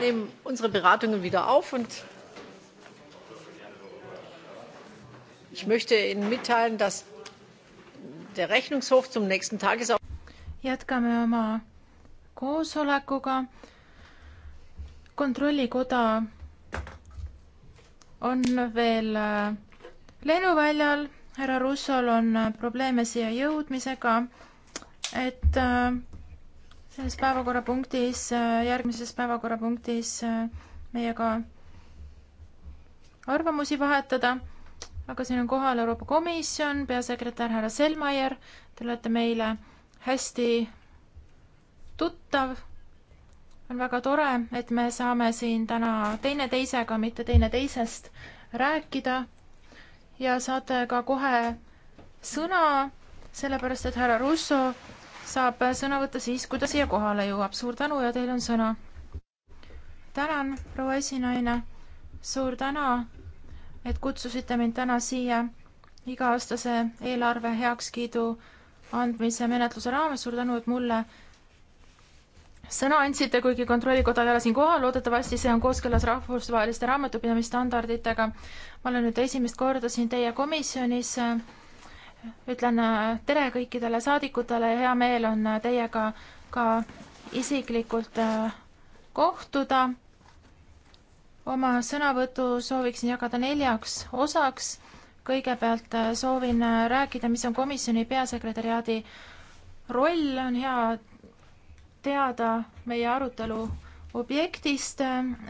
nehmen unsere Beratungen wieder auf und ich möchte Ihnen mitteilen, dass der Rechnungshof zum nächsten Tagesordnungspunkt jätkame oma koosolekuga. kontrollikoda on veel äh, lennuväljal, härra Russol on äh, probleeme siia jõudmisega, et äh, selles päevakorrapunktis, äh, järgmises päevakorrapunktis äh, meiega arvamusi vahetada, aga siin on kohal Euroopa Komisjon, peasekretär härra Selmaier, te olete meile hästi tuttav. on väga tore, et me saame siin täna teineteisega, mitte teineteisest rääkida ja saate ka kohe sõna, sellepärast et härra Russo saab sõna võtta siis, kui ta siia kohale jõuab. suur tänu ja teil on sõna. tänan, proua esinaine. suur tänu, et kutsusite mind täna siia iga-aastase eelarve heakskiidu andmise menetluse raames. suur tänu, et mulle sõna andsite, kuigi Kontrollikoda ei ole siin kohal, loodetavasti see on kooskõlas rahvusvaheliste raamatupidamisstandarditega. ma olen nüüd esimest korda siin teie komisjonis ütlen äh, tere kõikidele saadikutele ja hea meel on äh, teiega ka isiklikult äh, kohtuda. oma sõnavõtu sooviksin jagada neljaks osaks. kõigepealt soovin rääkida, mis on komisjoni peasekretäriaadi roll, on hea teada meie arutelu objektist,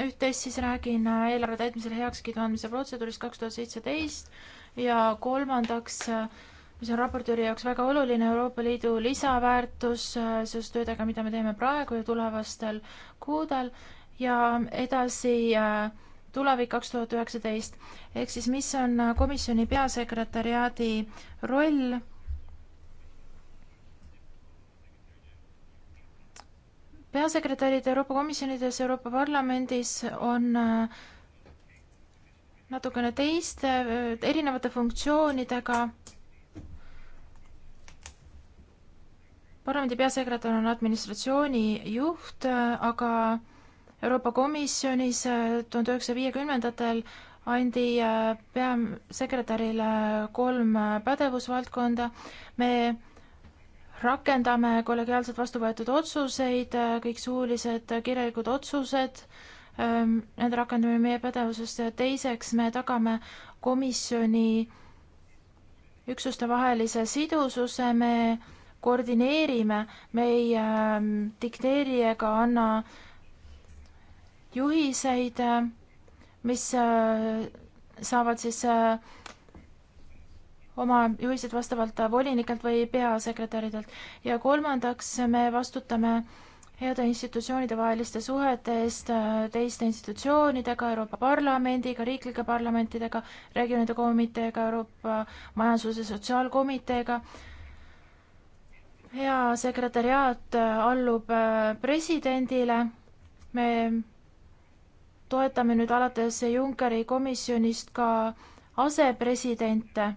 üht-teist siis räägin eelarve täitmisele heakskiidu andmise protseduurist kaks tuhat seitseteist ja kolmandaks mis on raportööri jaoks väga oluline Euroopa Liidu lisaväärtus äh, seoses töödega, mida me teeme praegu ja tulevastel kuudel ja edasi äh, tulevik kaks tuhat üheksateist. ehk siis mis on äh, komisjoni peasekretäriaadi roll peasekretärid Euroopa Komisjonides, Euroopa Parlamendis on natukene teiste, erinevate funktsioonidega parlamendi peasekretär on administratsiooni juht, aga Euroopa Komisjonis äh, tuhande üheksasaja viiekümnendatel andi äh, peasekretärile kolm äh, pädevusvaldkonda. me rakendame kollegiaalselt vastu võetud otsuseid, kõik suulised kirjalikud otsused, ähm, nende rakendamine meie pädevusest ja teiseks me tagame komisjoni üksustevahelise sidususe, me koordineerime, me ei äh, dikteeri ega anna juhiseid, äh, mis äh, saavad siis äh, oma juhised vastavalt äh, volinikelt või peasekretäridelt. ja kolmandaks, me vastutame heade institutsioonide vaheliste suhete eest äh, teiste institutsioonidega, Euroopa Parlamendiga, riiklike parlamentidega, regioonide komiteega, Euroopa Majandus- ja Sotsiaalkomiteega hea sekretäriaat äh, allub äh, presidendile. me toetame nüüd alates Junckeri komisjonist ka asepresidente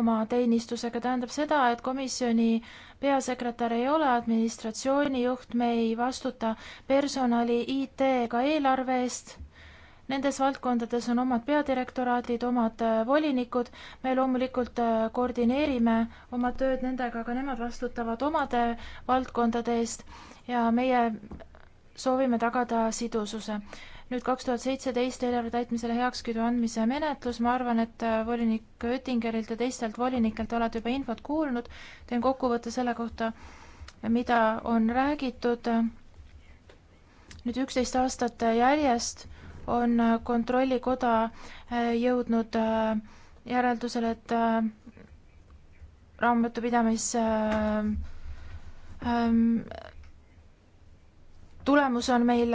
oma teenistusega, tähendab seda, et komisjoni peasekretär ei ole administratsiooni juht, me ei vastuta personali, IT ega eelarve eest Nendes valdkondades on omad peadirektoraadid, omad äh, volinikud, me loomulikult äh, koordineerime oma tööd nendega, aga nemad vastutavad omade valdkondade eest ja meie soovime tagada sidususe. nüüd kaks tuhat seitseteist eelarve täitmisele heakskiidu andmise menetlus, ma arvan, et äh, volinik Oettingerilt ja teistelt volinikelt olete juba infot kuulnud, teen kokkuvõtte selle kohta, mida on räägitud nüüd üksteist aastat järjest on Kontrollikoda äh, jõudnud äh, järeldusele, et äh, raamatupidamis ähm, tulemus on meil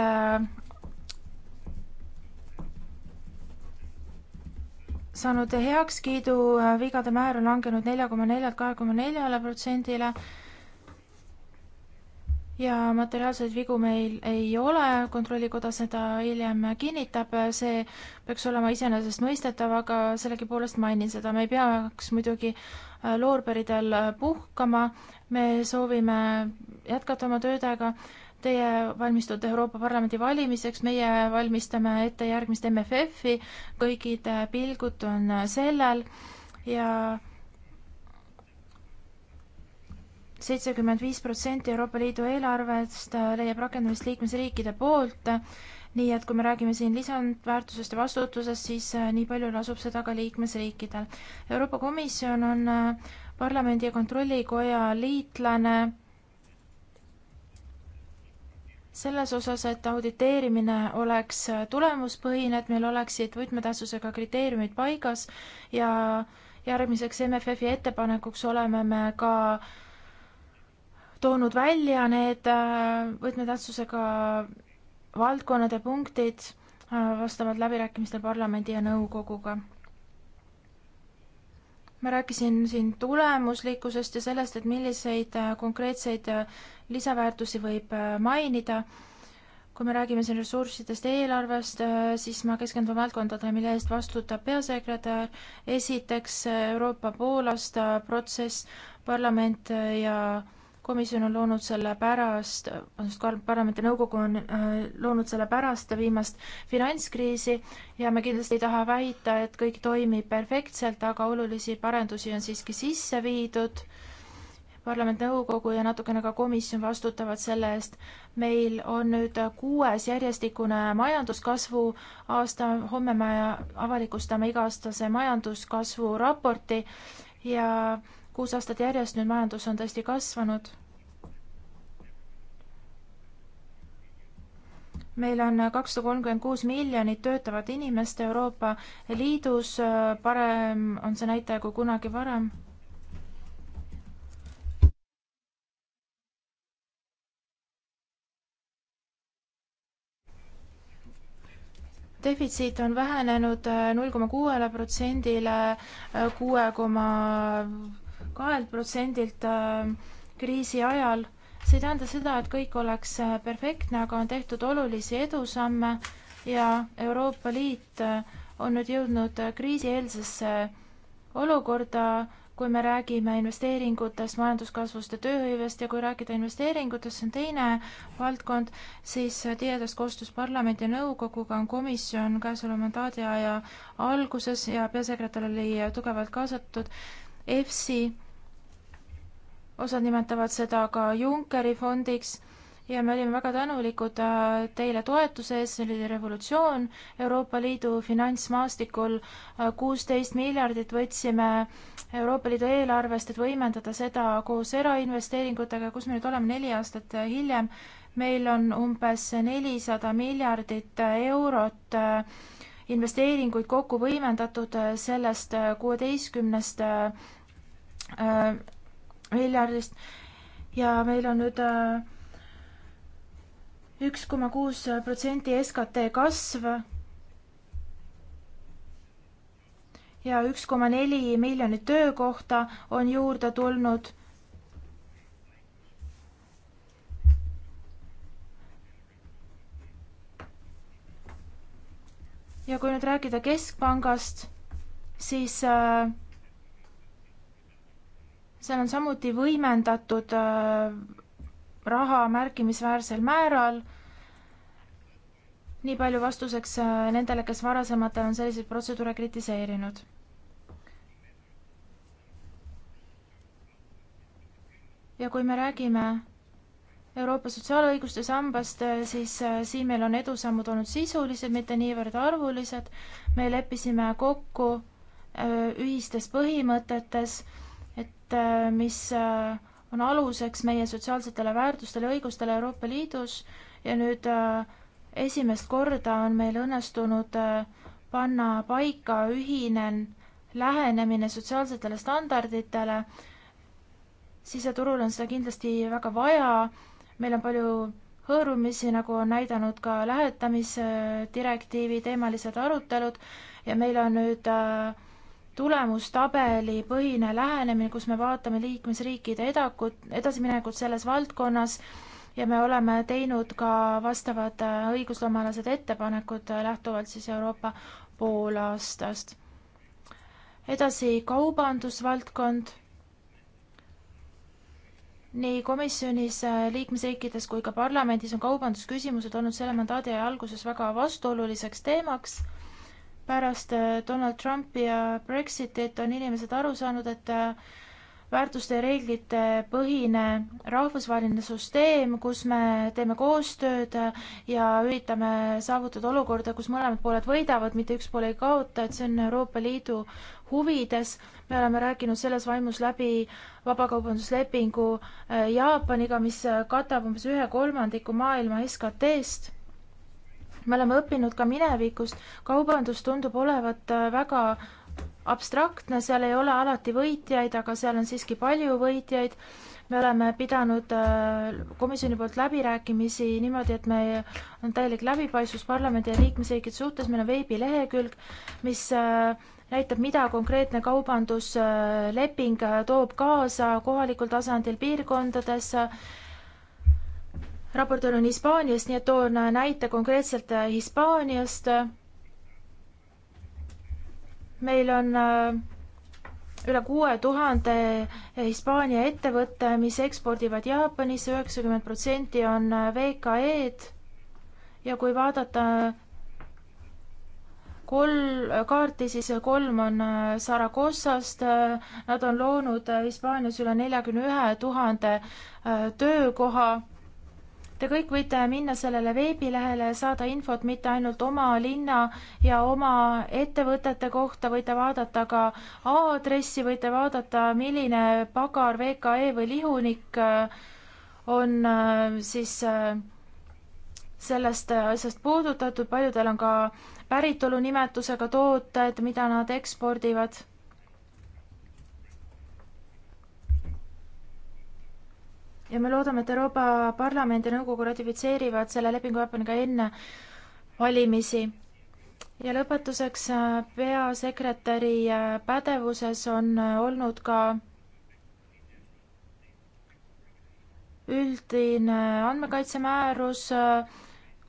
saanud heakskiidu, vigade määr on langenud nelja koma neljalt kahe koma neljale protsendile ja materiaalseid vigu meil ei ole, kontrollikoda seda hiljem kinnitab, see peaks olema iseenesestmõistetav, aga sellegipoolest mainin seda, me ei peaks muidugi äh, loorberidel äh, puhkama, me soovime jätkata oma töödega, teie valmistute Euroopa Parlamendi valimiseks, meie valmistame ette järgmist MFF-i, kõigide äh, pilgud on sellel ja seitsekümmend viis protsenti Euroopa Liidu eelarvest äh, leiab rakendamist liikmesriikide poolt, nii et kui me räägime siin lisandväärtusest ja vastutusest, siis äh, nii palju lasub seda ka liikmesriikidel. Euroopa Komisjon on äh, parlamendi ja kontrollikoja liitlane selles osas, et auditeerimine oleks tulemuspõhine, et meil oleksid võtmetähtsusega kriteeriumid paigas ja järgmiseks MFF-i ettepanekuks oleme me ka äh, toonud välja need äh, võtmetähtsusega valdkonnad ja punktid äh, vastavalt läbirääkimistel parlamendi ja nõukoguga. ma rääkisin siin tulemuslikkusest ja sellest, et milliseid äh, konkreetseid lisaväärtusi võib mainida. kui me räägime siin ressurssidest, eelarvest, siis ma keskendun valdkondadele, mille eest vastutab peasekretär. esiteks Euroopa poolaasta protsess, parlament ja komisjon on loonud selle pärast, vabandust, parlamendi nõukogu on äh, loonud selle pärast viimast finantskriisi ja me kindlasti ei taha väita, et kõik toimib perfektselt, aga olulisi parendusi on siiski sisse viidud. parlament, nõukogu ja natukene ka komisjon vastutavad selle eest. meil on nüüd kuues järjestikune majanduskasvu aasta, homme me avalikustame iga-aastase majanduskasvu raporti ja kuus aastat järjest nüüd majandus on tõesti kasvanud. meil on kakssada kolmkümmend kuus miljonit töötavat inimest Euroopa Liidus, parem on see näitaja kui kunagi varem defitsiit on vähenenud äh, null koma kuuele protsendile, äh, kuue koma kahelt protsendilt ähm, kriisi ajal. see ei tähenda seda, et kõik oleks äh, perfektne, aga on tehtud olulisi edusamme ja Euroopa Liit äh, on nüüd jõudnud äh, kriisieelsesse olukorda, kui me räägime investeeringutest, majanduskasvust ja tööhõivest ja kui rääkida investeeringutest, see on teine valdkond, siis tihedas koostöös parlamendi ja nõukoguga on komisjon käesoleva mandaadi aja alguses ja peasekretär oli tugevalt kaasatud, EFSI osad nimetavad seda ka Junckeri fondiks ja me olime väga tänulikud äh, teile toetuse eest, see oli revolutsioon Euroopa Liidu finantsmaastikul. Äh, kuusteist miljardit võtsime Euroopa Liidu eelarvest, et võimendada seda koos erainvesteeringutega, kus me nüüd oleme neli aastat äh, hiljem. meil on umbes nelisada miljardit eurot investeeringuid kokku võimendatud sellest kuueteistkümnest miljardist ja meil on nüüd äh, üks koma kuus protsenti SKT kasv ja üks koma neli miljonit töökohta on juurde tulnud. ja kui nüüd rääkida Keskpangast, siis äh, seal on samuti võimendatud äh, raha märkimisväärsel määral. nii palju vastuseks äh, nendele, kes varasematel on selliseid protseduure kritiseerinud. ja kui me räägime Euroopa sotsiaalõiguste sambast, äh, siis siin meil on edusammud olnud sisulised, mitte niivõrd arvulised. me leppisime kokku ühistes põhimõtetes Äh, mis äh, on aluseks meie sotsiaalsetele väärtustele ja õigustele Euroopa Liidus ja nüüd äh, esimest korda on meil õnnestunud panna paika ühine lähenemine sotsiaalsetele standarditele. siseturul on seda kindlasti väga vaja, meil on palju hõõrumisi, nagu on näidanud ka lähetamisdirektiivi teemalised arutelud ja meil on nüüd äh, tulemustabeli põhine lähenemine, kus me vaatame liikmesriikide edakut, edasiminekut selles valdkonnas ja me oleme teinud ka vastavad õigusloomalased ettepanekud lähtuvalt siis Euroopa poolaastast. edasi kaubandusvaldkond. nii komisjonis, liikmesriikides kui ka parlamendis on kaubandusküsimused olnud selle mandaadi alguses väga vastuoluliseks teemaks pärast äh, Donald Trumpi ja Brexitit on inimesed aru saanud, et äh, väärtuste ja reeglite põhine rahvusvaheline süsteem, kus me teeme koostööd äh, ja üritame saavutada olukorda, kus mõlemad pooled võidavad, mitte üks pool ei kaota, et see on Euroopa Liidu huvides. me oleme rääkinud selles vaimus läbi vabakaubanduslepingu Jaapaniga, mis katab umbes ühe kolmandiku maailma SKT-st me oleme õppinud ka minevikust, kaubandus tundub olevat äh, väga abstraktne, seal ei ole alati võitjaid, aga seal on siiski palju võitjaid. me oleme pidanud äh, komisjoni poolt läbirääkimisi niimoodi, et me, on täielik läbipaistvus parlamendi ja liikmesriikide suhtes, meil on veebilehekülg, mis äh, näitab, mida konkreetne kaubandusleping toob kaasa kohalikul tasandil, piirkondades raportöör on Hispaaniast, nii et toon näite konkreetselt Hispaaniast. meil on äh, üle kuue tuhande Hispaania ettevõtte, mis ekspordivad Jaapanisse, üheksakümmend protsenti on äh, VKE-d ja kui vaadata äh, kolm kaarti, siis kolm on Saragossast, nad on loonud Hispaanias üle neljakümne ühe tuhande töökoha Te kõik võite minna sellele veebilehele ja saada infot mitte ainult oma linna ja oma ettevõtete kohta, võite vaadata ka aadressi, võite vaadata, milline pagar, VKE või lihunik äh, on äh, siis äh, sellest asjast puudutatud, paljudel on ka päritolunimetusega tooted, mida nad ekspordivad ja me loodame, et Euroopa Parlament ja Nõukogu ratifitseerivad selle lepingu Jaapani ka enne valimisi. ja lõpetuseks, äh, peasekretäri äh, pädevuses on äh, olnud ka üldine andmekaitsemäärus,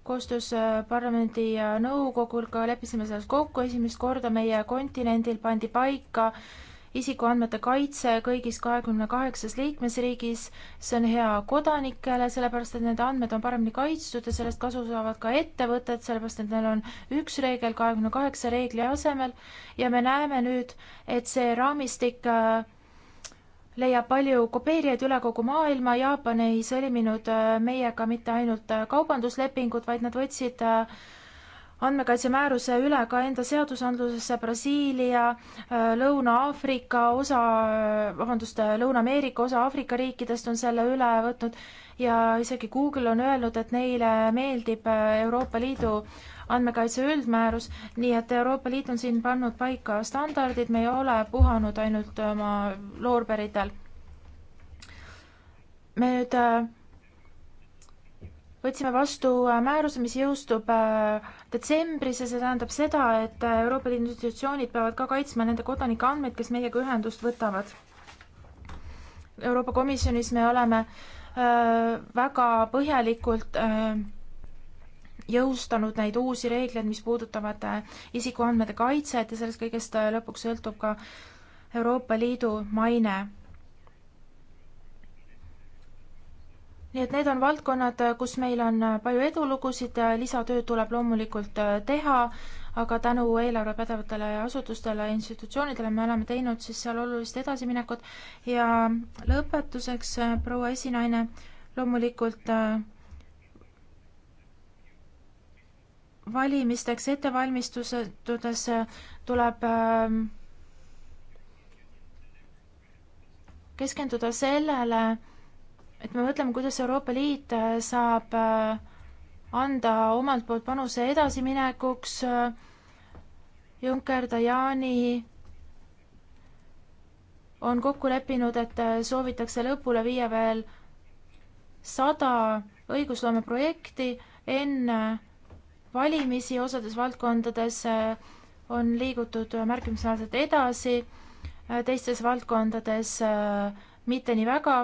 koostöös parlamendi ja nõukoguga leppisime selles kokku, esimest korda meie kontinendil pandi paika äh, isikuandmete kaitse kõigis kahekümne kaheksas liikmesriigis. see on hea kodanikele, sellepärast et need andmed on paremini kaitstud ja sellest kasu saavad ka ettevõtted, sellepärast et neil on üks reegel kahekümne kaheksa reegli asemel ja me näeme nüüd, et see raamistik äh, leiab palju kopeerijaid üle kogu maailma, Jaapan ei sõlminud äh, meiega mitte ainult äh, kaubanduslepingut, vaid nad võtsid andmekaitsemääruse üle ka enda seadusandlusesse Brasiilia, äh, Lõuna-Aafrika osa, äh, vabandust, äh, Lõuna-Ameerika osa Aafrika riikidest on selle üle võtnud ja isegi Google on öelnud, et neile meeldib Euroopa Liidu andmekaitse üldmäärus, nii et Euroopa Liit on siin pannud paika standardid, me ei ole puhanud ainult oma loorberitel. me nüüd võtsime vastu määruse, mis jõustub detsembris ja see tähendab seda, et Euroopa Liidu institutsioonid peavad ka kaitsma nende kodanike andmeid, kes meiega ühendust võtavad. Euroopa Komisjonis me oleme öö, äh, väga põhjalikult öö, äh, jõustanud neid uusi reegleid, mis puudutavad äh, isikuandmete kaitset ja sellest kõigest lõpuks sõltub ka Euroopa Liidu maine nii et need on valdkonnad, kus meil on palju edulugusid, lisatööd tuleb loomulikult äh, teha, aga tänu eelarve pädevatele asutustele ja institutsioonidele me oleme teinud siis seal olulist edasiminekut ja lõpetuseks, äh, proua esinaine, loomulikult äh, valimisteks ettevalmistuses tuleb keskenduda sellele, et me mõtleme, kuidas Euroopa Liit äh, saab äh, anda omalt poolt panuse edasiminekuks äh, Juncker, Tajani on kokku leppinud, et soovitakse lõpule viia veel sada õigusloomeprojekti enne valimisi osades valdkondades on liigutud märkimisväärselt edasi, teistes valdkondades mitte nii väga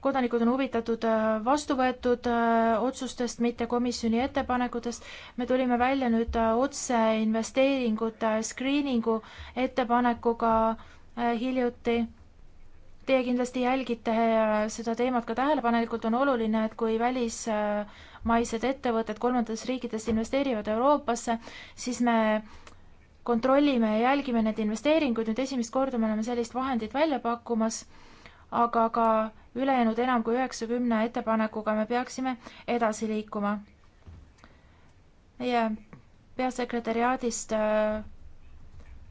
kodanikud on huvitatud äh, vastu võetud äh, otsustest, mitte komisjoni ettepanekutest. me tulime välja nüüd äh, otseinvesteeringute screening'u ettepanekuga hiljuti. Teie kindlasti jälgite seda teemat ka tähelepanelikult, on oluline, et kui välismaised ettevõtted kolmandatest riikidest investeerivad Euroopasse, siis me kontrollime ja jälgime neid investeeringuid, nüüd esimest korda me oleme sellist vahendit välja pakkumas, aga ka ülejäänud enam kui üheksakümne ettepanekuga me peaksime edasi liikuma. meie peasekretäriaadist äh,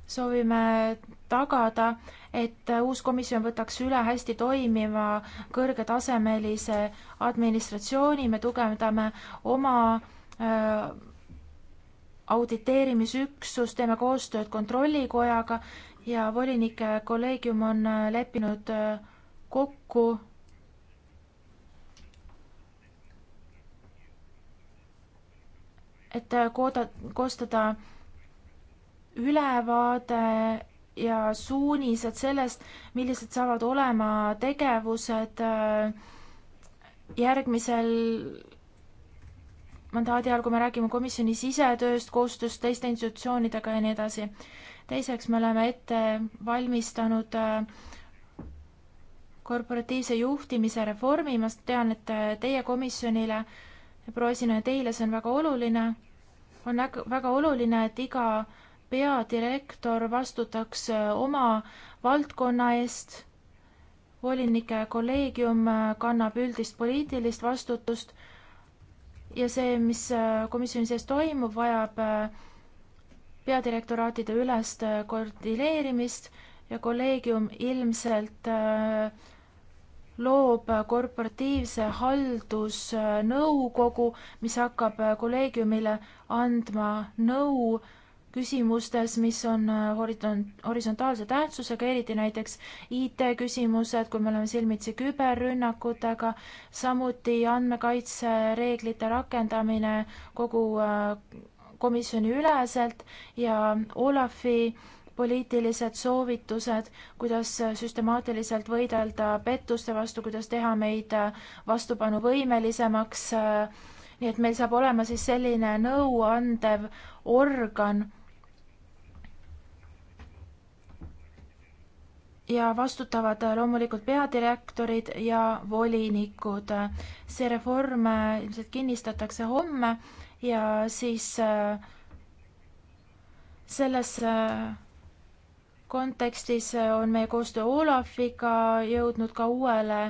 soovime tagada, et uus komisjon võtaks üle hästi toimiva kõrgetasemelise administratsiooni, me tugevdame oma äh, auditeerimisüksus, teeme koostööd Kontrollikojaga ja volinike kolleegium on äh, leppinud äh, kokku et äh, kooda, koostada ülevaade ja suunised sellest, millised saavad olema tegevused äh, järgmisel mandaadi all, kui me räägime komisjoni sisetööst, koostööst teiste institutsioonidega ja nii edasi. teiseks, me oleme ette valmistanud äh, korporatiivse juhtimise reformi, ma tean, et teie komisjonile, proua esineja, teile see on väga oluline on väga oluline, et iga peadirektor vastutaks äh, oma valdkonna eest. volinike kolleegium äh, kannab üldist poliitilist vastutust ja see, mis äh, komisjoni sees toimub, vajab peadirektoraatide ülest koordineerimist ja kolleegium ilmselt loob korporatiivse haldusnõukogu, mis hakkab kolleegiumile andma nõu küsimustes, mis on äh, horisont, horisontaalse tähtsusega, eriti näiteks IT-küsimused, kui me oleme silmitsi küberrünnakutega, samuti andmekaitsereeglite rakendamine kogu äh, komisjoni üleselt ja Olafi poliitilised soovitused, kuidas äh, süstemaatiliselt võidelda pettuste vastu, kuidas teha meid vastupanuvõimelisemaks äh, nii et meil saab olema siis selline nõuandev organ. ja vastutavad loomulikult peadirektorid ja volinikud. see reform äh, ilmselt kinnistatakse homme ja siis äh, selles äh, kontekstis on meie koostöö Olafiga jõudnud ka uuele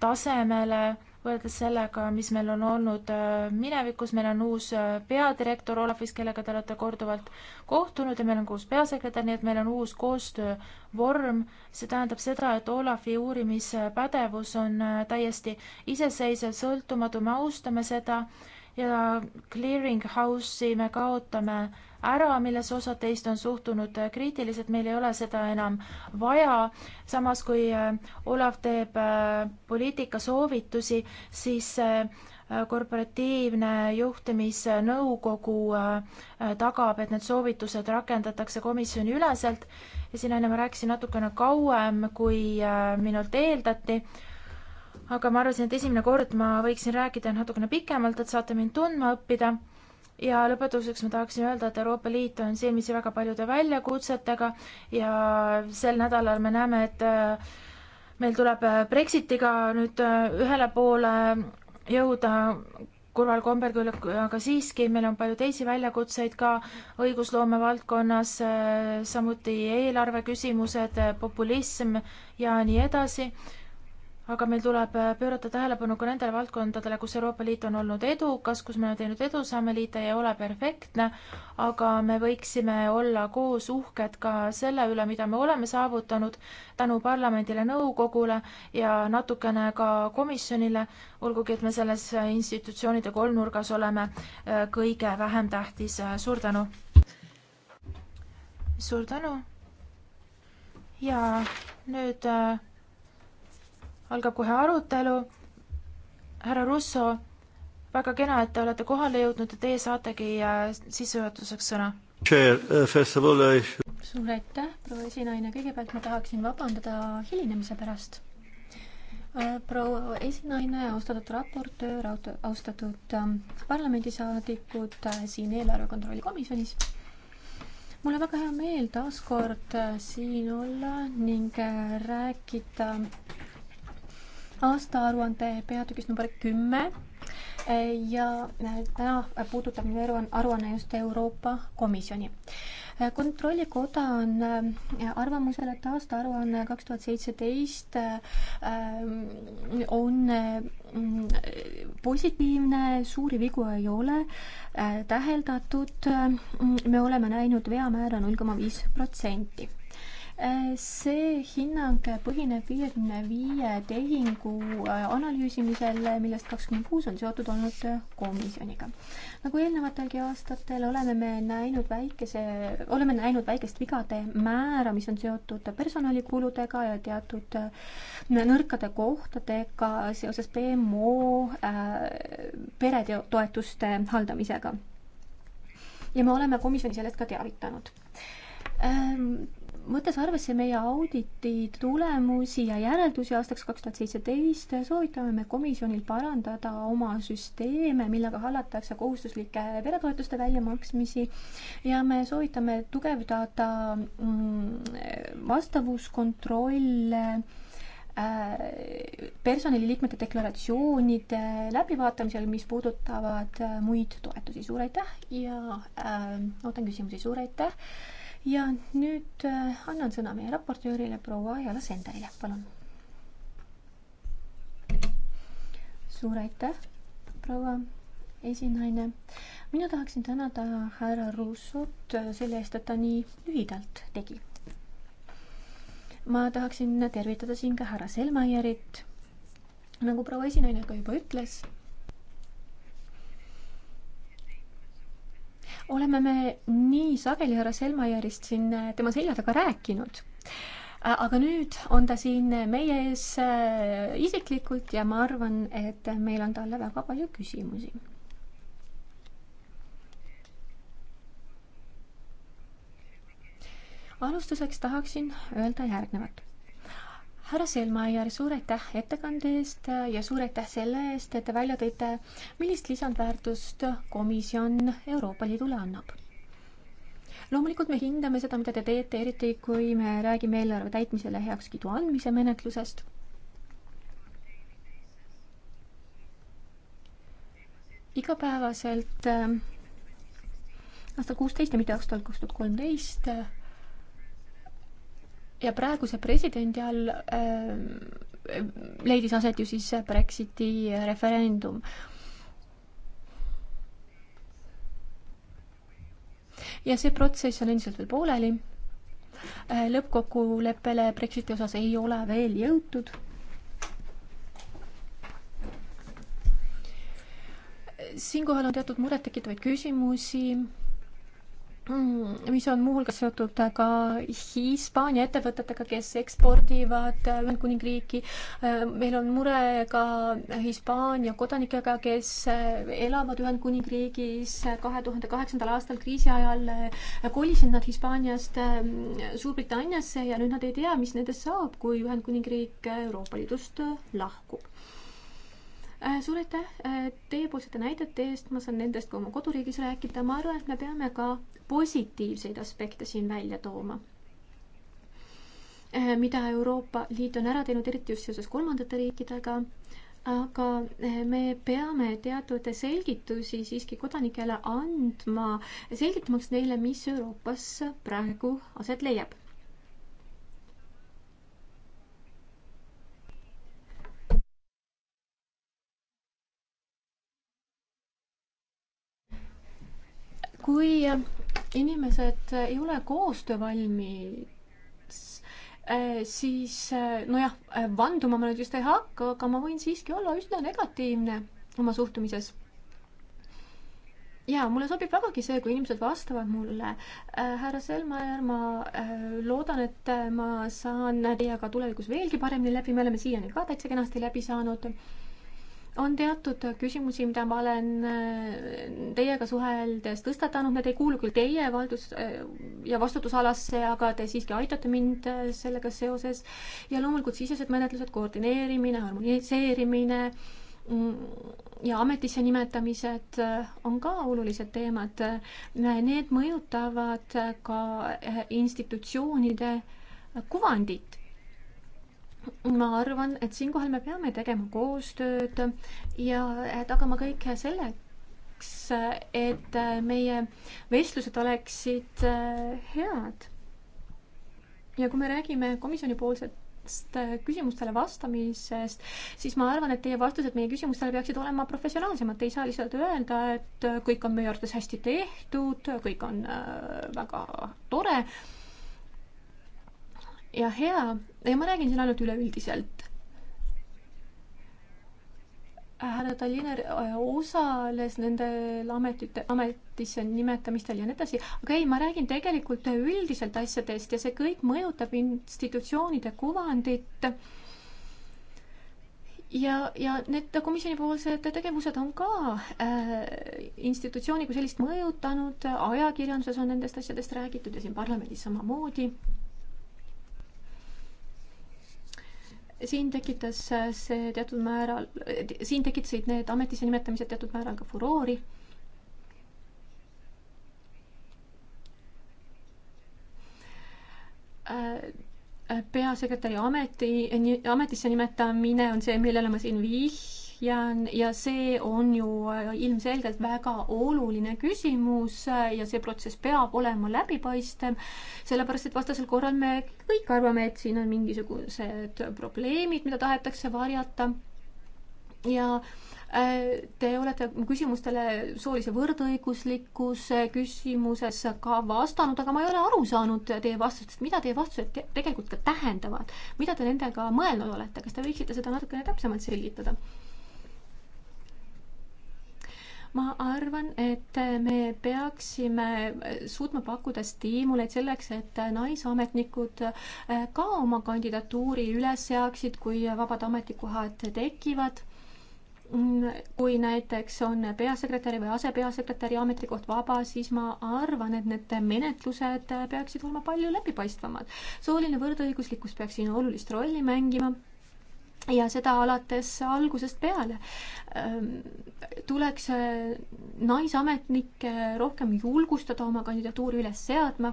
tasemele võrreldes sellega, mis meil on olnud äh, minevikus, meil on uus äh, peadirektor Olafis, kellega te olete korduvalt kohtunud ja meil on ka uus peasekretär, nii et meil on uus koostöövorm. see tähendab seda, et Olafi uurimispädevus on äh, täiesti iseseisev, sõltumatu, me austame seda ja clearing house'i me kaotame ära, milles osad teist on suhtunud kriitiliselt, meil ei ole seda enam vaja. samas, kui äh, Olav teeb äh, poliitikasoovitusi, siis äh, korporatiivne juhtimisnõukogu tagab, et need soovitused rakendatakse komisjoni üleselt. esinaine ma rääkisin natukene kauem, kui minult eeldati aga ma arvasin, et esimene kord ma võiksin rääkida natukene pikemalt, et saate mind tundma õppida ja lõpetuseks ma tahaksin öelda, et Euroopa Liit on silmitsi väga paljude väljakutsetega ja sel nädalal me näeme, et äh, meil tuleb äh, Brexitiga nüüd äh, ühele poole jõuda kurval kombel küll, aga siiski meil on palju teisi väljakutseid ka õigusloome valdkonnas, samuti eelarve küsimused, populism ja nii edasi aga meil tuleb äh, pöörata tähelepanu ka nendele valdkondadele, kus Euroopa Liit on olnud edukas, kus me oleme teinud edusamme, liit ei ole perfektne, aga me võiksime olla koos uhked ka selle üle, mida me oleme saavutanud tänu parlamendile, nõukogule ja natukene ka komisjonile, olgugi et me selles institutsioonide kolmnurgas oleme äh, kõige vähem tähtis. Äh, suur tänu! suur tänu! ja nüüd äh, algab kohe arutelu. härra Russo, väga kena, et te olete kohale jõudnud ja teie saategi äh, sissejuhatuseks sõna. Äh, suur aitäh, proua esinaine, kõigepealt ma tahaksin vabandada hilinemise pärast. Äh, proua esinaine, austatud raportöör, austatud ähm, parlamendisaadikud siin eelarve kontrolli komisjonis mul on väga hea meel taaskord siin olla ning rääkida aastaaruande peatükis number kümme ja äh, täna puudutab minu aruanne just Euroopa Komisjoni. Äh, kontrollikoda on äh, arvamusel, et aastaaruanne kaks tuhat seitseteist on positiivne, suuri vigu ei ole täheldatud. me oleme näinud veamäära null koma viis protsenti Äh, see hinnang põhineb viiekümne viie tehingu äh, analüüsimisel, millest kakskümmend kuus on seotud olnud äh, komisjoniga. nagu eelnevatelgi aastatel oleme me näinud väikese, oleme näinud väikest vigade määra, mis on seotud personalikuludega ja teatud nõrkade kohtadega seoses BMO äh, peretoetuste haldamisega. ja me oleme komisjoni sellest ka teavitanud ähm, võttes arvesse meie auditi tulemusi ja järeldusi aastaks kaks tuhat seitseteist, soovitame me komisjonil parandada oma süsteeme, millega hallatakse kohustuslike peretoetuste väljamaksmisi ja me soovitame tugevdada mm, vastavuskontrolle äh, personaliliikmete deklaratsioonide läbivaatamisel, mis puudutavad äh, muid toetusi. suur aitäh ja öö, äh, ootan küsimusi. suur aitäh ja nüüd äh, annan sõna meie raportöörile, proua Ajala Senderile, palun. suur aitäh, proua esinaine. mina tahaksin tänada härra Russot äh, selle eest, et ta nii lühidalt tegi. ma tahaksin tervitada siin ka härra Selmajärit. nagu proua esinaine ka juba ütles oleme me nii sageli härra Selmajärist siin äh, tema selja taga rääkinud. Äh, aga nüüd on ta siin äh, meie ees isiklikult ja ma arvan, et meil on talle väga palju küsimusi. alustuseks tahaksin öelda järgnevat härra Selmaier, suur aitäh ettekande eest ja suur aitäh selle eest, et te välja tõite, millist lisandväärtust komisjon Euroopa Liidule annab. loomulikult me hindame seda, mida te teete, eriti kui me räägime eelarve täitmisele heakskiidu andmise menetlusest igapäevaselt äh, aastal kuusteist ja mitte aastal kaks tuhat kolmteist ja praeguse presidendi all äh, leidis aset ju siis Brexiti referendum. ja see protsess on endiselt veel pooleli. Äh, lõppkokkuleppele Brexiti osas ei ole veel jõutud. siinkohal on teatud murettekitavaid küsimusi Mm, mis on muuhulgas seotud ka Hispaania ettevõtetega, kes ekspordivad äh, Ühendkuningriiki. Äh, meil on mure ka Hispaania kodanikega, kes äh, elavad Ühendkuningriigis. kahe tuhande kaheksandal aastal kriisi ajal kolisid nad Hispaaniast ähm, Suurbritanniasse ja nüüd nad ei tea, mis nendest saab, kui Ühendkuningriik Euroopa Liidust lahkub Äh, suur aitäh äh, teiepoolsete näidete eest, ma saan nendest ka oma koduriigis rääkida, ma arvan, et me peame ka positiivseid aspekte siin välja tooma äh, mida Euroopa Liit on ära teinud, eriti just seoses kolmandate riikidega, aga me peame teatud selgitusi siiski kodanikele andma, selgitamaks neile, mis Euroopas praegu aset leiab kui äh, inimesed äh, ei ole koostöövalmis, äh, siis nojah, vanduma ma nüüd just ei hakka, aga ma võin siiski olla üsna negatiivne oma suhtumises jaa, mulle sobib vägagi see, kui inimesed vastavad mulle äh,. härra Selmajärv, ma äh, loodan, et ma saan teiega tulevikus veelgi paremini läbi, me oleme siiani ka täitsa kenasti läbi saanud äh, on teatud küsimusi, mida ma olen äh, teiega suheldes tõstatanud, need ei kuulu küll teie valdus- äh, ja vastutusalasse, aga te siiski aitate mind äh, sellega seoses. ja loomulikult sisesed menetlused, koordineerimine, harmoniseerimine mm, ja ametisse nimetamised on ka olulised teemad. Need mõjutavad ka institutsioonide kuvandit ma arvan, et siinkohal me peame tegema koostööd ja äh, tagama kõik selleks, et äh, meie vestlused oleksid äh, head. ja kui me räägime komisjonipoolset sellest küsimustele vastamisest, siis ma arvan, et teie vastused meie küsimustele peaksid olema professionaalsemad, ei saa lihtsalt öelda, et kõik on meie arvates hästi tehtud, kõik on väga tore ja hea ja ma räägin siin ainult üleüldiselt. Äh, härra Talliner äh, osales nendel ametite, ametisse nimetamistel ja nii edasi, aga ei, ma räägin tegelikult üldiselt asjadest ja see kõik mõjutab institutsioonide kuvandit ja, ja need komisjonipoolsed tegevused on ka äh, institutsiooni kui sellist mõjutanud, ajakirjanduses on nendest asjadest räägitud ja siin parlamendis samamoodi. siin tekitas äh, see teatud määral, äh, siin tekitasid need ametisse nimetamised teatud määral ka furoori. Äh, peasekretäri ameti, ametisse nimetamine on see, millele ma siin vihjasin Jaan ja see on ju äh, ilmselgelt väga oluline küsimus äh, ja see protsess peab olema läbipaistev, sellepärast et vastasel korral me kõik arvame, et siin on mingisugused probleemid, mida tahetakse varjata ja äh, Te olete küsimustele soolise võrdõiguslikkuse küsimuses ka vastanud, aga ma ei ole aru saanud teie vastustest, mida teie vastused te tegelikult ka tähendavad, mida te nendega mõelnud olete, kas te võiksite seda natukene täpsemalt selgitada? ma arvan, et me peaksime suutma pakkuda stiimuleid selleks, et naisametnikud äh, ka oma kandidatuuri üles seaksid, kui vabad ametikohad tekivad mm, kui näiteks on peasekretäri või asepeasekretäri ametikoht vaba, siis ma arvan, et need menetlused peaksid olema palju läbipaistvamad. sooline võrdõiguslikkus peaks siin olulist rolli mängima ja seda alates algusest peale. Ehm, tuleks äh, naisametnikke rohkem julgustada oma kandidatuuri üles seadma.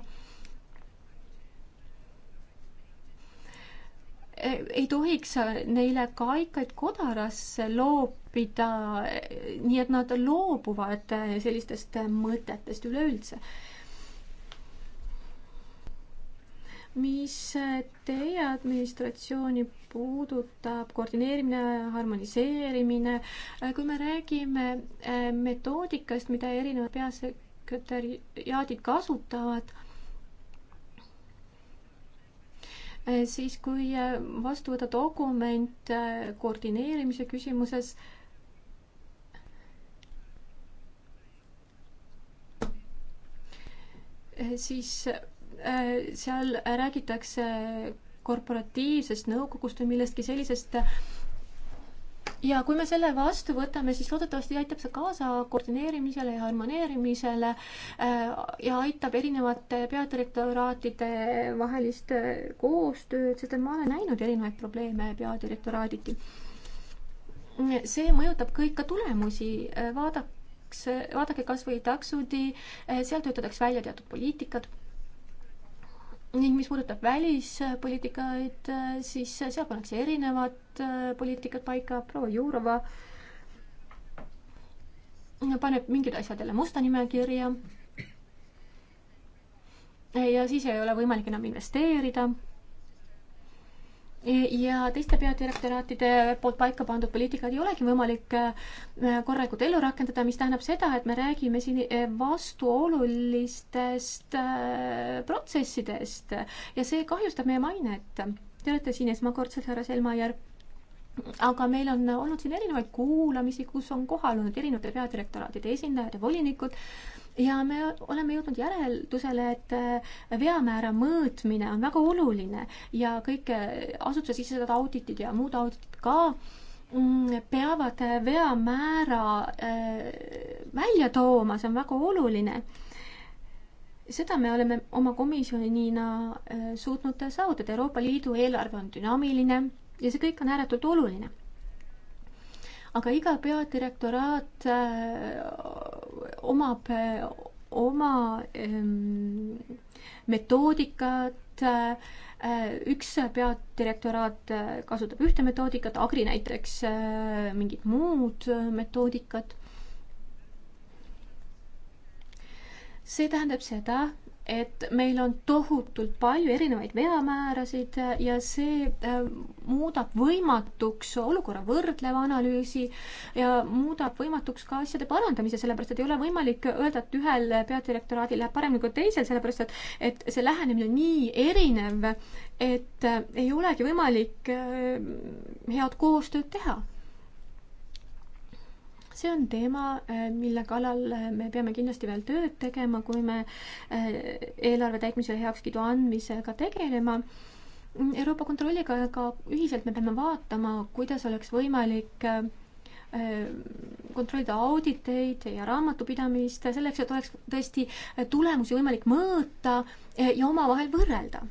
E, ei tohiks äh, neile kaikaid kodarasse loopida, e, nii et nad loobuvad äh, sellistest mõtetest üleüldse mis teie administratsiooni puudutab, koordineerimine, harmoniseerimine, kui me räägime eh, metoodikast, mida erinevad peasekretäriaadid kasutavad, eh, siis kui eh, vastu võtta dokument koordineerimise küsimuses, siis Äh, seal räägitakse korporatiivsest nõukogust või millestki sellisest. ja kui me selle vastu võtame, siis loodetavasti aitab see kaasa koordineerimisele ja harmoneerimisele äh, ja aitab erinevate peadirektoraatide vahelist äh, koostööd, sest ma olen näinud erinevaid probleeme peadirektoraaditi. see mõjutab kõik ka tulemusi, vaadake vaadake kas või taksodi, seal töötatakse välja teatud poliitikad ning mis puudutab välispoliitikaid, äh, siis seal pannakse erinevad äh, poliitikad paika, proua Jurova paneb mingid asjad jälle musta nimekirja. ja siis ei ole võimalik enam investeerida ja teiste peadirektoraatide poolt paika pandud poliitikad ei olegi võimalik äh, korralikult ellu rakendada, mis tähendab seda, et me räägime siin äh, vastuolulistest äh, protsessidest ja see kahjustab meie mainet. Te olete siin esmakordselt, härra Selmajärv, aga meil on olnud siin erinevaid kuulamisi, kus on kohal olnud erinevate peadirektoraatide esindajad ja volinikud ja me oleme jõudnud järeldusele, et äh, veamäära mõõtmine on väga oluline ja kõik äh, asutusesisesed auditid ja muud auditid ka mm, peavad äh, veamäära välja tooma, see on väga oluline. seda me oleme oma komisjonina suutnud saavutada, Euroopa Liidu eelarve on dünaamiline ja see kõik on ääretult oluline aga iga peadirektoraat äh, omab oma ehm, metoodikat, äh, üks peadirektoraat äh, kasutab ühte metoodikat, Agri näiteks mingit muud metoodikat. see tähendab seda, et meil on tohutult palju erinevaid veamäärasid ja see äh, muudab võimatuks olukorra võrdleva analüüsi ja muudab võimatuks ka asjade parandamise, sellepärast et ei ole võimalik öelda, et ühel peadirektoraadil läheb paremini kui teisel, sellepärast et et see lähenemine on nii erinev, et äh, ei olegi võimalik äh, head koostööd teha see on teema, äh, mille kallal äh, me peame kindlasti veel tööd tegema, kui me äh, eelarve täitmise heakskiidu andmisega tegelema. Euroopa Kontrolliga ka ühiselt me peame vaatama, kuidas oleks võimalik kontrollida auditeid ja raamatupidamist selleks, et oleks tõesti tulemusi võimalik mõõta ja omavahel võrrelda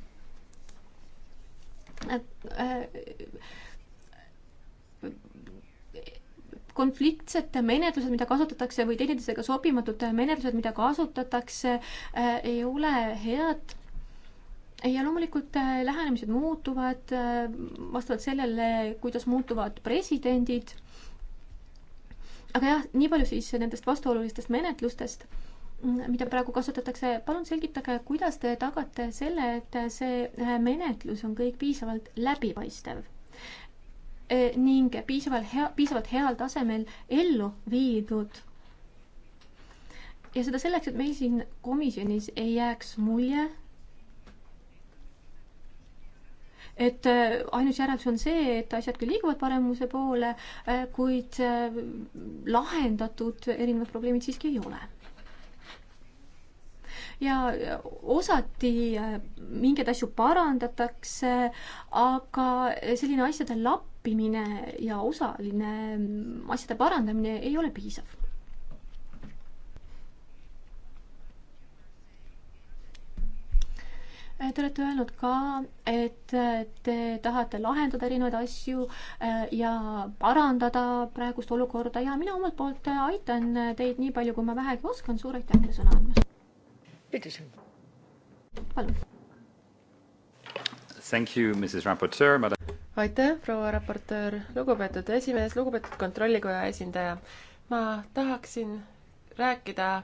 konfliktsed menetlused, mida kasutatakse või teineteisega sobimatud menetlused, mida kasutatakse, äh, ei ole head ja loomulikult äh, lähenemised muutuvad äh, vastavalt sellele, kuidas muutuvad presidendid. aga jah, nii palju siis nendest vastuolulistest menetlustest, mm, mida praegu kasutatakse. palun selgitage, kuidas te tagate selle, et see menetlus on kõik piisavalt läbipaistev? ning piisavalt hea, piisavalt heal tasemel ellu viidud. ja seda selleks, et meil siin komisjonis ei jääks mulje, et äh, ainus järeldus on see, et asjad küll liiguvad paremuse poole, äh, kuid äh, lahendatud erinevad probleemid siiski ei ole ja osati äh, mingeid asju parandatakse, aga selline asjade lappimine ja osaline mm, asjade parandamine ei ole piisav. Äh, te olete öelnud ka, et äh, te tahate lahendada erinevaid asju ja parandada praegust olukorda ja mina omalt poolt aitan teid nii palju, kui ma vähegi oskan, suur aitäh teile sõna andmast! Bitteschön. palun. Thank you, Mrs Raportöör, madam. aitäh, proua raportöör, lugupeetud esimees, lugupeetud kontrollikoja esindaja. ma tahaksin rääkida,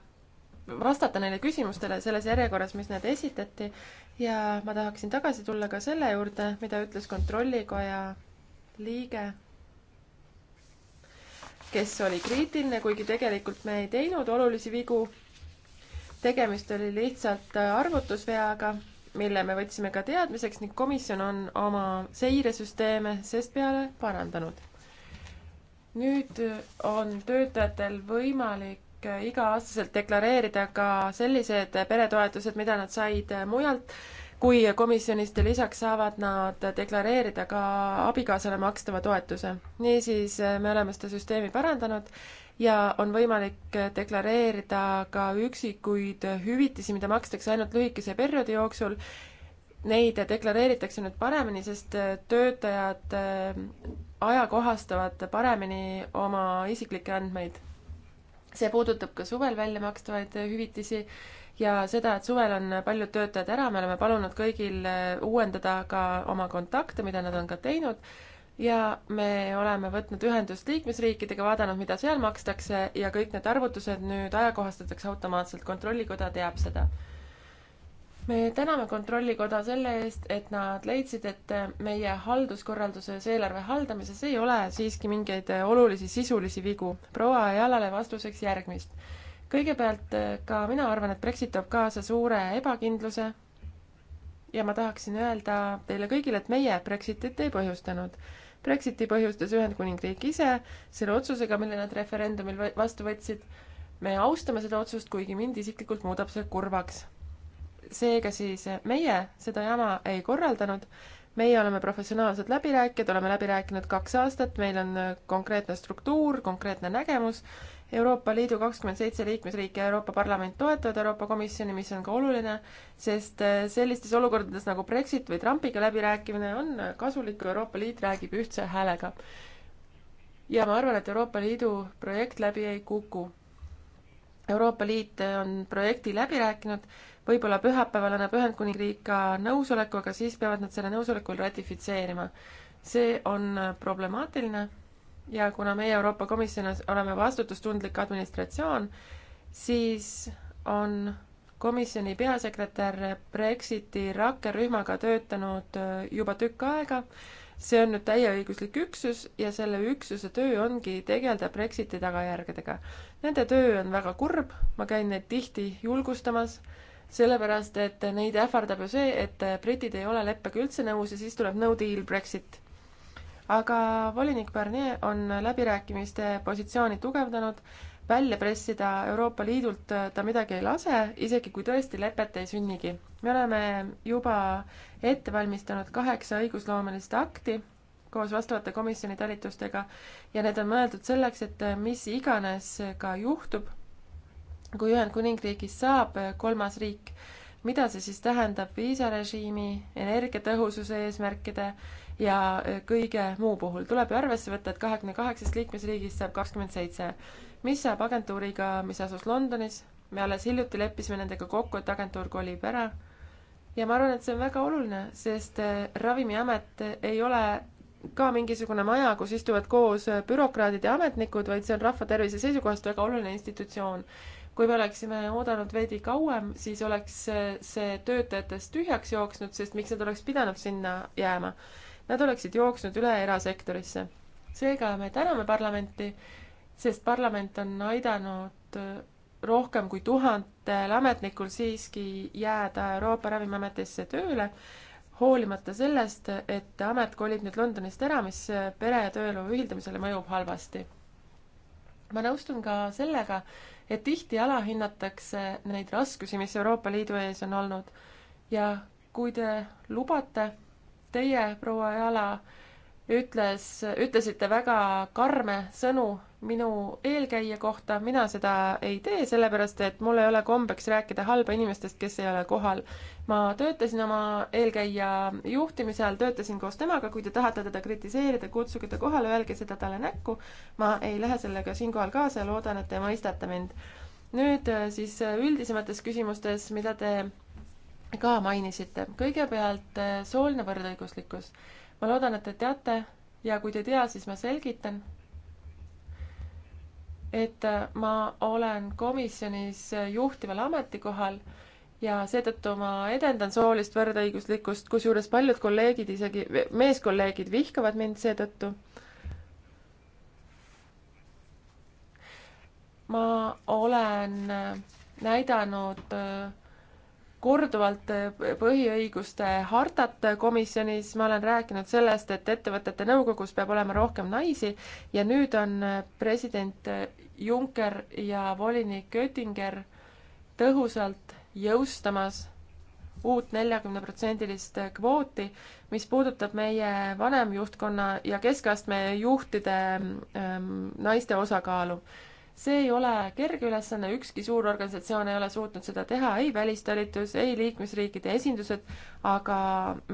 vastata neile küsimustele selles järjekorras, mis need esitati ja ma tahaksin tagasi tulla ka selle juurde, mida ütles kontrollikoja liige kes oli kriitiline, kuigi tegelikult me ei teinud olulisi vigu tegemist oli lihtsalt arvutusveaga, mille me võtsime ka teadmiseks ning komisjon on oma seiresüsteeme sestpeale parandanud. nüüd on töötajatel võimalik iga-aastaselt deklareerida ka sellised peretoetused, mida nad said mujalt kui komisjonist ja lisaks saavad nad deklareerida ka abikaasale makstava toetuse. niisiis me oleme seda süsteemi parandanud ja on võimalik deklareerida ka üksikuid hüvitisi, mida makstakse ainult lühikese perioodi jooksul. Neid deklareeritakse nüüd paremini, sest töötajad äh, ajakohastavad paremini oma isiklikke andmeid. see puudutab ka suvel välja makstavaid hüvitisi ja seda, et suvel on paljud töötajad ära, me oleme palunud kõigil äh, uuendada ka oma kontakte, mida nad on ka teinud ja me oleme võtnud ühendust liikmesriikidega, vaadanud, mida seal makstakse ja kõik need arvutused nüüd ajakohastatakse automaatselt, Kontrollikoda teab seda. me täname Kontrollikoda selle eest, et nad leidsid, et meie halduskorralduses, eelarve haldamises ei ole siiski mingeid olulisi sisulisi vigu. proua Jalale vastuseks järgmist. kõigepealt eh, ka mina arvan, et Brexit toob kaasa suure ebakindluse ja ma tahaksin öelda teile kõigile, et meie Brexitit ei põhjustanud Brexiti põhjustas Ühendkuningriik ise selle otsusega, mille nad referendumil vastu võtsid. me austame seda otsust, kuigi mind isiklikult muudab see kurvaks. seega siis eh, meie seda jama ei korraldanud, meie oleme professionaalsed läbirääkijad, oleme läbi rääkinud kaks aastat, meil on eh, konkreetne struktuur, konkreetne nägemus Euroopa Liidu kakskümmend seitse liikmesriiki ja Euroopa Parlament toetavad Euroopa Komisjoni, mis on ka oluline, sest äh, sellistes olukordades nagu Brexit või Trumpiga läbirääkimine on kasulik, kui Euroopa Liit räägib ühtse häälega. ja ma arvan, et Euroopa Liidu projekt läbi ei kuku. Euroopa Liit on projekti läbi rääkinud, võib-olla pühapäeval annab Ühendkuningriik ka nõusoleku, aga siis peavad nad selle nõusolekul ratifitseerima. see on äh, problemaatiline ja kuna meie Euroopa Komisjonis oleme vastutustundlik administratsioon, siis on komisjoni peasekretär Brexiti rakkerühmaga töötanud äh, juba tükk aega. see on nüüd täieõiguslik üksus ja selle üksuse töö ongi tegeleda Brexiti tagajärgedega. Nende töö on väga kurb, ma käin neid tihti julgustamas, sellepärast et neid ähvardab ju see, et britid ei ole leppega üldse nõus ja siis tuleb no deal Brexit aga volinik Barnier on läbirääkimiste positsiooni tugevdanud, välja pressida Euroopa Liidult äh, ta midagi ei lase, isegi kui tõesti lepet ei sünnigi. me oleme juba ette valmistanud kaheksa õigusloomelist akti koos vastavate komisjoni talitustega ja need on mõeldud selleks, et äh, mis iganes ka juhtub, kui Ühendkuningriigis saab äh, kolmas riik, mida see siis tähendab viisarežiimi, energiatõhususe eesmärkide ja kõige muu puhul tuleb ju arvesse võtta, et kahekümne kaheksast liikmesriigist saab kakskümmend seitse. mis saab agentuuriga, mis asus Londonis? me alles hiljuti leppisime nendega kokku, et agentuur kolib ära. ja ma arvan, et see on väga oluline, sest äh, Ravimiamet ei ole ka mingisugune maja, kus istuvad koos äh, bürokraadid ja ametnikud, vaid see on rahva tervise seisukohast väga oluline institutsioon. kui me oleksime oodanud veidi kauem, siis oleks äh, see töötajatest tühjaks jooksnud, sest miks nad oleks pidanud sinna jääma nad oleksid jooksnud üle erasektorisse. seega me täname parlamenti, sest parlament on aidanud äh, rohkem kui tuhandel ametnikul siiski jääda Euroopa Ravimiametisse tööle, hoolimata sellest, et amet kolib nüüd Londonist ära, mis äh, pere ja tööelu ühildamisele mõjub halvasti. ma nõustun ka sellega, et tihti alahinnatakse neid raskusi, mis Euroopa Liidu ees on olnud ja kui te lubate, Teie, proua Jala, ütles, ütlesite väga karme sõnu minu eelkäija kohta, mina seda ei tee, sellepärast et mul ei ole kombeks rääkida halba inimestest, kes ei ole kohal. ma töötasin oma eelkäija juhtimise all, töötasin koos temaga, kui te tahate teda kritiseerida, kutsuge ta kohale, öelge seda talle näkku. ma ei lähe sellega siinkohal kaasa ja loodan, et te mõistate mind. nüüd äh, siis äh, üldisemates küsimustes, mida te ka mainisite. kõigepealt eh, sooline võrdõiguslikkus. ma loodan, et te teate ja kui te ei tea, siis ma selgitan, et eh, ma olen komisjonis juhtival ametikohal ja seetõttu ma edendan soolist võrdõiguslikkust, kusjuures paljud kolleegid, isegi meeskolleegid vihkavad mind seetõttu. ma olen eh, näidanud äh, korduvalt eh, põhiõiguste hartat komisjonis, ma olen rääkinud sellest, et ettevõtete nõukogus peab olema rohkem naisi ja nüüd on eh, president eh, Juncker ja volinik Oettinger tõhusalt jõustamas uut neljakümneprotsendilist kvooti, mis puudutab meie vanemjuhtkonna ja keskastme juhtide ähm, naiste osakaalu see ei ole kerge ülesanne, ükski suur organisatsioon ei ole suutnud seda teha, ei välistalitus, ei liikmesriikide esindused, aga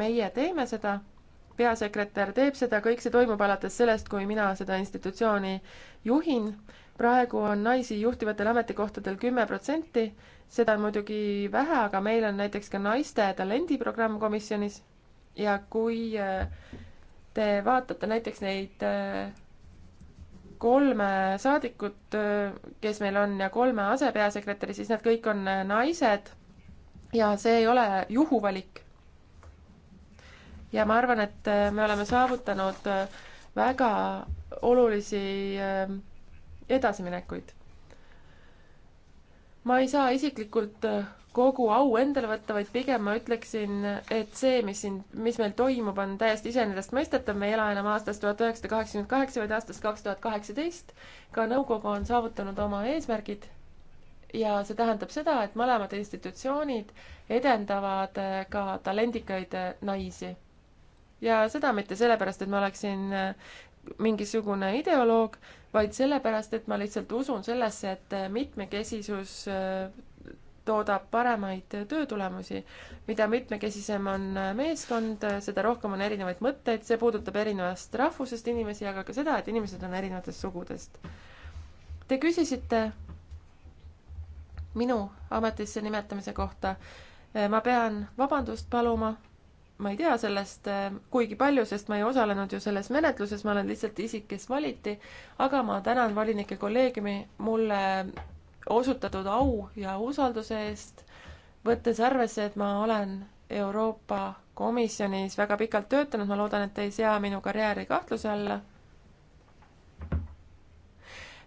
meie teeme seda, peasekretär teeb seda, kõik see toimub alates sellest, kui mina seda institutsiooni juhin. praegu on naisi juhtivatel ametikohtadel kümme protsenti, seda on muidugi vähe, aga meil on näiteks ka naiste talendiprogramm komisjonis ja kui äh, te vaatate näiteks neid äh, kolme saadikut, äh, kes meil on, ja kolme asepeasekretäri, siis nad kõik on äh, naised ja see ei ole juhuvalik. ja ma arvan, et äh, me oleme saavutanud väga olulisi edasiminekuid. ma ei saa isiklikult kogu au endale võtta, vaid pigem ma ütleksin, et see, mis siin, mis meil toimub, on täiesti iseenesestmõistetav, me ei ela enam aastast tuhat üheksasada kaheksakümmend kaheksa, vaid aastast kaks tuhat kaheksateist. ka nõukogu on saavutanud oma eesmärgid ja see tähendab seda, et mõlemad institutsioonid edendavad äh, ka talendikaid äh, naisi. ja seda mitte sellepärast, et ma oleksin äh, mingisugune ideoloog, vaid sellepärast, et ma lihtsalt usun sellesse, et mitmekesisus toodab paremaid töötulemusi. mida mitmekesisem on meeskond, seda rohkem on erinevaid mõtteid, see puudutab erinevast rahvusest inimesi, aga ka seda, et inimesed on erinevatest sugudest. Te küsisite minu ametisse nimetamise kohta. ma pean vabandust paluma, ma ei tea sellest kuigi palju, sest ma ei osalenud ju selles menetluses, ma olen lihtsalt isik, kes valiti, aga ma tänan volinike kolleegiumi mulle osutatud au ja usalduse eest, võttes arvesse, et ma olen Euroopa Komisjonis väga pikalt töötanud, ma loodan, et ei sea minu karjääri kahtluse alla.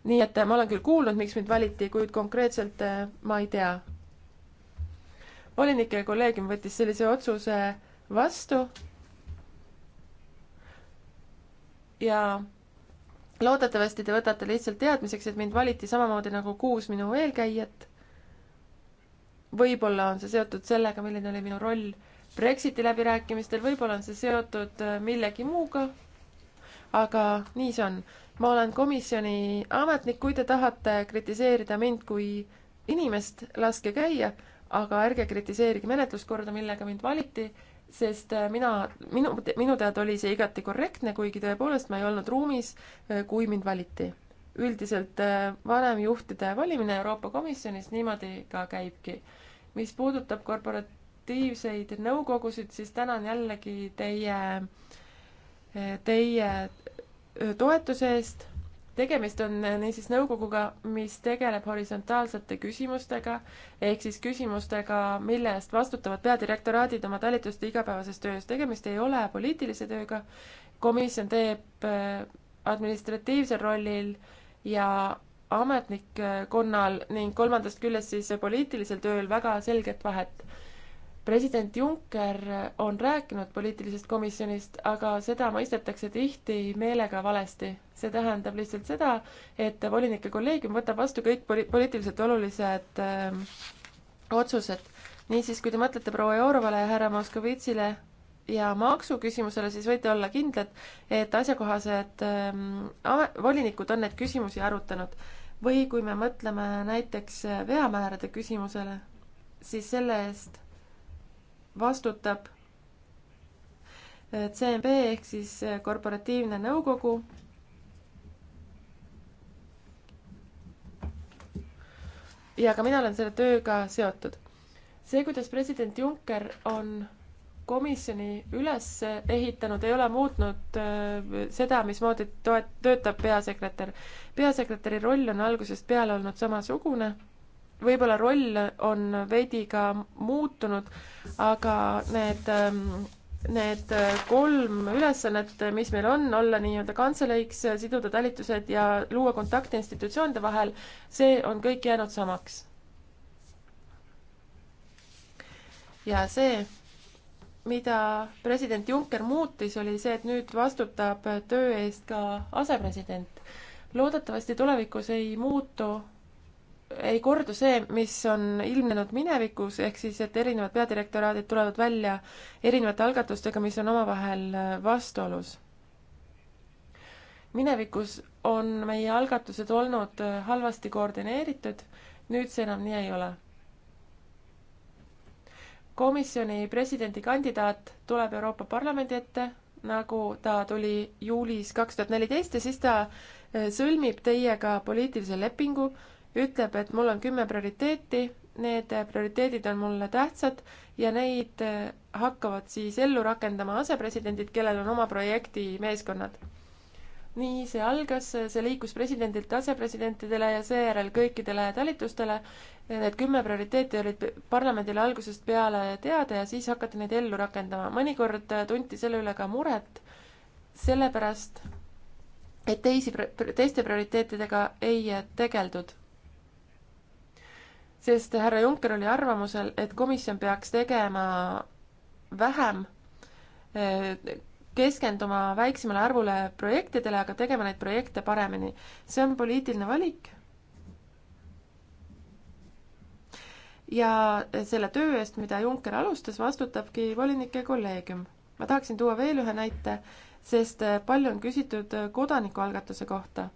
nii et ma olen küll kuulnud, miks mind valiti, kuid konkreetselt äh, ma ei tea. volinike kolleegium võttis sellise otsuse vastu ja loodetavasti te võtate lihtsalt teadmiseks, et mind valiti samamoodi nagu kuus minu eelkäijat. võib-olla on see seotud sellega, milline oli minu roll Brexiti läbirääkimistel, võib-olla on see seotud äh, millegi muuga. aga nii see on. ma olen komisjoni ametnik, kui te tahate kritiseerida mind kui inimest, laske käia, aga ärge kritiseerige menetluskorda, millega mind valiti sest äh, mina, minu, minu teada oli see igati korrektne, kuigi tõepoolest ma ei olnud ruumis, äh, kui mind valiti. üldiselt äh, vanemjuhtide valimine Euroopa Komisjonis niimoodi ka käibki. mis puudutab korporatiivseid nõukogusid, siis tänan jällegi teie, teie toetuse eest tegemist on äh, niisiis nõukoguga, mis tegeleb horisontaalsete küsimustega, ehk siis küsimustega, mille eest vastutavad peadirektoraadid oma talituste igapäevases töös. tegemist ei ole poliitilise tööga, komisjon teeb äh, administratiivsel rollil ja ametnikkonnal ning kolmandast küljest siis poliitilisel tööl väga selget vahet president Juncker on rääkinud poliitilisest komisjonist, aga seda mõistetakse tihti meelega valesti. see tähendab lihtsalt seda, et volinike kolleegium võtab vastu kõik poli-, poliitiliselt olulised öö, ähm, otsused. niisiis, kui te mõtlete proua Jourovale ja härra Moskovitšile ja maksuküsimusele, siis võite olla kindlad, et asjakohased öö, ähm, volinikud on neid küsimusi arutanud. või kui me mõtleme näiteks veamäärade küsimusele, siis selle eest vastutab CMB ehk siis eh, korporatiivne nõukogu ja ka mina olen selle tööga seotud. see, kuidas president Juncker on komisjoni üles ehitanud, ei ole muutnud eh, seda, mismoodi toet-, töötab peasekretär. peasekretäri roll on algusest peale olnud samasugune võib-olla roll on veidi ka muutunud, aga need, ähm, need kolm ülesannet, mis meil on, olla nii-öelda kantseleiks, siduda talitused ja luua kontakte institutsioonide vahel, see on kõik jäänud samaks. ja see, mida president Juncker muutis, oli see, et nüüd vastutab töö eest ka asepresident. loodetavasti tulevikus ei muutu ei kordu see, mis on ilmnenud minevikus, ehk siis, et erinevad peadirektoraadid tulevad välja erinevate algatustega, mis on omavahel äh, vastuolus. minevikus on meie algatused olnud äh, halvasti koordineeritud, nüüd see enam nii ei ole. komisjoni presidendikandidaat tuleb Euroopa Parlamendi ette, nagu ta tuli juulis kaks tuhat neliteist ja siis ta äh, sõlmib teiega poliitilise lepingu, ütleb, et mul on kümme prioriteeti, need prioriteedid on mulle tähtsad ja neid eh, hakkavad siis ellu rakendama asepresidendid, kellel on oma projekti meeskonnad. nii see algas, see liikus presidendilt asepresidentidele ja seejärel kõikidele talitustele. Need kümme prioriteeti olid parlamendile algusest peale teada ja siis hakati neid ellu rakendama. mõnikord tunti selle üle ka muret, sellepärast et teisi, teiste prioriteetidega ei tegeldud sest härra Juncker oli arvamusel, et komisjon peaks tegema vähem, keskenduma väiksemale arvule projektidele, aga tegema neid projekte paremini. see on poliitiline valik. ja selle töö eest, mida Juncker alustas, vastutabki volinike kolleegium. ma tahaksin tuua veel ühe näite, sest palju on küsitud kodanikualgatuse kohta.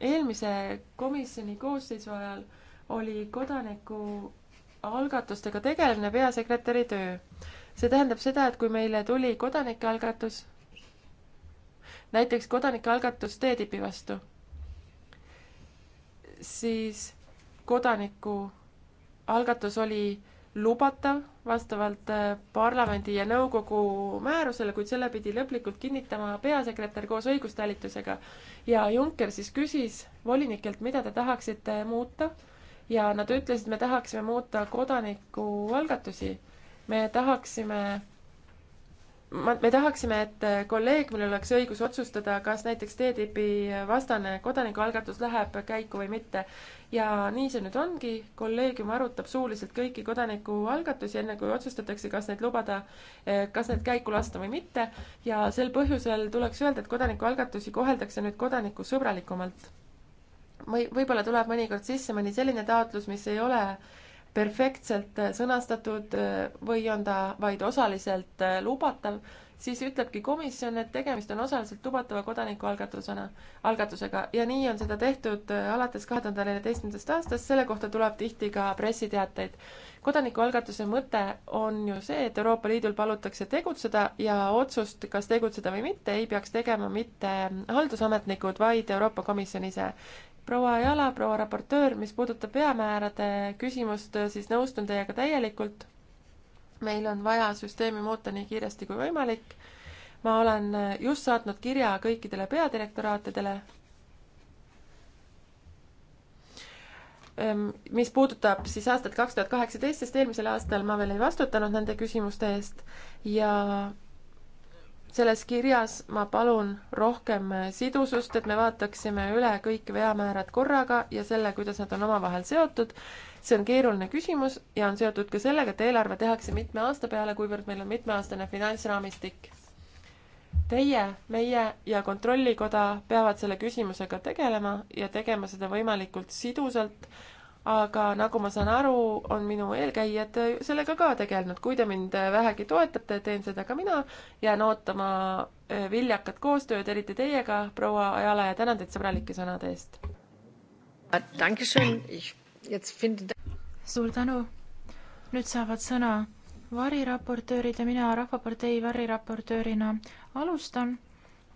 eelmise komisjoni koosseisu ajal äh, oli kodanikualgatustega tegelemine peasekretäri töö. see tähendab seda, et kui meile tuli kodanikealgatus, näiteks kodanikealgatus TTIP-i vastu, siis kodanikualgatus oli lubatav vastavalt äh, parlamendi ja nõukogu määrusele, kuid selle pidi lõplikult kinnitama peasekretär koos õigustalitusega. ja Juncker siis küsis volinikelt, mida te tahaksite muuta ja nad ütlesid, me tahaksime muuta kodanikualgatusi. me tahaksime ma, me tahaksime, et kolleegiumil oleks õigus otsustada, kas näiteks TTIP-i vastane kodanikualgatus läheb käiku või mitte. ja nii see nüüd ongi, kolleegium arutab suuliselt kõiki kodanikualgatusi, enne kui otsustatakse, kas neid lubada, kas need käiku lasta või mitte, ja sel põhjusel tuleks öelda, et kodanikualgatusi koheldakse nüüd kodanikusõbralikumalt või võib-olla tuleb mõnikord sisse mõni selline taotlus, mis ei ole perfektselt äh, sõnastatud äh, või on ta vaid osaliselt äh, lubatav, siis ütlebki komisjon, et tegemist on osaliselt lubatava kodanikualgatusena, algatusega ja nii on seda tehtud alates kahe tuhande neljateistkümnendast aastast, selle kohta tuleb tihti ka pressiteateid. kodanikualgatuse mõte on ju see, et Euroopa Liidul palutakse tegutseda ja otsust, kas tegutseda või mitte, ei peaks tegema mitte haldusametnikud, vaid Euroopa Komisjon ise proua Jala, proua raportöör, mis puudutab veamäärade küsimust, siis nõustun teiega täielikult. meil on vaja süsteemi muuta nii kiiresti kui võimalik. ma olen just saatnud kirja kõikidele peadirektoraatidele. Ehm, mis puudutab siis aastat kaks tuhat kaheksateist, sest eelmisel aastal ma veel ei vastutanud nende küsimuste eest ja selles kirjas ma palun rohkem sidusust, et me vaataksime üle kõik veamäärad korraga ja selle, kuidas nad on omavahel seotud. see on keeruline küsimus ja on seotud ka sellega, et eelarve tehakse mitme aasta peale, kuivõrd meil on mitmeaastane finantsraamistik. Teie, meie ja Kontrollikoda peavad selle küsimusega tegelema ja tegema seda võimalikult sidusalt aga nagu ma saan aru, on minu eelkäijad sellega ka tegelenud. kui te mind vähegi toetate, teen seda ka mina. jään ootama eh, viljakat koostööd, eriti teiega, proua Ajala, ja tänan teid sõbralike sõnade eest. Ah, suur tänu. nüüd saavad sõna variraportöörid ja mina Rahvapartei variraportöörina alustan.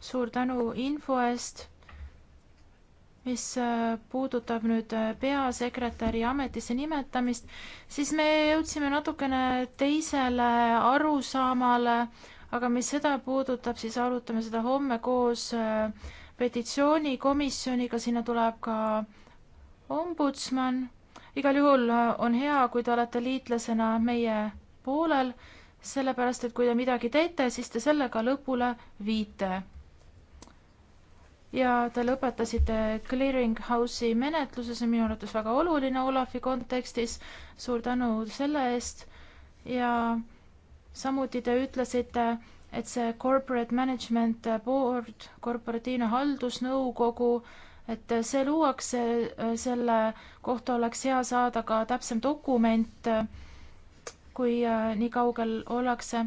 suur tänu info eest mis äh, puudutab nüüd äh, peasekretäri ametisse nimetamist, siis me jõudsime natukene teisele arusaamale, aga mis seda puudutab, siis arutame seda homme koos äh, petitsioonikomisjoniga, sinna tuleb ka ombudsman. igal juhul on hea, kui te olete liitlasena meie poolel, sellepärast et kui te midagi teete, siis te selle ka lõpule viite ja te lõpetasite Clearing House'i menetluse, see on minu arvates väga oluline Olafi kontekstis. suur tänu selle eest ja samuti te ütlesite, et see Corporate Management Board, korporatiivne haldusnõukogu, et see luuakse, selle kohta oleks hea saada ka täpsem dokument, kui äh, nii kaugel ollakse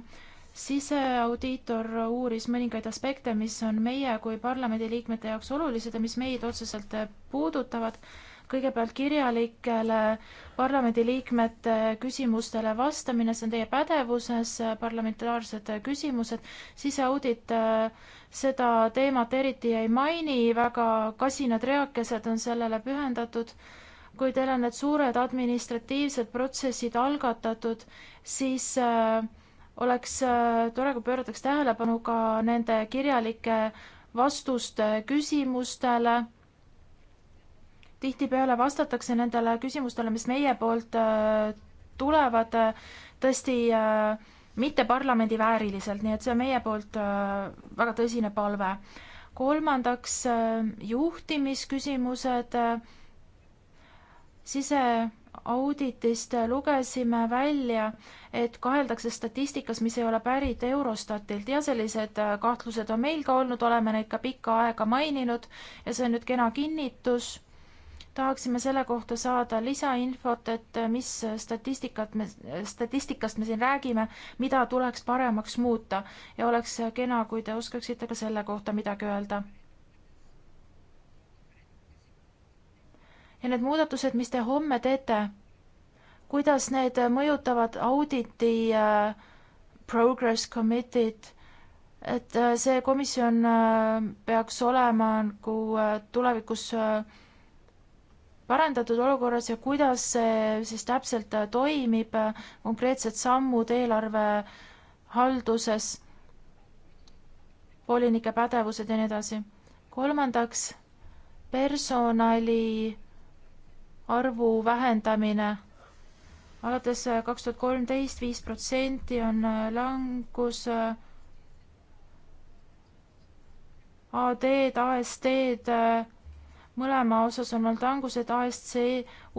siseaudiitor uuris mõningaid aspekte, mis on meie kui parlamendiliikmete jaoks olulised ja mis meid otseselt puudutavad. kõigepealt kirjalikele parlamendiliikmete küsimustele vastamine, see on teie pädevuses, parlamentaarsed küsimused. siseaudit äh, seda teemat eriti ei maini, väga kasinad reakesed on sellele pühendatud kui teil on need suured administratiivsed protsessid algatatud, siis äh, oleks äh, tore, kui pöörataks tähelepanu ka nende kirjalike vastuste küsimustele. tihtipeale vastatakse nendele küsimustele, mis meie poolt äh, tulevad äh, tõesti mitte parlamendi vääriliselt, nii et see on meie poolt väga tõsine palve. kolmandaks juhtimisküsimused sise auditist lugesime välja, et kaheldakse statistikas, mis ei ole pärit Eurostatilt ja sellised äh, kahtlused on meil ka olnud, oleme neid ka pikka aega maininud ja see on nüüd kena kinnitus. tahaksime selle kohta saada lisainfot, et äh, mis statistikat me, statistikast me siin räägime, mida tuleks paremaks muuta ja oleks äh, kena, kui te oskaksite ka selle kohta midagi öelda ja need muudatused, mis te homme teete, kuidas need mõjutavad auditi äh, progress committee'd, et äh, see komisjon äh, peaks olema nagu äh, tulevikus äh, parendatud olukorras ja kuidas see siis täpselt äh, toimib, konkreetsed sammud eelarve halduses, volinike pädevused ja nii edasi. kolmandaks, personali arvu vähendamine. alates äh, kaks tuhat kolmteist viis protsenti on äh, langus äh, AD-d, AST-d, mõlema osas on olnud langused, ASC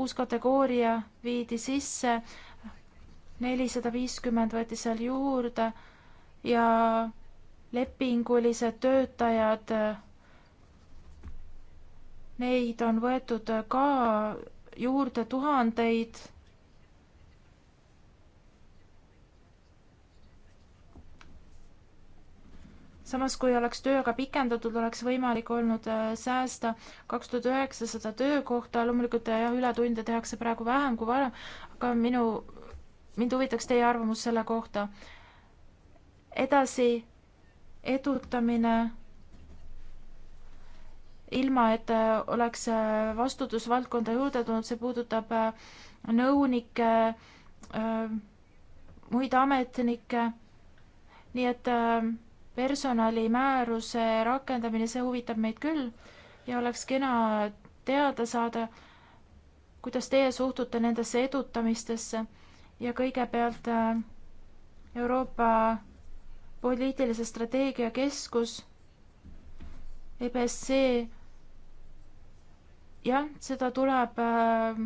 uus kategooria viidi sisse, nelisada viiskümmend võeti seal juurde ja lepingulised töötajad, neid on võetud ka juurde tuhandeid samas, kui oleks tööga pikendatud, oleks võimalik olnud äh, säästa kaks tuhat üheksasada töökohta, loomulikult äh, jah, ületunde tehakse praegu vähem kui varem, aga minu, mind huvitaks teie arvamus selle kohta. edasi, edutamine ilma et äh, oleks äh, vastutusvaldkonda juurde tulnud, see puudutab äh, nõunikke, muid ametnikke, nii et personalimääruse rakendamine, see huvitab meid küll ja oleks kena teada saada, kuidas teie suhtute nendesse edutamistesse ja kõigepealt Euroopa poliitilise strateegia keskus, EBSC jah, seda tuleb äh,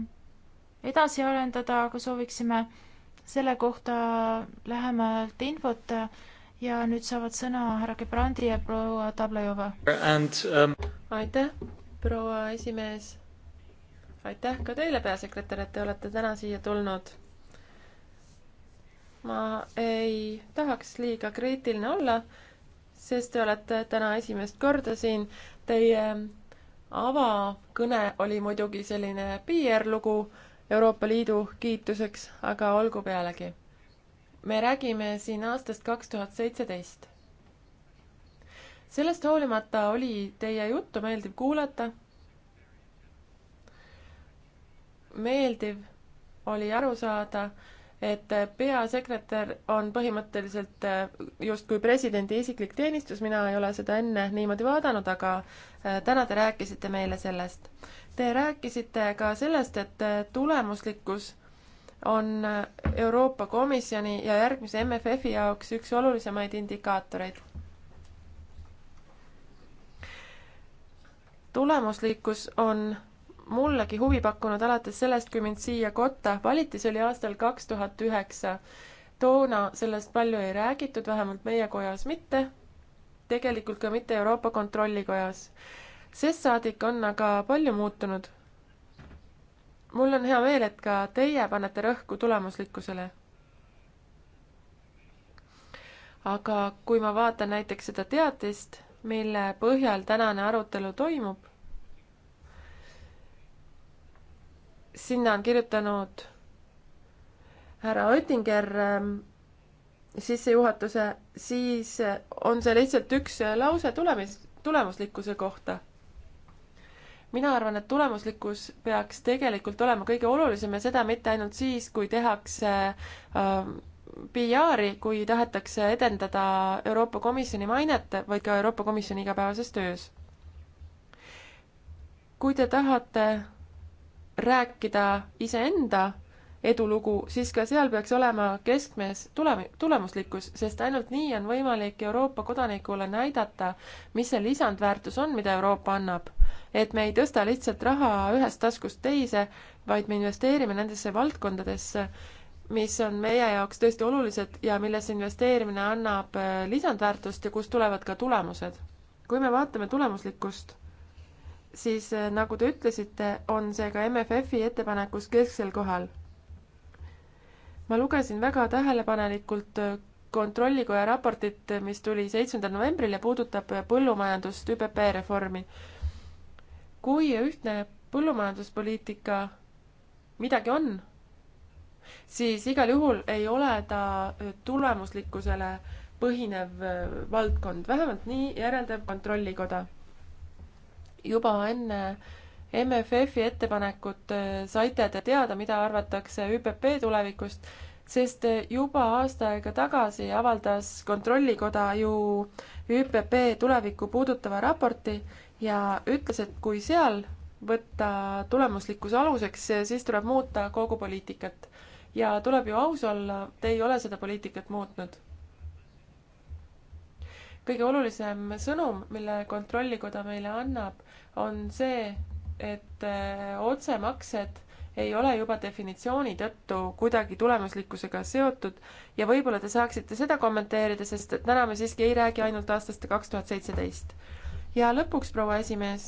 edasi arendada, aga sooviksime selle kohta lähemalt infot ja nüüd saavad sõna härra Gebrandi ja proua Tablajova. Um... aitäh, proua esimees. aitäh ka teile, peasekretär, et te olete täna siia tulnud. ma ei tahaks liiga kriitiline olla, sest te olete täna esimest korda siin. Teie avakõne oli muidugi selline PR-lugu Euroopa Liidu kiituseks, aga olgu pealegi. me räägime siin aastast kaks tuhat seitseteist. sellest hoolimata oli teie juttu meeldiv kuulata. meeldiv oli aru saada, et peasekretär on põhimõtteliselt äh, justkui presidendi isiklik teenistus, mina ei ole seda enne niimoodi vaadanud, aga äh, täna te rääkisite meile sellest. Te rääkisite ka sellest, et äh, tulemuslikkus on Euroopa Komisjoni ja järgmise MFF-i jaoks üks olulisemaid indikaatoreid. tulemuslikkus on mullegi huvi pakkunud alates sellest, kui mind siia kotta valiti, see oli aastal kaks tuhat üheksa. toona sellest palju ei räägitud, vähemalt meie kojas mitte, tegelikult ka mitte Euroopa Kontrollikojas. sest saadik on aga palju muutunud. mul on hea meel, et ka teie panete rõhku tulemuslikkusele. aga kui ma vaatan näiteks seda teatist, mille põhjal tänane arutelu toimub sinna on kirjutanud härra Oettinger ähm, sissejuhatuse, siis äh, on see lihtsalt üks äh, lause tulemis, tulemuslikkuse kohta. mina arvan, et tulemuslikkus peaks tegelikult olema kõige olulisem ja seda mitte ainult siis, kui tehakse äh, PR-i, kui tahetakse edendada Euroopa Komisjoni mainet, vaid ka Euroopa Komisjoni igapäevases töös. kui te tahate rääkida iseenda edulugu, siis ka seal peaks olema keskmes tule-, tulemuslikkus, sest ainult nii on võimalik Euroopa kodanikule näidata, mis see lisandväärtus on, mida Euroopa annab. et me ei tõsta lihtsalt raha ühest taskust teise, vaid me investeerime nendesse valdkondadesse, mis on meie jaoks tõesti olulised ja millesse investeerimine annab äh, lisandväärtust ja kust tulevad ka tulemused. kui me vaatame tulemuslikkust siis eh, nagu te ütlesite, on see ka MFF-i ettepanekus kesksel kohal. ma lugesin väga tähelepanelikult eh, kontrollikoja raportit, eh, mis tuli seitsmendal novembril ja puudutab põllumajandust ÜPP reformi. kui ühtne põllumajanduspoliitika midagi on, siis igal juhul ei ole ta tulemuslikkusele põhinev valdkond, vähemalt nii järeldab Kontrollikoda juba enne MFF-i ettepanekut äh, saite te teada, mida arvatakse ÜPP tulevikust, sest äh, juba aasta aega tagasi avaldas Kontrollikoda ju ÜPP tulevikku puudutava raporti ja ütles, et kui seal võtta tulemuslikkuse aluseks, äh, siis tuleb muuta kogu poliitikat. ja tuleb ju aus olla, te ei ole seda poliitikat muutnud kõige olulisem sõnum, mille Kontrollikoda meile annab, on see, et äh, otsemaksed ei ole juba definitsiooni tõttu kuidagi tulemuslikkusega seotud ja võib-olla te saaksite seda kommenteerida, sest et täna me siiski ei räägi ainult aastast kaks tuhat seitseteist. ja lõpuks, proua esimees,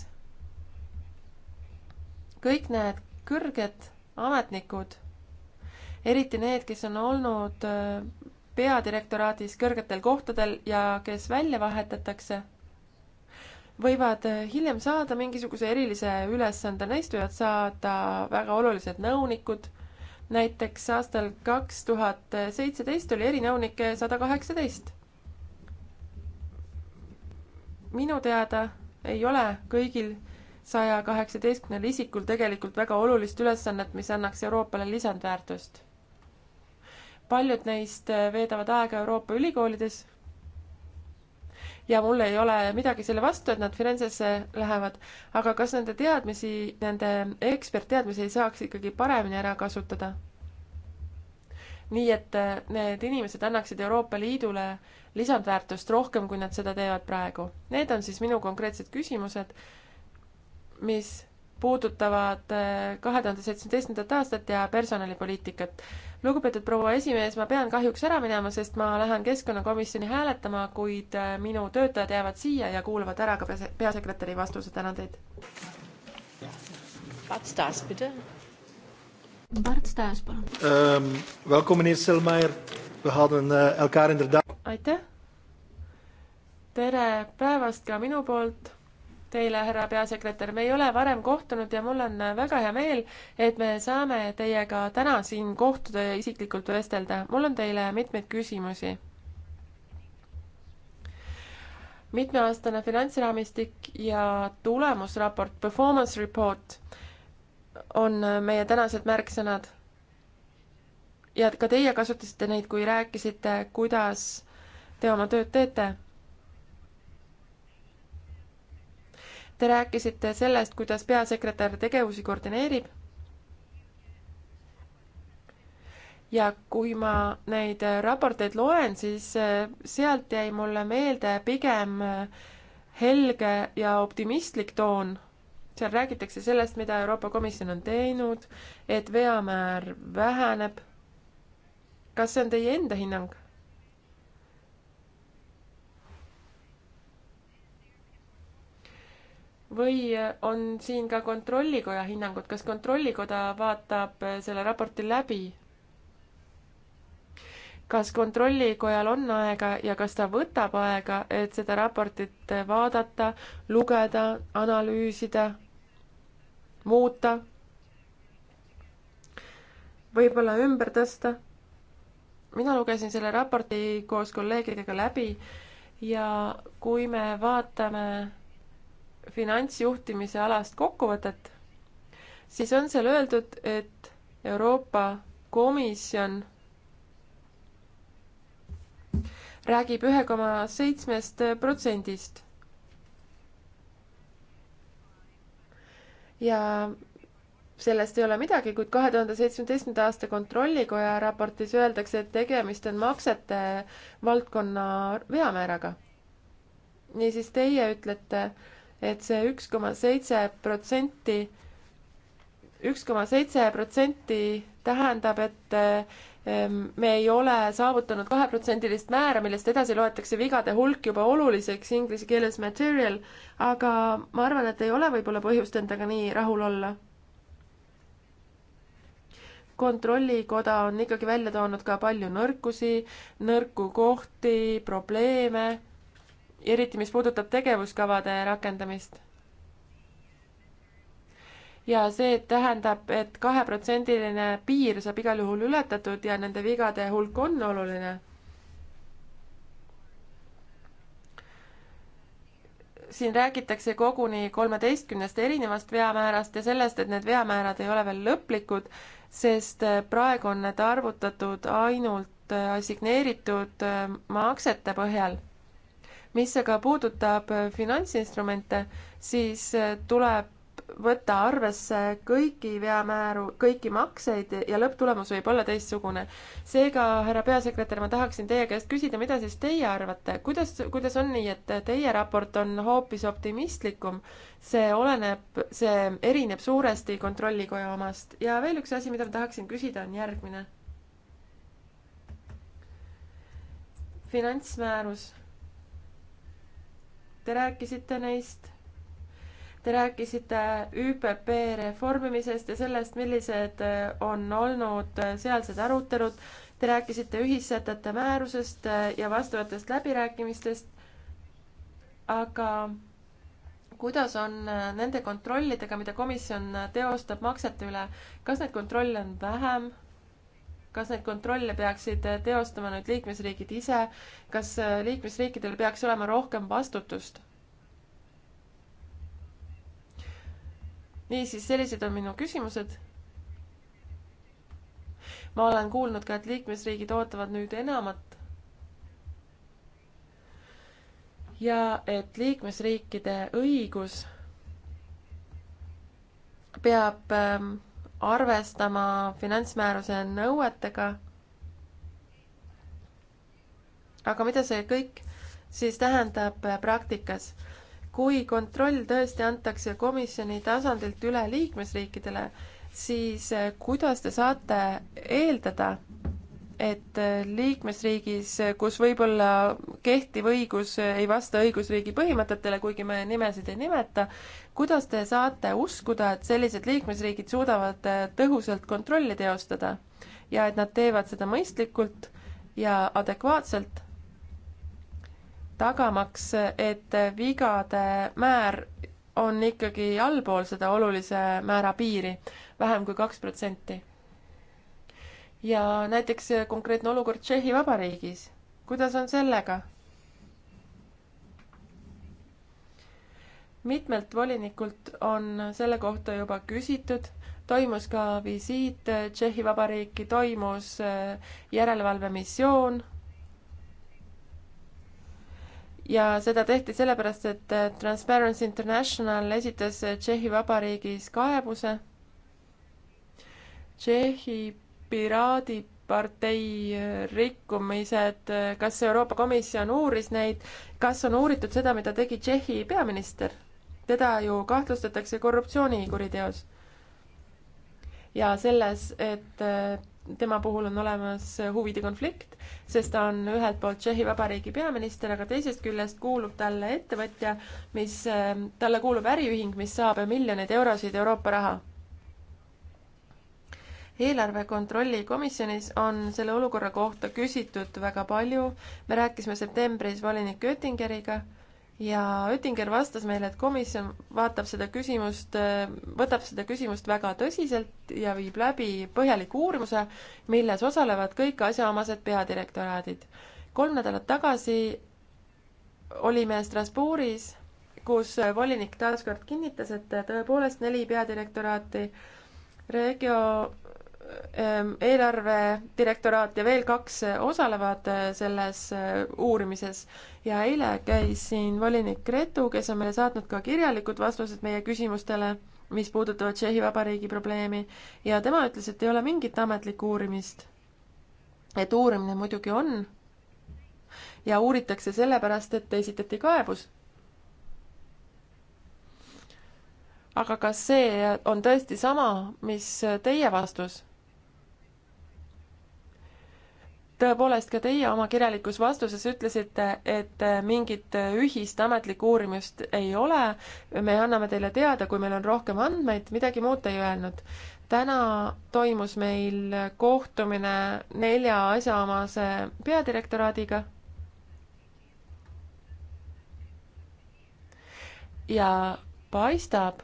kõik need kõrged ametnikud, eriti need, kes on olnud äh, peadirektoraadis kõrgetel kohtadel ja kes välja vahetatakse, võivad hiljem saada mingisuguse erilise ülesande, neist võivad saada väga olulised nõunikud, näiteks aastal kaks tuhat seitseteist oli erinõunikke sada kaheksateist. minu teada ei ole kõigil saja kaheksateistkümnel isikul tegelikult väga olulist ülesannet, mis annaks Euroopale lisandväärtust paljud neist veedavad aega Euroopa ülikoolides. ja mul ei ole midagi selle vastu, et nad Firenzesse lähevad, aga kas nende teadmisi, nende ekspertteadmisi ei saaks ikkagi paremini ära kasutada? nii et need inimesed annaksid Euroopa Liidule lisandväärtust rohkem, kui nad seda teevad praegu. Need on siis minu konkreetsed küsimused, mis puudutavad äh, kahe tuhande seitsmeteistkümnendat aastat ja personalipoliitikat. lugupeetud proua esimees, ma pean kahjuks ära minema, sest ma lähen keskkonnakomisjoni hääletama, kuid äh, minu töötajad jäävad siia ja kuulavad ära ka peasekretäri vastuse, tänan teid. Bart Staes, bitte. Bart Staes, palun um,. Welkom, meneer Selmaier. We hadden uh, elkaar inderdaad. aitäh. tere päevast ka minu poolt teile, härra peasekretär, me ei ole varem kohtunud ja mul on väga hea meel, et me saame teiega täna siin kohtuda ja isiklikult vestelda. mul on teile mitmeid küsimusi. mitmeaastane finantsraamistik ja tulemusraport, performance report on meie tänased märksõnad. ja ka teie kasutasite neid, kui rääkisite, kuidas te oma tööd teete Te rääkisite sellest, kuidas peasekretär tegevusi koordineerib. ja kui ma neid raporteid loen, siis eh, sealt jäi mulle meelde pigem eh, helge ja optimistlik toon seal räägitakse sellest, mida Euroopa Komisjon on teinud, et veamäär väheneb. kas see on teie enda hinnang? või on siin ka Kontrollikoja hinnangud, kas Kontrollikoda vaatab äh, selle raporti läbi? kas Kontrollikojal on aega ja kas ta võtab aega, et seda raportit vaadata, lugeda, analüüsida, muuta, võib-olla ümber tõsta? mina lugesin selle raporti koos kolleegidega läbi ja kui me vaatame finantsjuhtimise alast kokkuvõtet, siis on seal öeldud, et Euroopa Komisjon räägib ühe koma seitsmest protsendist. ja sellest ei ole midagi, kuid kahe tuhande seitsmeteistkümnenda aasta Kontrollikoja raportis öeldakse, et tegemist on maksete valdkonna veamääraga. niisiis, teie ütlete, et see üks koma seitse protsenti, üks koma seitse protsenti tähendab, et ehm, me ei ole saavutanud kaheprotsendilist määra, millest edasi loetakse vigade hulk juba oluliseks inglise keeles material, aga ma arvan, et ei ole võib-olla põhjust endaga nii rahul olla. kontrollikoda on ikkagi välja toonud ka palju nõrkusi, nõrku kohti, probleeme eriti mis puudutab tegevuskavade rakendamist. ja see tähendab et, et kaheprotsendiline piir saab igal juhul ületatud ja nende vigade hulk on oluline siin räägitakse koguni kolmeteistkümnest erinevast veamäärast ja sellest, et need veamäärad ei ole veel lõplikud, sest praegu on need arvutatud ainult assigneeritud maksete põhjal mis aga puudutab äh, finantsinstrumente, siis äh, tuleb võtta arvesse kõiki veamääru, kõiki makseid ja lõpptulemus võib olla teistsugune. seega, härra peasekretär, ma tahaksin teie käest küsida, mida siis teie arvate, kuidas, kuidas on nii, et teie raport on hoopis optimistlikum? see oleneb, see erineb suuresti Kontrollikoja omast ja veel üks asi, mida ma tahaksin küsida, on järgmine. finantsmäärus te rääkisite neist. Te rääkisite ÜPP reformimisest ja sellest, millised äh, on olnud äh, sealsed arutelud. Te rääkisite ühissätete määrusest äh, ja vastavatest läbirääkimistest. aga kuidas on nende kontrollidega, mida komisjon teostab maksete üle, kas neid kontrolle on vähem? kas neid kontrolle peaksid äh, teostama nüüd liikmesriigid ise, kas äh, liikmesriikidel peaks olema rohkem vastutust? niisiis, sellised on minu küsimused. ma olen kuulnud ka, et liikmesriigid ootavad nüüd enamat. ja et liikmesriikide õigus peab ähm, arvestama finantsmääruse nõuetega. aga mida see kõik siis tähendab praktikas? kui kontroll tõesti antakse komisjoni tasandilt üle liikmesriikidele, siis eh, kuidas te saate eeldada, et äh, liikmesriigis, kus võib-olla kehtiv õigus äh, ei vasta õigusriigi põhimõtetele, kuigi me nimesid ei nimeta, kuidas te saate uskuda, et sellised liikmesriigid suudavad äh, tõhusalt kontrolli teostada ja et nad teevad seda mõistlikult ja adekvaatselt, tagamaks, et vigade määr on ikkagi allpool seda olulise määra piiri, vähem kui kaks protsenti ja näiteks eh, konkreetne olukord Tšehhi Vabariigis. kuidas on sellega? mitmelt volinikult on selle kohta juba küsitud, toimus ka visiit eh, Tšehhi Vabariiki, toimus eh, järelevalvemissioon. ja seda tehti sellepärast, et Transparency International esitas Tšehhi Vabariigis kaebuse. Tšehhi Piraadipartei rikkumised, kas Euroopa Komisjon uuris neid, kas on uuritud seda, mida tegi Tšehhi peaminister? teda ju kahtlustatakse korruptsioonikuriteos. ja selles, et äh, tema puhul on olemas huvide konflikt, sest ta on ühelt poolt Tšehhi Vabariigi peaminister, aga teisest küljest kuulub talle ettevõtja, mis, äh, talle kuulub äriühing, mis saab miljoneid eurosid Euroopa raha eelarve kontrolli komisjonis on selle olukorra kohta küsitud väga palju. me rääkisime septembris volinik Oettingeriga ja Oettinger vastas meile, et komisjon vaatab seda küsimust, võtab seda küsimust väga tõsiselt ja viib läbi põhjaliku uurimuse, milles osalevad kõik asjaomased peadirektoraadid. kolm nädalat tagasi olime Strasbourgis, kus volinik taaskord kinnitas, et tõepoolest neli peadirektoraati Regio Ehm, eelarvedirektoraat ja veel kaks eh, osalevad eh, selles eh, uurimises ja eile käis siin volinik Gretu, kes on meile saatnud ka kirjalikud vastused meie küsimustele, mis puudutavad Tšehhi Vabariigi probleemi ja tema ütles, et ei ole mingit ametlikku uurimist. et uurimine muidugi on ja uuritakse sellepärast, et esitati kaebus aga kas see on tõesti sama, mis teie vastus? tõepoolest, ka teie oma kirjalikus vastuses ütlesite, et mingit ühist ametlikku uurimust ei ole. me anname teile teada, kui meil on rohkem andmeid, midagi muud ei öelnud. täna toimus meil kohtumine nelja asjaomase peadirektoraadiga. ja paistab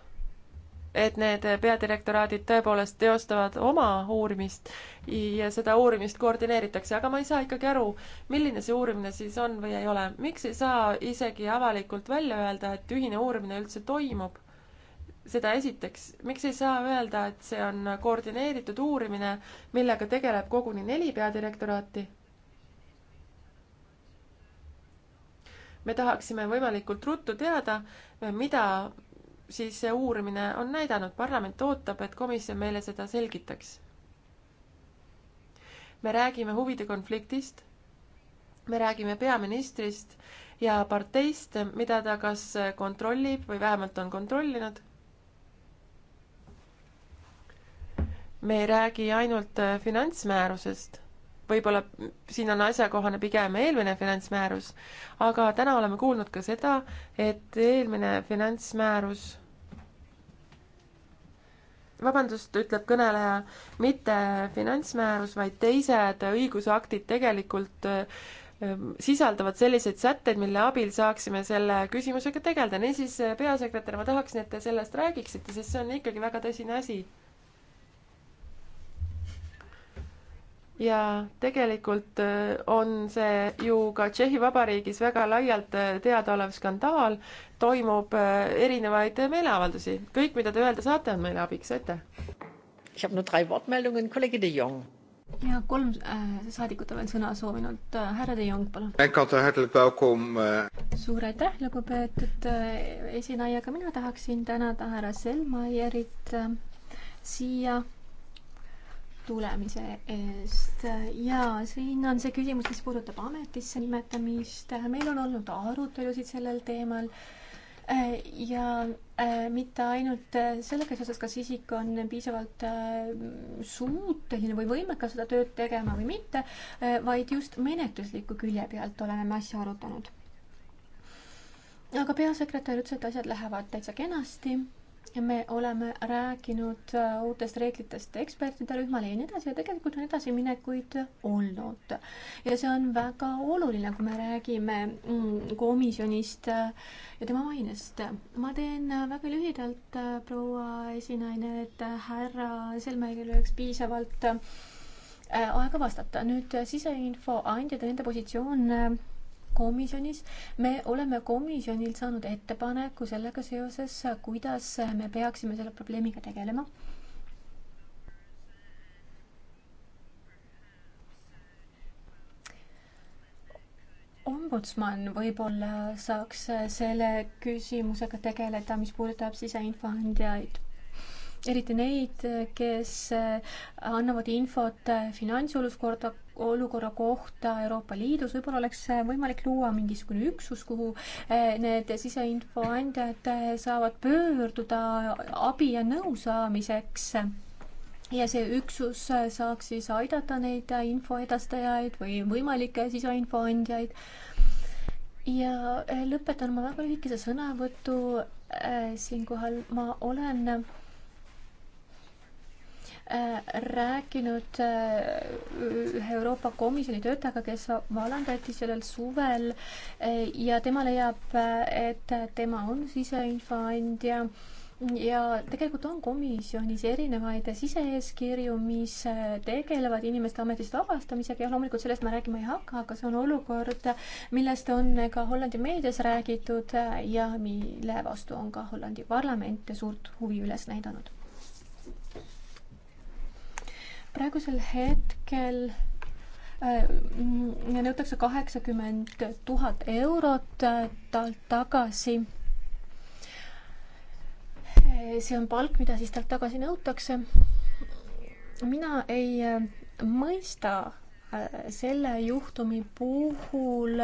et need peadirektoraadid tõepoolest teostavad oma uurimist ja seda uurimist koordineeritakse, aga ma ei saa ikkagi aru, milline see uurimine siis on või ei ole. miks ei saa isegi avalikult välja öelda, et ühine uurimine üldse toimub? seda esiteks, miks ei saa öelda, et see on koordineeritud uurimine, millega tegeleb koguni neli peadirektoraati? me tahaksime võimalikult ruttu teada, mida siis see uurimine on näidanud, parlament ootab, et komisjon meile seda selgitaks. me räägime huvide konfliktist, me räägime peaministrist ja parteist, mida ta kas kontrollib või vähemalt on kontrollinud. me ei räägi ainult finantsmäärusest võib-olla siin on asjakohane pigem eelmine finantsmäärus, aga täna oleme kuulnud ka seda, et eelmine finantsmäärus vabandust, ütleb kõneleja, mitte finantsmäärus, vaid teised õigusaktid tegelikult ähm, sisaldavad selliseid sätteid, mille abil saaksime selle küsimusega tegeleda. niisiis, peasekretär, ma tahaksin, et te sellest räägiksite, sest see on ikkagi väga tõsine asi ja tegelikult äh, on see ju ka Tšehhi Vabariigis väga laialt äh, teadaolev skandaal, toimub äh, erinevaid meeleavaldusi. kõik, mida te öelda saate, on meile abiks, aitäh! ja kolm äh, saadikut on veel sõna soovinud. härra De Jong, palun. suur aitäh, lugupeetud äh, esinaine, ka mina tahaksin tänada härra Selmaierit äh, siia tulemise eest ja siin on see küsimus, mis puudutab ametisse nimetamist. meil on olnud arutelusid sellel teemal ja äh, mitte ainult sellega seoses, kas isik on piisavalt äh, suuteline või võimekas seda tööd tegema või mitte äh,, vaid just menetlusliku külje pealt oleme me asja arutanud. aga peasekretär ütles, et asjad lähevad täitsa kenasti me oleme rääkinud äh, uutest reeglitest ekspertide rühmale ja nii edasi ja tegelikult on edasiminekuid olnud. ja see on väga oluline, kui me räägime mm, komisjonist äh, ja tema mainest. ma teen äh, väga lühidalt, proua esinaine, et härra Selmeril oleks piisavalt aega vastata. nüüd siseinfo andjad ja nende positsioon komisjonis. me oleme komisjonilt saanud ettepaneku sellega seoses, kuidas me peaksime selle probleemiga tegelema. ombudsman võib-olla saaks selle küsimusega tegeleda, mis puudutab siseinfoandjaid eriti neid, kes annavad infot finantsolukorda olukorra kohta Euroopa Liidus, võib-olla oleks äh, võimalik luua mingisugune üksus, kuhu äh, need siseinfoandjad äh, saavad pöörduda abi ja nõu saamiseks ja see üksus saaks siis aidata neid infoedastajaid või võimalikke sisainfoandjaid. ja lõpetan ma väga lühikese sõnavõtu. siinkohal ma olen Äh, rääkinud äh, ühe Euroopa Komisjoni töötajaga, kes vallandati sellel suvel äh, ja tema leiab, et tema on siseinfoandja ja tegelikult on komisjonis erinevaid sise-eeskirju, mis tegelevad inimeste ametist vabastamisega ja loomulikult sellest me rääkima ei hakka, aga see on olukord, millest on ka Hollandi meedias räägitud ja mille vastu on ka Hollandi parlament suurt huvi üles näidanud praegusel hetkel äh, mm, nõutakse kaheksakümmend tuhat eurot äh, talt tagasi. Äh, see on palk, mida siis talt tagasi nõutakse. mina ei mõista selle juhtumi puhul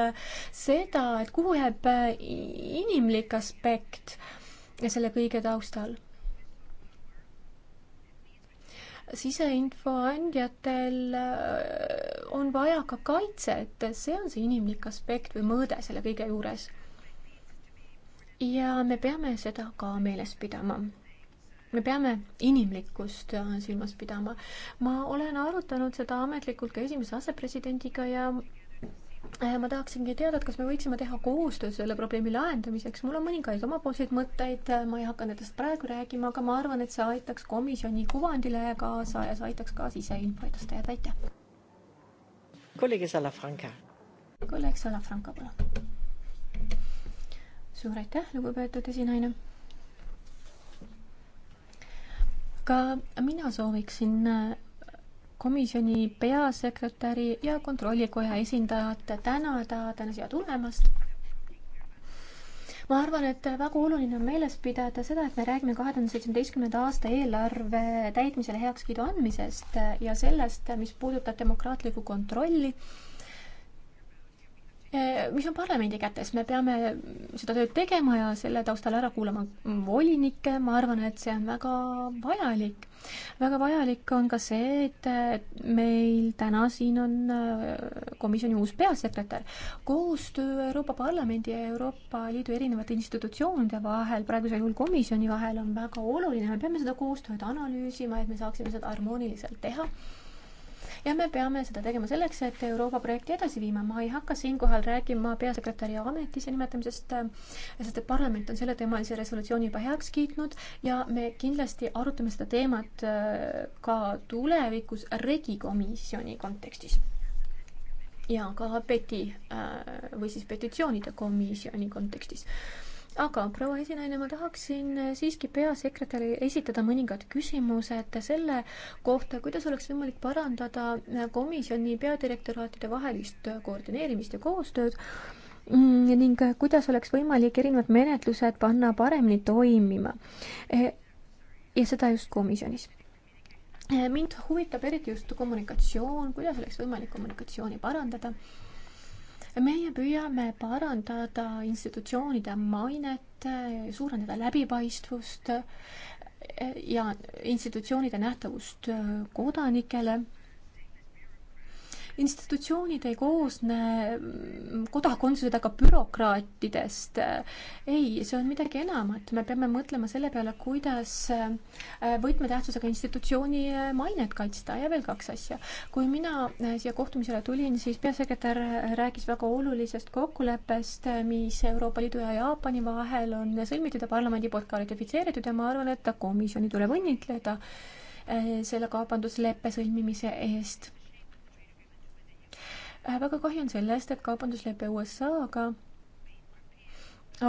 seda, et kuhu jääb inimlik aspekt selle kõige taustal siseinfo andjatel äh, on vaja ka kaitset, see on see inimlik aspekt või mõõde selle kõige juures. ja me peame seda ka meeles pidama. me peame inimlikkust äh, silmas pidama. ma olen arutanud seda ametlikult ka esimese asepresidendiga ja Äh, ma tahaksingi teada, et kas me võiksime teha koostööd selle probleemi lahendamiseks, mul on mõningaid omapoolseid mõtteid, äh, ma ei hakka nendest praegu rääkima, aga ma arvan, et see aitaks komisjoni kuvandile kaasa ja see aitaks ka siseinfo edastajad, aitäh. kolleeg Salafranca. kolleeg Salafranca, palun. suur aitäh, lugupeetud esinaine. ka mina sooviksin äh, komisjoni peasekretäri ja kontrollikoja esindajat tänada täna siia tulemast ma arvan, et väga oluline on meeles pidada seda, et me räägime kahe tuhande seitsmeteistkümnenda aasta eelarve täitmisele heakskiidu andmisest ja sellest, mis puudutab demokraatlikku kontrolli Eh, mis on parlamendi kätes, me peame seda tööd tegema ja selle taustal ära kuulama volinikke, ma arvan, et see on väga vajalik. väga vajalik on ka see, et meil täna siin on äh, komisjoni uus peasekretär. koostöö Euroopa Parlamendi ja Euroopa Liidu erinevate institutsioonide vahel, praegusel juhul komisjoni vahel, on väga oluline, me peame seda koostööd analüüsima, et me saaksime seda harmooniliselt teha ja me peame seda tegema selleks, et Euroopa projekti edasi viima. ma ei hakka siinkohal rääkima peasekretäri ametisse nimetamisest, äh, sest et parlament on selleteemalise resolutsiooni juba heaks kiitnud ja me kindlasti arutame seda teemat äh, ka tulevikus regikomisjoni kontekstis ja ka peti äh, või siis petitsioonide komisjoni kontekstis aga proua esinaine, ma tahaksin siiski peasekretärile esitada mõningad küsimused selle kohta, kuidas oleks võimalik parandada komisjoni peadirektoraatide vahelist koordineerimist ja koostööd mm, ning kuidas oleks võimalik erinevad menetlused panna paremini toimima. Eh, ja seda just komisjonis. Eh, mind huvitab eriti just kommunikatsioon, kuidas oleks võimalik kommunikatsiooni parandada meie püüame parandada institutsioonide mainet, suurendada läbipaistvust ja institutsioonide nähtavust kodanikele institutsioonid ei koosne mm, kodakondsusetega bürokraatidest. ei, see on midagi enamat, me peame mõtlema selle peale, kuidas äh, võtmetähtsusega institutsiooni äh, mainet kaitsta ja veel kaks asja. kui mina äh, siia kohtumisele tulin, siis peasekretär rääkis väga olulisest kokkuleppest, mis Euroopa Liidu ja Jaapani vahel on sõlmitud ja parlamendi poolt ka ratifitseeritud ja ma arvan, et komisjoni tuleb õnnitleda selle kaubandusleppe sõlmimise eest Äh, väga kahju on sellest, et kaubanduslepe USA-ga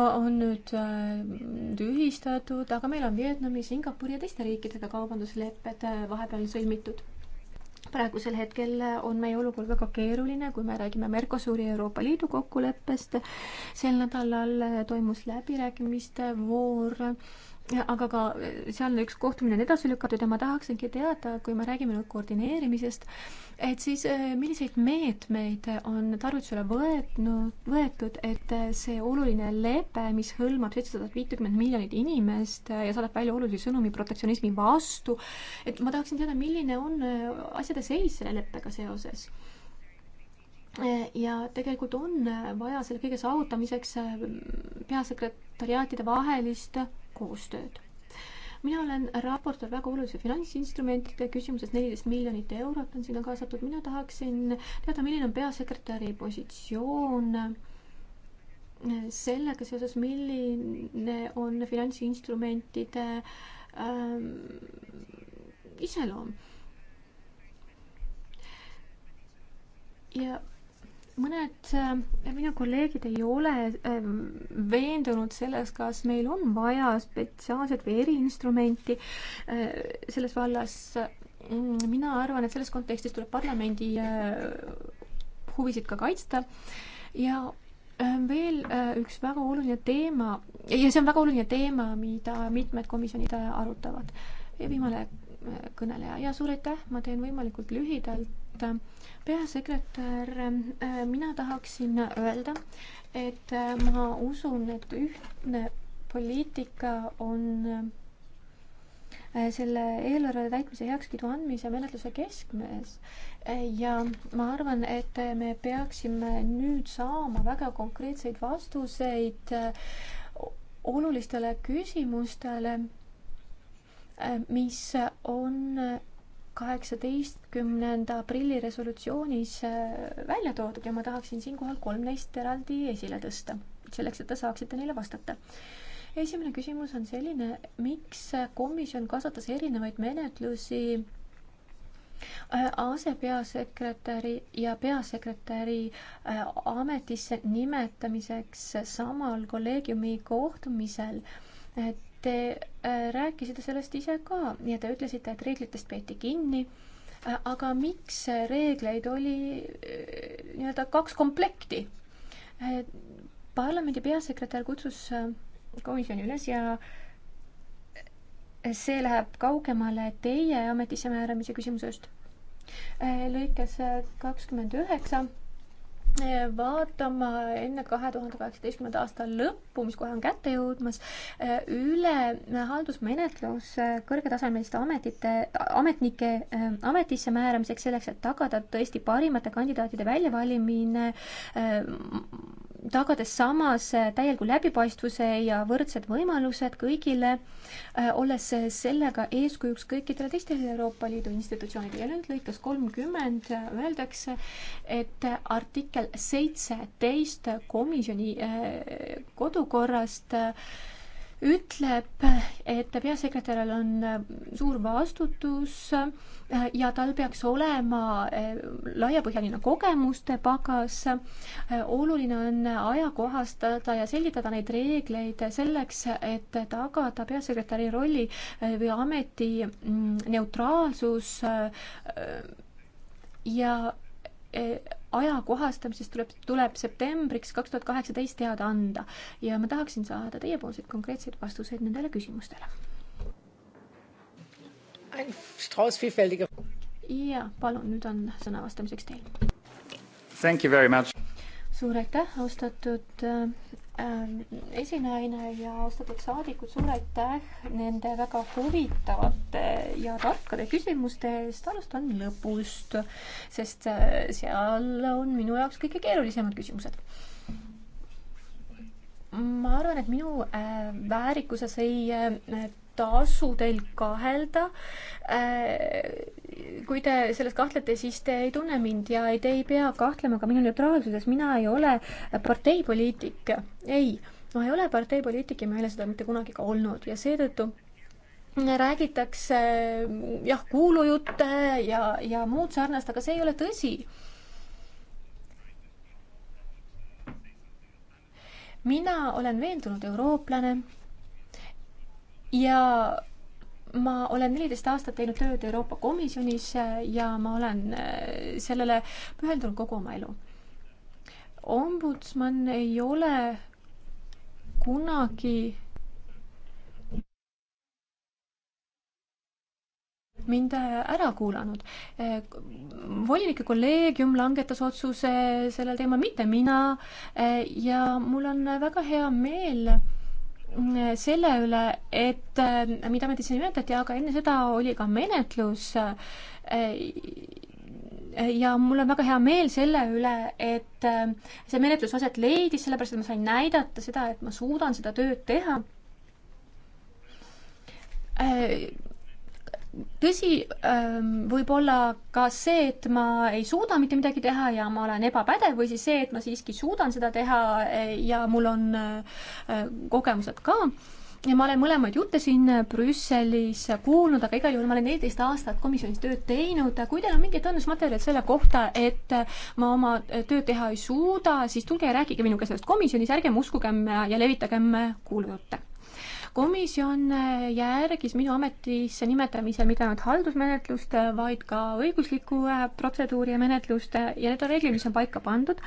on nüüd äh, tühistatud, aga meil on Vietnami, Singapuri ja teiste riikidega kaubanduslepped äh, vahepeal sõlmitud. praegusel hetkel on meie olukord väga keeruline, kui me räägime Mercosuri ja Euroopa Liidu kokkuleppest. sel nädalal toimus läbirääkimiste voor aga ka e, sealne üks kohtumine on edasi lükatud ja ma tahaksingi teada, kui me räägime nüüd koordineerimisest, et siis e, milliseid meetmeid on tarvitusele võetnud, võetud, et e, see oluline lepe, mis hõlmab seitsesadat viitekümmet miljonit inimest ja saadab välja olulisi sõnumi protektsionismi vastu, et ma tahaksin teada, milline on asjade seis selle leppega seoses ja tegelikult on vaja selle kõige saavutamiseks peasekretäriaatide vahelist koostööd. mina olen raportöör väga olulise finantsinstrumentide küsimuses, neliteist miljonit eurot on sinna kaasatud, mina tahaksin teada, milline on peasekretäri positsioon sellega seoses, milline on finantsinstrumentide ähm, iseloom. ja mõned äh, minu kolleegid ei ole äh, veendunud selles, kas meil on vaja spetsiaalset või eriinstrumenti äh, selles vallas. mina arvan, et selles kontekstis tuleb parlamendi huvisid ka kaitsta ja veel üks väga oluline teema ja see on väga oluline teema, mida mitmed komisjonid arutavad. ja viimane kõneleja ja suur aitäh, ma teen võimalikult lühidalt peasekretär, äh, mina tahaksin öelda, et äh, ma usun, et ühtne poliitika on äh, selle eelarve täitmise heakskiidu andmise menetluse keskmes ja ma arvan, et me peaksime nüüd saama väga konkreetseid vastuseid olulistele küsimustele, mis on kaheksateistkümnenda aprilli resolutsioonis äh, välja toodud ja ma tahaksin siinkohal kolm neist eraldi esile tõsta, selleks et te saaksite neile vastata. esimene küsimus on selline, miks komisjon kasutas erinevaid menetlusi äh, asepeasekretäri ja peasekretäri äh, ametisse nimetamiseks samal kolleegiumi kohtumisel, et Te äh, rääkisite sellest ise ka ja te ütlesite, et reeglitest peeti kinni. Äh, aga miks reegleid oli äh, nii-öelda kaks komplekti? parlamendi peasekretär kutsus komisjoni üles ja see läheb kaugemale teie ametisse määramise küsimusest. lõikes kakskümmend üheksa vaatama enne kahe tuhande kaheksateistkümnenda aasta lõppu, mis kohe on kätte jõudmas, üle haldusmenetlus kõrgetasemeliste ametite, ametnike ametisse määramiseks, selleks et tagada tõesti parimate kandidaatide väljavalimine tagades samas äh, täieliku läbipaistvuse ja võrdsed võimalused kõigile, äh, olles äh, sellega eeskujuks kõikidele teistele Euroopa Liidu institutsioonidele. ja nüüd lõikes kolmkümmend öeldakse, et artikkel seitseteist komisjoni kodukorrast äh, ütleb, et peasekretäril on äh, suur vastutus äh, ja tal peaks olema äh, laiapõhjaline kogemuste pagas. oluline on ajakohastada ja selgitada neid reegleid selleks, et tagada peasekretäri rolli või ameti mm, neutraalsus ja ajakohastamisest tuleb, tuleb septembriks kaks tuhat kaheksateist teada anda ja ma tahaksin saada teiepoolseid konkreetseid vastuseid nendele küsimustele. ja palun, nüüd on sõna vastamiseks teil. suur aitäh, austatud äh, Ähm, esinaine ja austatud saadikud, suur aitäh nende väga huvitavate ja tarkade küsimuste eest. alustan lõpust, sest äh, seal on minu jaoks kõige keerulisemad küsimused. ma arvan, et minu äh, väärikuses ei äh, tasu teil kahelda. Äh, kui te selles kahtlete, siis te ei tunne mind ja ei, te ei pea kahtlema ka minu neutraalsuses, mina ei ole parteipoliitik, ei, ma ei ole parteipoliitik ja ma ei ole seda mitte kunagi ka olnud ja seetõttu räägitakse jah, kuulujutte ja, ja muud sarnast, aga see ei ole tõsi. mina olen veendunud eurooplane ja ma olen neliteist aastat teinud tööd Euroopa Komisjonis äh, ja ma olen äh, sellele pühendunud kogu oma elu. ombudsman ei ole kunagi mind äh, ära kuulanud. volinike kolleegium langetas otsuse sellel teemal, mitte mina. ja mul on väga hea meel selle üle, et äh, mida meile siin nimetati, aga enne seda oli ka menetlus äh, ja mul on väga hea meel selle üle, et äh, see menetlus aset leidis, sellepärast et ma sain näidata seda, et ma suudan seda tööd teha tõsi, ähm, võib-olla ka see, et ma ei suuda mitte midagi teha ja ma olen ebapädev või siis see, et ma siiski suudan seda teha äh, ja mul on äh, kogemused ka. ja ma olen mõlemaid jutte siin Brüsselis kuulnud, aga igal juhul ma olen neliteist aastat komisjonis tööd teinud. kui teil on mingid tõendusmaterjalid selle kohta, et ma oma tööd teha ei suuda, siis tulge ja rääkige minuga sellest komisjonis, ärgem uskugem ja levitagem kuulujutte komisjon äh, järgis minu ametisse nimetamisel mitte ainult haldusmenetlust, äh, vaid ka õiguslikku äh, protseduuri ja menetlust ja need on reeglid, mis on paika pandud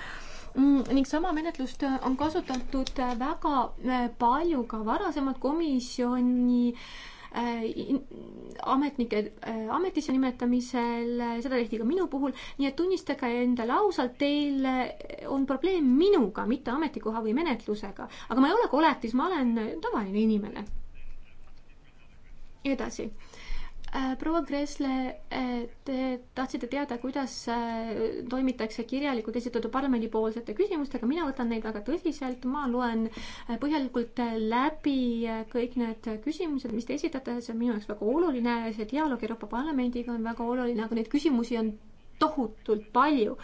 mm, ning sama menetlust on kasutatud väga palju ka varasemalt komisjoni Äh, ametnike äh, ametisse nimetamisel, äh, seda tehti ka minu puhul, nii et tunnistage endale ausalt, teil on probleem minuga, mitte ametikoha või menetlusega. aga ma ei ole koletis, ma olen tavaline inimene. edasi Äh, proua Kressle, äh, te tahtsite teada, kuidas äh, toimitakse kirjalikult esitatud parlamendipoolsete küsimustega, mina võtan neid väga tõsiselt, ma loen põhjalikult läbi kõik need küsimused, mis te esitate, see on minu jaoks väga oluline, see dialoog Euroopa Parlamendiga on väga oluline, aga neid küsimusi on tohutult palju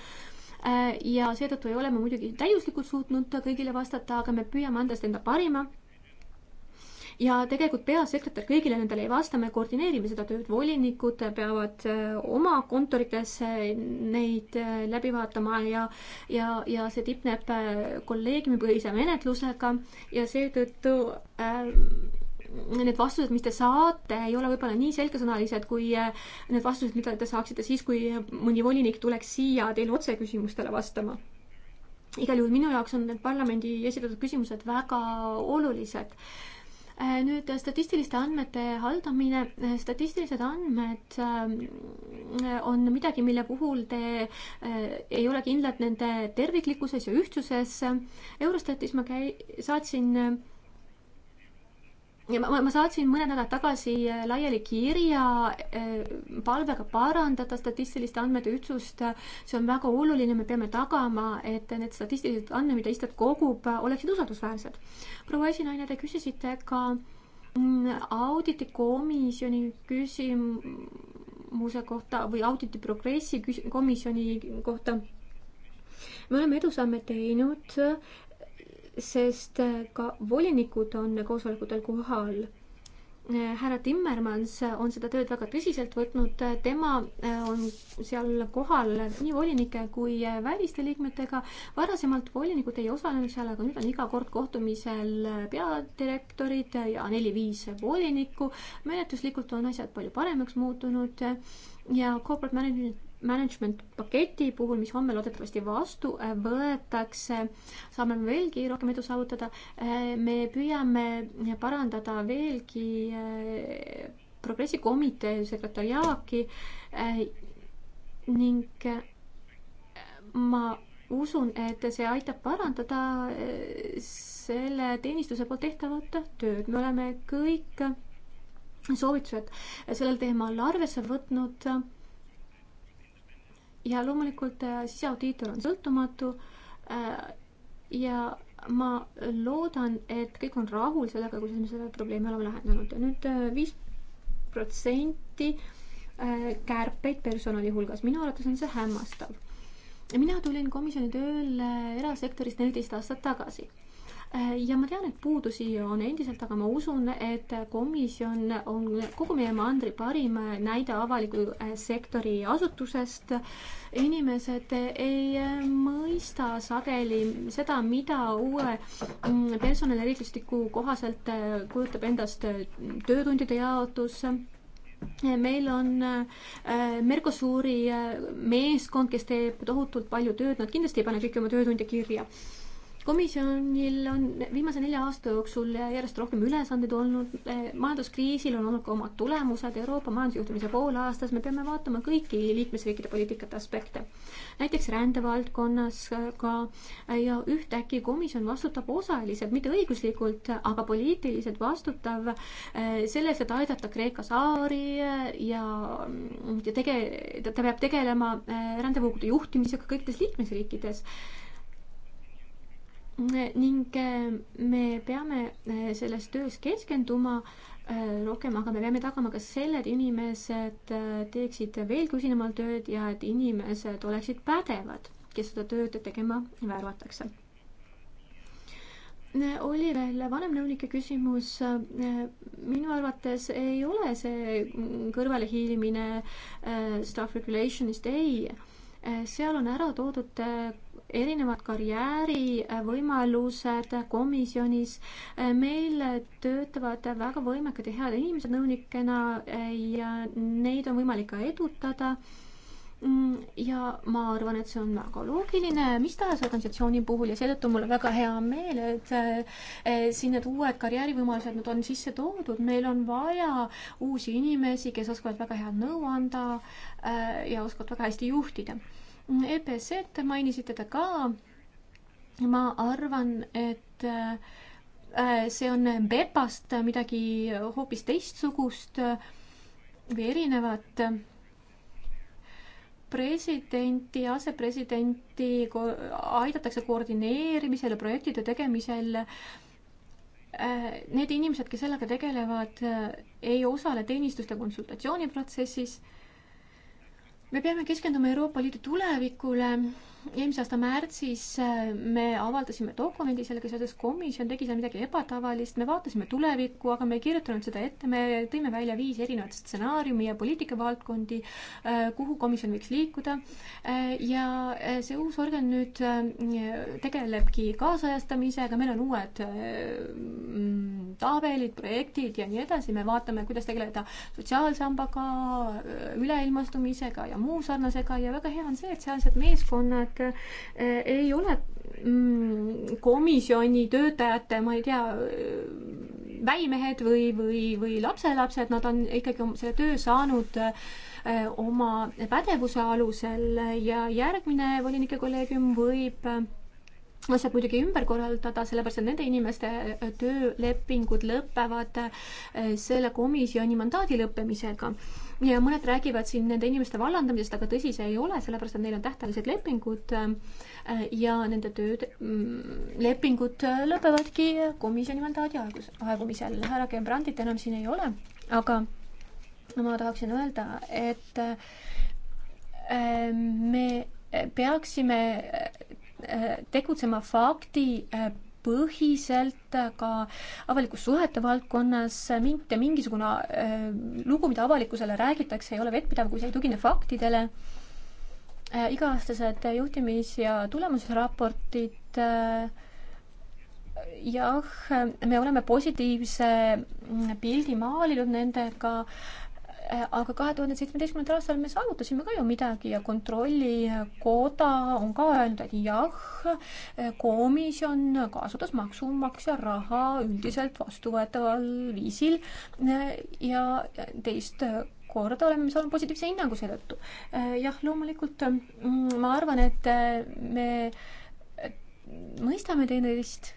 ja seetõttu ei ole me muidugi täiuslikult suutnud kõigile vastata, aga me püüame anda enda parima ja tegelikult peasekretär kõigile nendele ei vasta, me koordineerime seda tööd, volinikud peavad äh, oma kontorites äh, neid äh, läbi vaatama ja ja, ja see tipneb kolleegiumipõhise menetlusega ja seetõttu äh, need vastused, mis te saate, ei ole võib-olla nii selgesõnalised kui need vastused, mida te saaksite siis, kui mõni volinik tuleks siia teil otse küsimustele vastama. igal juhul minu jaoks on need parlamendi esitatud küsimused väga olulised Äh, nüüd äh, statistiliste andmete haldamine, äh, statistilised andmed on midagi, mille puhul te ei ole kindlad nende terviklikkuses ja ühtsuses. Eurostatis ma käi-, saatsin ja ma, ma saatsin mõned nädalad tagasi äh, laiali kirja äh, palvega parandada statistiliste andmete ühtsust. see on väga oluline, me peame tagama, et need statistilised andmed, mida ISTAT kogub, äh, oleksid usaldusväärsed. proua esinaine, te küsisite ka mm, auditikomisjoni küsimuse kohta või auditi progressi komisjoni kohta me oleme edusamme teinud, sest äh, ka volinikud on koosolekutel kohal. Äh, härra Timmermans on seda tööd väga tõsiselt võtnud, äh, tema on seal kohal nii volinike kui väliste liikmetega. varasemalt volinikud ei osalenud seal, aga nüüd on iga kord kohtumisel peadirektorid ja neli-viis volinikku. menetluslikult on asjad palju paremaks muutunud ja corporate management management paketi puhul, mis homme loodetavasti vastu äh, võetakse, saame me veelgi rohkem edu saavutada. Äh, me püüame parandada veelgi äh, progressikomitee sekretariaaki ning ma usun, et see aitab parandada selle teenistuse poolt tehtavat tööd. me oleme kõik soovitused sellel teemal arvesse võtnud ja loomulikult äh, siseaudiitor on sõltumatu äh, ja ma loodan, et kõik on rahul sellega, kuidas me selle probleemi oleme lahendanud. nüüd äh, viis protsenti kärpeid personali hulgas, minu arvates on see hämmastav. mina tulin komisjoni tööle erasektorist neliteist aastat tagasi Äh, ja ma tean, et puudusi on endiselt, aga ma usun, et komisjon on kogu meie mandri parim näide avaliku äh, sektori asutusest. inimesed ei äh, mõista sageli seda, mida uue mm, personaliriiklistiku kohaselt kujutab endast töötundide jaotus meil on äh, Mercosuri meeskond, kes teeb tohutult palju tööd, nad kindlasti ei pane kõiki oma töötunde kirja äh, komisjonil on viimase nelja aasta jooksul järjest rohkem ülesandeid olnud, majanduskriisil on olnud ka omad tulemused, Euroopa majandusjuhtimise poolaastas me peame vaatama kõiki liikmesriikide poliitikate aspekte. näiteks rändevaldkonnas ka ja ühtäkki komisjon vastutab osaliselt, mitte õiguslikult, aga poliitiliselt vastutav eh, selles, et aidata Kreeka saari eh, ja, ja tege-, ta peab tegelema eh, rändevoogude juhtimisega kõikides liikmesriikides ning eh, me peame eh, selles töös keskenduma eh, rohkem, aga me peame tagama ka selle, et inimesed teeksid veel tõsisemalt tööd ja et inimesed oleksid pädevad, kes seda tööd tegema värvatakse. oli veel vanemnõunike küsimus. minu arvates ei ole see kõrvalehiilimine staff regulation'ist, ei. seal on ära toodud erinevad karjäärivõimalused komisjonis. meil töötavad väga võimekad ja head inimesed nõunikena ja neid on võimalik ka edutada ja ma arvan, et see on väga loogiline mis tahes organisatsiooni puhul ja seetõttu mul on väga hea meel, et eh, siin need uued karjäärivõimalused, nad on sisse toodud, meil on vaja uusi inimesi, kes oskavad väga head nõu anda eh, ja oskavad väga hästi juhtida EPS-t mainisite te ka. ma arvan, et äh, see on BEPA-st midagi hoopis teistsugust või erinevat presidenti ja asepresidenti ko aidatakse koordineerimisel ja projektide tegemisel. Äh, need inimesed, kes sellega tegelevad, äh, ei osale teenistuste konsultatsiooniprotsessis me peame keskenduma Euroopa Liidu tulevikule eelmise aasta märtsis äh, me avaldasime dokumendi sellega seoses, komisjon tegi seal midagi ebatavalist, me vaatasime tulevikku, aga me ei kirjutanud seda ette, me tõime välja viis erinevat stsenaariumi ja poliitikavaldkondi, äh, kuhu komisjon võiks liikuda. Äh, ja see uus organ nüüd tegelebki kaasajastamisega, meil on uued mm, tabelid, projektid ja nii edasi, me vaatame, kuidas tegeleda sotsiaalsambaga, üleilmastumisega ja muu sarnasega ja väga hea on see, et sealsed meeskonnad ettepanek eh, ei ole mm, komisjoni töötajate, ma ei tea, väimehed või, või, või lapselapsed, nad on ikkagi selle töö saanud eh, oma pädevuse alusel ja järgmine volinike kolleegium võib eh, asjad muidugi ümber korraldada, sellepärast et nende inimeste äh, töölepingud lõpevad äh, selle komisjoni mandaadi lõppemisega. ja mõned räägivad siin nende inimeste vallandamisest, aga tõsi see ei ole, sellepärast et neil on tähtajalised lepingud äh, ja nende tööd, mm, lepingud lõpevadki komisjoni mandaadi aegus, aegumisel. härra Gembrandit enam siin ei ole, aga ma tahaksin öelda, et me peaksime Äh, tegutsema fakti äh, põhiselt äh, ka avalikus suhete valdkonnas mitte mingisugune äh, lugu, mida avalikkusele räägitakse, ei ole vettpidav, kui see ei tugine faktidele äh,. iga-aastased juhtimis- ja tulemusraportid äh, jah, me oleme positiivse mm, pildi maalinud nendega aga kahe tuhande seitsmeteistkümnendal aastal me saavutasime ka ju midagi ja kontrollikoda on ka öelnud, et jah, komisjon kasutas maksumaksja raha üldiselt vastuvõetaval viisil ja teist korda oleme me saanud positiivse hinnangu seetõttu. jah, loomulikult mm, ma arvan, et me mõistame teineteist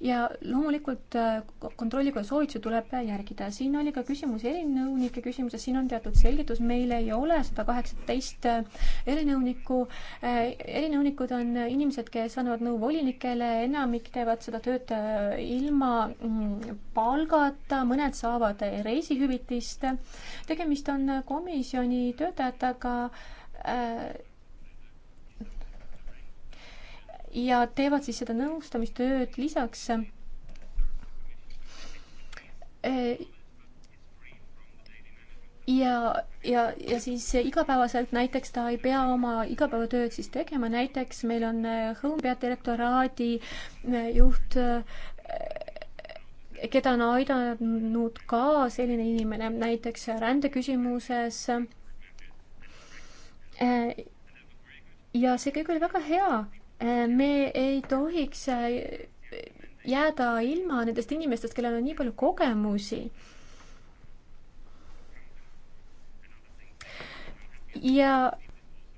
ja loomulikult äh, kontrollikoja soovitusi tuleb järgida. siin oli ka küsimus erinõunike küsimuses, siin on teatud selgitus, meil ei ole sada kaheksateist äh, erinõunikku. Äh, erinõunikud on inimesed, kes annavad nõu volinikele, enamik teevad seda tööd ilma mm, palgata, mõned saavad reisihüvitist. tegemist on komisjoni töötajatega ja teevad siis seda nõustamistööd lisaks eh, ja, ja, ja siis igapäevaselt näiteks ta ei pea oma igapäevatööd siis tegema, näiteks meil on Home eh, peadirektoraadi eh, juht, keda on aidanud ka selline inimene näiteks rändeküsimuses. ja see kõik oli väga hea me ei tohiks äh, jääda ilma nendest inimestest, kellel on nii palju kogemusi. ja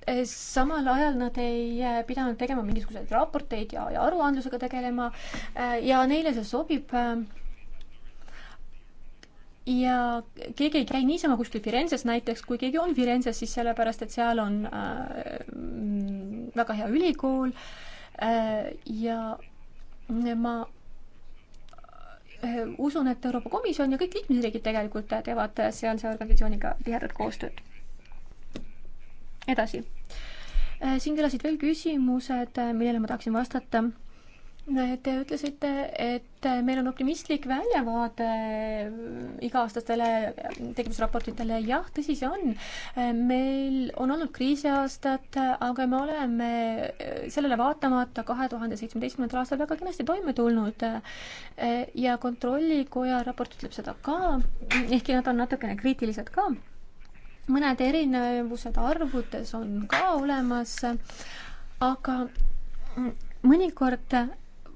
äh, samal ajal nad ei äh, pidanud tegema mingisuguseid raporteid ja, ja aruandlusega tegelema ja neile see sobib. ja keegi ei käi niisama kuskil Firenzes näiteks, kui keegi on Firenzes, siis sellepärast, et seal on väga hea ülikool äh, ja ma äh, usun, et Euroopa Komisjon ja kõik liikmesriigid tegelikult teevad sealse organisatsiooniga tihedat koostööd. edasi. Äh, siin kõlasid veel küsimused, millele ma tahaksin vastata Te ütlesite, et meil on optimistlik väljavaade äh, iga-aastastele tegevusraportitele. jah, tõsi see on. Äh, meil on olnud kriisiaastad, aga me oleme äh, sellele vaatamata kahe tuhande seitsmeteistkümnendal aastal väga kenasti toime tulnud. ja Kontrollikoja raport ütleb seda ka, ehkki nad on natukene kriitilised ka. mõned erinevused arvudes on ka olemas, aga mm, mõnikord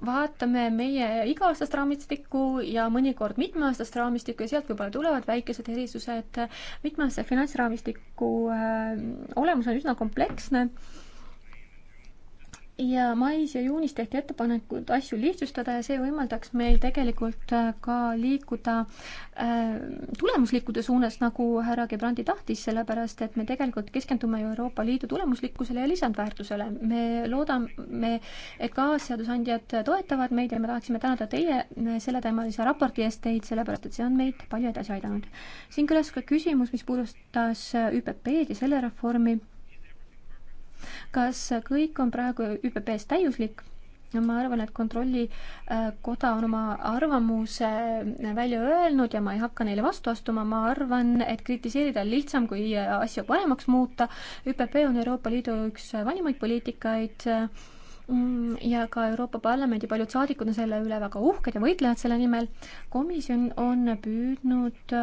vaatame meie iga-aastast raamistikku ja mõnikord mitmeaastast raamistikku ja sealt võib-olla tulevad väikesed erisused. mitmeaastase finantsraamistiku äh, olemus on üsna kompleksne ja mais ja juunis tehti ettepanekud asju lihtsustada ja see võimaldaks meil tegelikult äh, ka liikuda äh, tulemuslikkuse suunas, nagu härra Gebrandi tahtis, sellepärast et me tegelikult keskendume ju Euroopa Liidu tulemuslikkusele ja lisandväärtusele. me loodame, et kaasseadusandjad toetavad meid ja me tahaksime tänada teie äh, selleteemalise raporti eest teid, sellepärast et see on meid palju edasi aidanud. siin kõlas ka küsimus, mis puudutas ÜPP-d ja selle reformi kas kõik on praegu ÜPP-s täiuslik? ma arvan, et Kontrollikoda äh, on oma arvamuse äh, välja öelnud ja ma ei hakka neile vastu astuma, ma arvan, et kritiseerida on lihtsam, kui äh, asju paremaks muuta. ÜPP on Euroopa Liidu üks vanimaid poliitikaid mm, ja ka Euroopa Parlamendi paljud saadikud on selle üle väga uhked ja võitlevad selle nimel. komisjon on püüdnud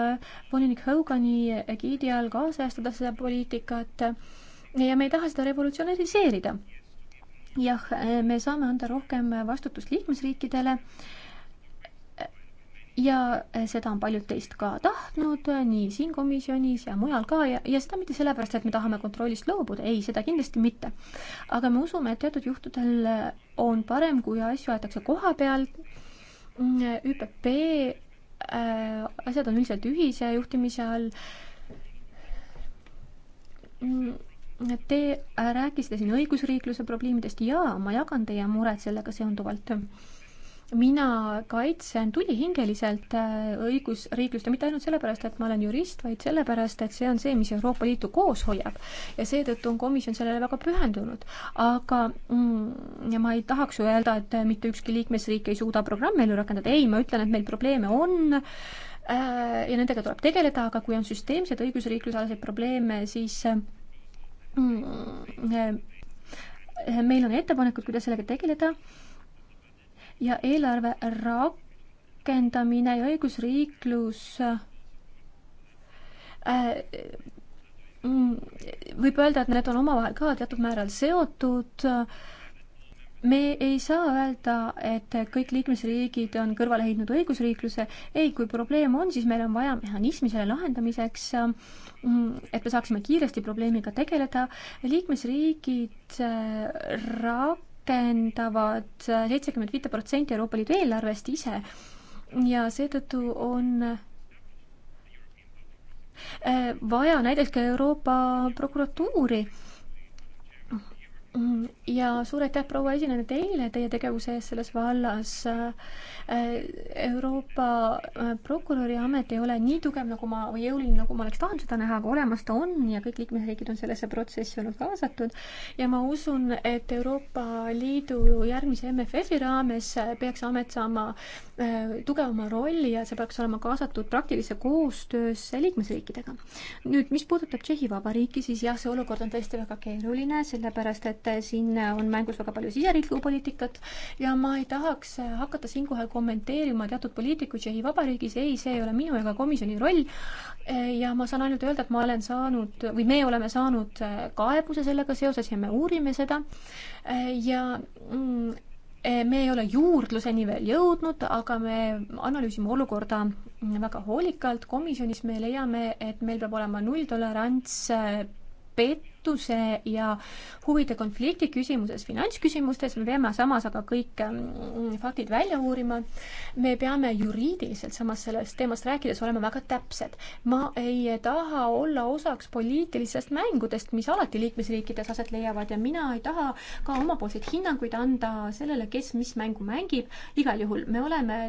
volinik Hogani egiidi all kaasajastada seda poliitikat ja me ei taha seda revolutsionaliseerida. jah, me saame anda rohkem vastutust liikmesriikidele ja seda on paljud teist ka tahtnud, nii siin komisjonis ja mujal ka ja, ja seda mitte sellepärast, et me tahame kontrollist loobuda, ei, seda kindlasti mitte. aga me usume, et teatud juhtudel on parem, kui asju aetakse koha peal, ÜPP äh, asjad on üldiselt ühise juhtimise all, Te äh, rääkisite siin õigusriikluse probleemidest ja ma jagan teie muret sellega seonduvalt. mina kaitsen tulihingeliselt äh, õigusriiklust ja mitte ainult sellepärast, et ma olen jurist, vaid sellepärast, et see on see, mis Euroopa Liitu koos hoiab. ja seetõttu on komisjon sellele väga pühendunud. aga mm, ja ma ei tahaks ju öelda, et mitte ükski liikmesriik ei suuda programme ellu rakendada, ei, ma ütlen, et meil probleeme on äh, ja nendega tuleb tegeleda, aga kui on süsteemseid õigusriiklusealaseid probleeme, siis Mm, eh, meil on ettepanekud, kuidas sellega tegeleda ja eelarve rakendamine ja õigusriiklus eh, mm, võib öelda, et need on omavahel ka teatud määral seotud äh, me ei saa öelda, et kõik liikmesriigid on kõrvale heitnud õigusriikluse, ei, kui probleem on, siis meil on vaja mehhanismi selle lahendamiseks, et me saaksime kiiresti probleemiga tegeleda, liikmesriigid äh, rakendavad seitsekümmend viite protsenti Euroopa Liidu eelarvest ise ja seetõttu on äh, vaja näiteks ka Euroopa prokuratuuri Mm, ja suur aitäh, proua esineja, teile teie tegevuse eest selles vallas. Äh, Euroopa äh, prokuröri amet ei ole nii tugev, nagu ma, või jõuline, nagu ma oleks tahtnud seda näha, aga olemas ta on ja kõik liikmesriigid on sellesse protsessi olnud kaasatud. ja ma usun, et Euroopa Liidu järgmise MFF-i raames peaks amet saama Äh, tugevama rolli ja see peaks olema kaasatud praktilisse koostöösse liikmesriikidega. nüüd, mis puudutab Tšehhi Vabariiki, siis jah, see olukord on tõesti väga keeruline, sellepärast et äh, siin on mängus väga palju siseriiklikku poliitikat ja ma ei tahaks äh, hakata siinkohal kommenteerima teatud poliitikuid Tšehhi Vabariigis, ei, see ei ole minu ega komisjoni roll, ja ma saan ainult öelda, et ma olen saanud või me oleme saanud kaebuse sellega seoses ja me uurime seda ja mm, Eh, me ei ole juurdluseni veel jõudnud, aga me analüüsime olukorda väga hoolikalt. komisjonis me leiame, et meil peab olema nulltolerants eh, pettuse ja huvide konflikti küsimuses, finantsküsimustes, me peame samas aga kõik ähm, faktid välja uurima. me peame juriidiliselt samas sellest teemast rääkides olema väga täpsed. ma ei taha olla osaks poliitilistest mängudest, mis alati liikmesriikides aset leiavad ja mina ei taha ka omapoolseid hinnanguid anda sellele, kes mis mängu mängib. igal juhul me oleme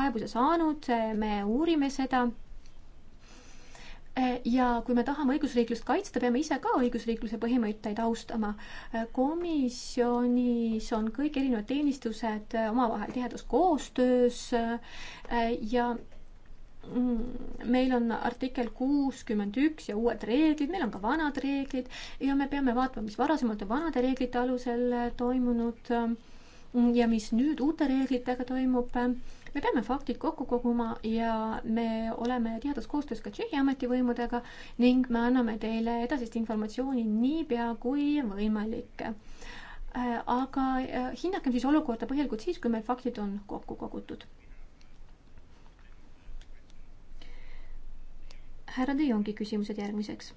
kaebuse saanud, me uurime seda ja kui me tahame õigusriiklust kaitsta, peame ise ka õigusriikluse põhimõtteid austama. komisjonis on kõik erinevad teenistused omavahel tihedas koostöös ja mm, meil on artikkel kuuskümmend üks ja uued reeglid, meil on ka vanad reeglid ja me peame vaatama, mis varasemalt on vanade reeglite alusel toimunud äh, ja mis nüüd uute reeglitega toimub, me peame faktid kokku koguma ja me oleme tihedas koostöös ka Tšehhi ametivõimudega ning me anname teile edasist informatsiooni niipea kui võimalik. aga eh, hinnakem siis olukorda põhjalikult siis, kui meil faktid on kokku kogutud. härra De Jongi küsimused järgmiseks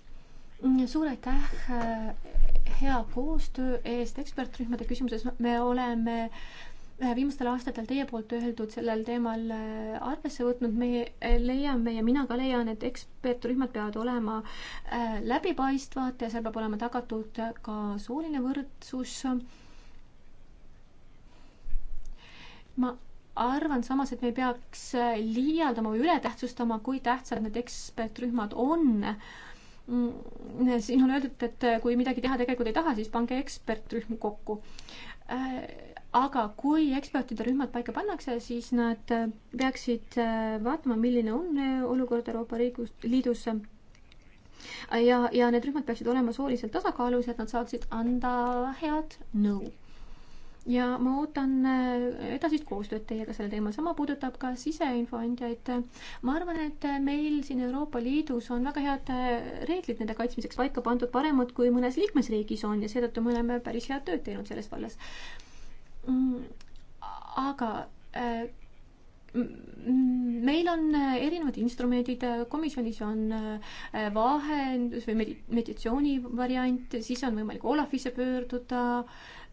suur aitäh eh, hea koostöö eest ekspertrühmade küsimuses, me oleme äh, viimastel aastatel teie poolt öeldud sellel teemal äh, arvesse võtnud, me leiame ja mina ka leian, et ekspertrühmad peavad olema äh, läbipaistvad ja seal peab olema tagatud ka sooline võrdsus. ma arvan samas, et me ei peaks liialdama või ületähtsustama, kui tähtsad need ekspertrühmad on Mm, siin on öeldud, et äh, kui midagi teha tegelikult ei taha, siis pange ekspertrühm kokku. Äh, aga kui ekspertide rühmad paika pannakse, siis nad äh, peaksid vaatama, milline on olukord Euroopa Liigus, Liidus. ja, ja need rühmad peaksid olema sooliselt tasakaalus, et nad saaksid anda head nõu ja ma ootan äh, edasist koostööd teiega sellel teemal, sama puudutab ka siseinfoandjaid. ma arvan, et meil siin Euroopa Liidus on väga head äh, reeglid nende kaitsmiseks paika pandud, paremad kui mõnes liikmesriigis on ja seetõttu me oleme päris head tööd teinud selles vallas. Mm, aga äh, meil on erinevad instrumendid, komisjonis on vahendus või meditsiooni variant, siis on võimalik Olafisse pöörduda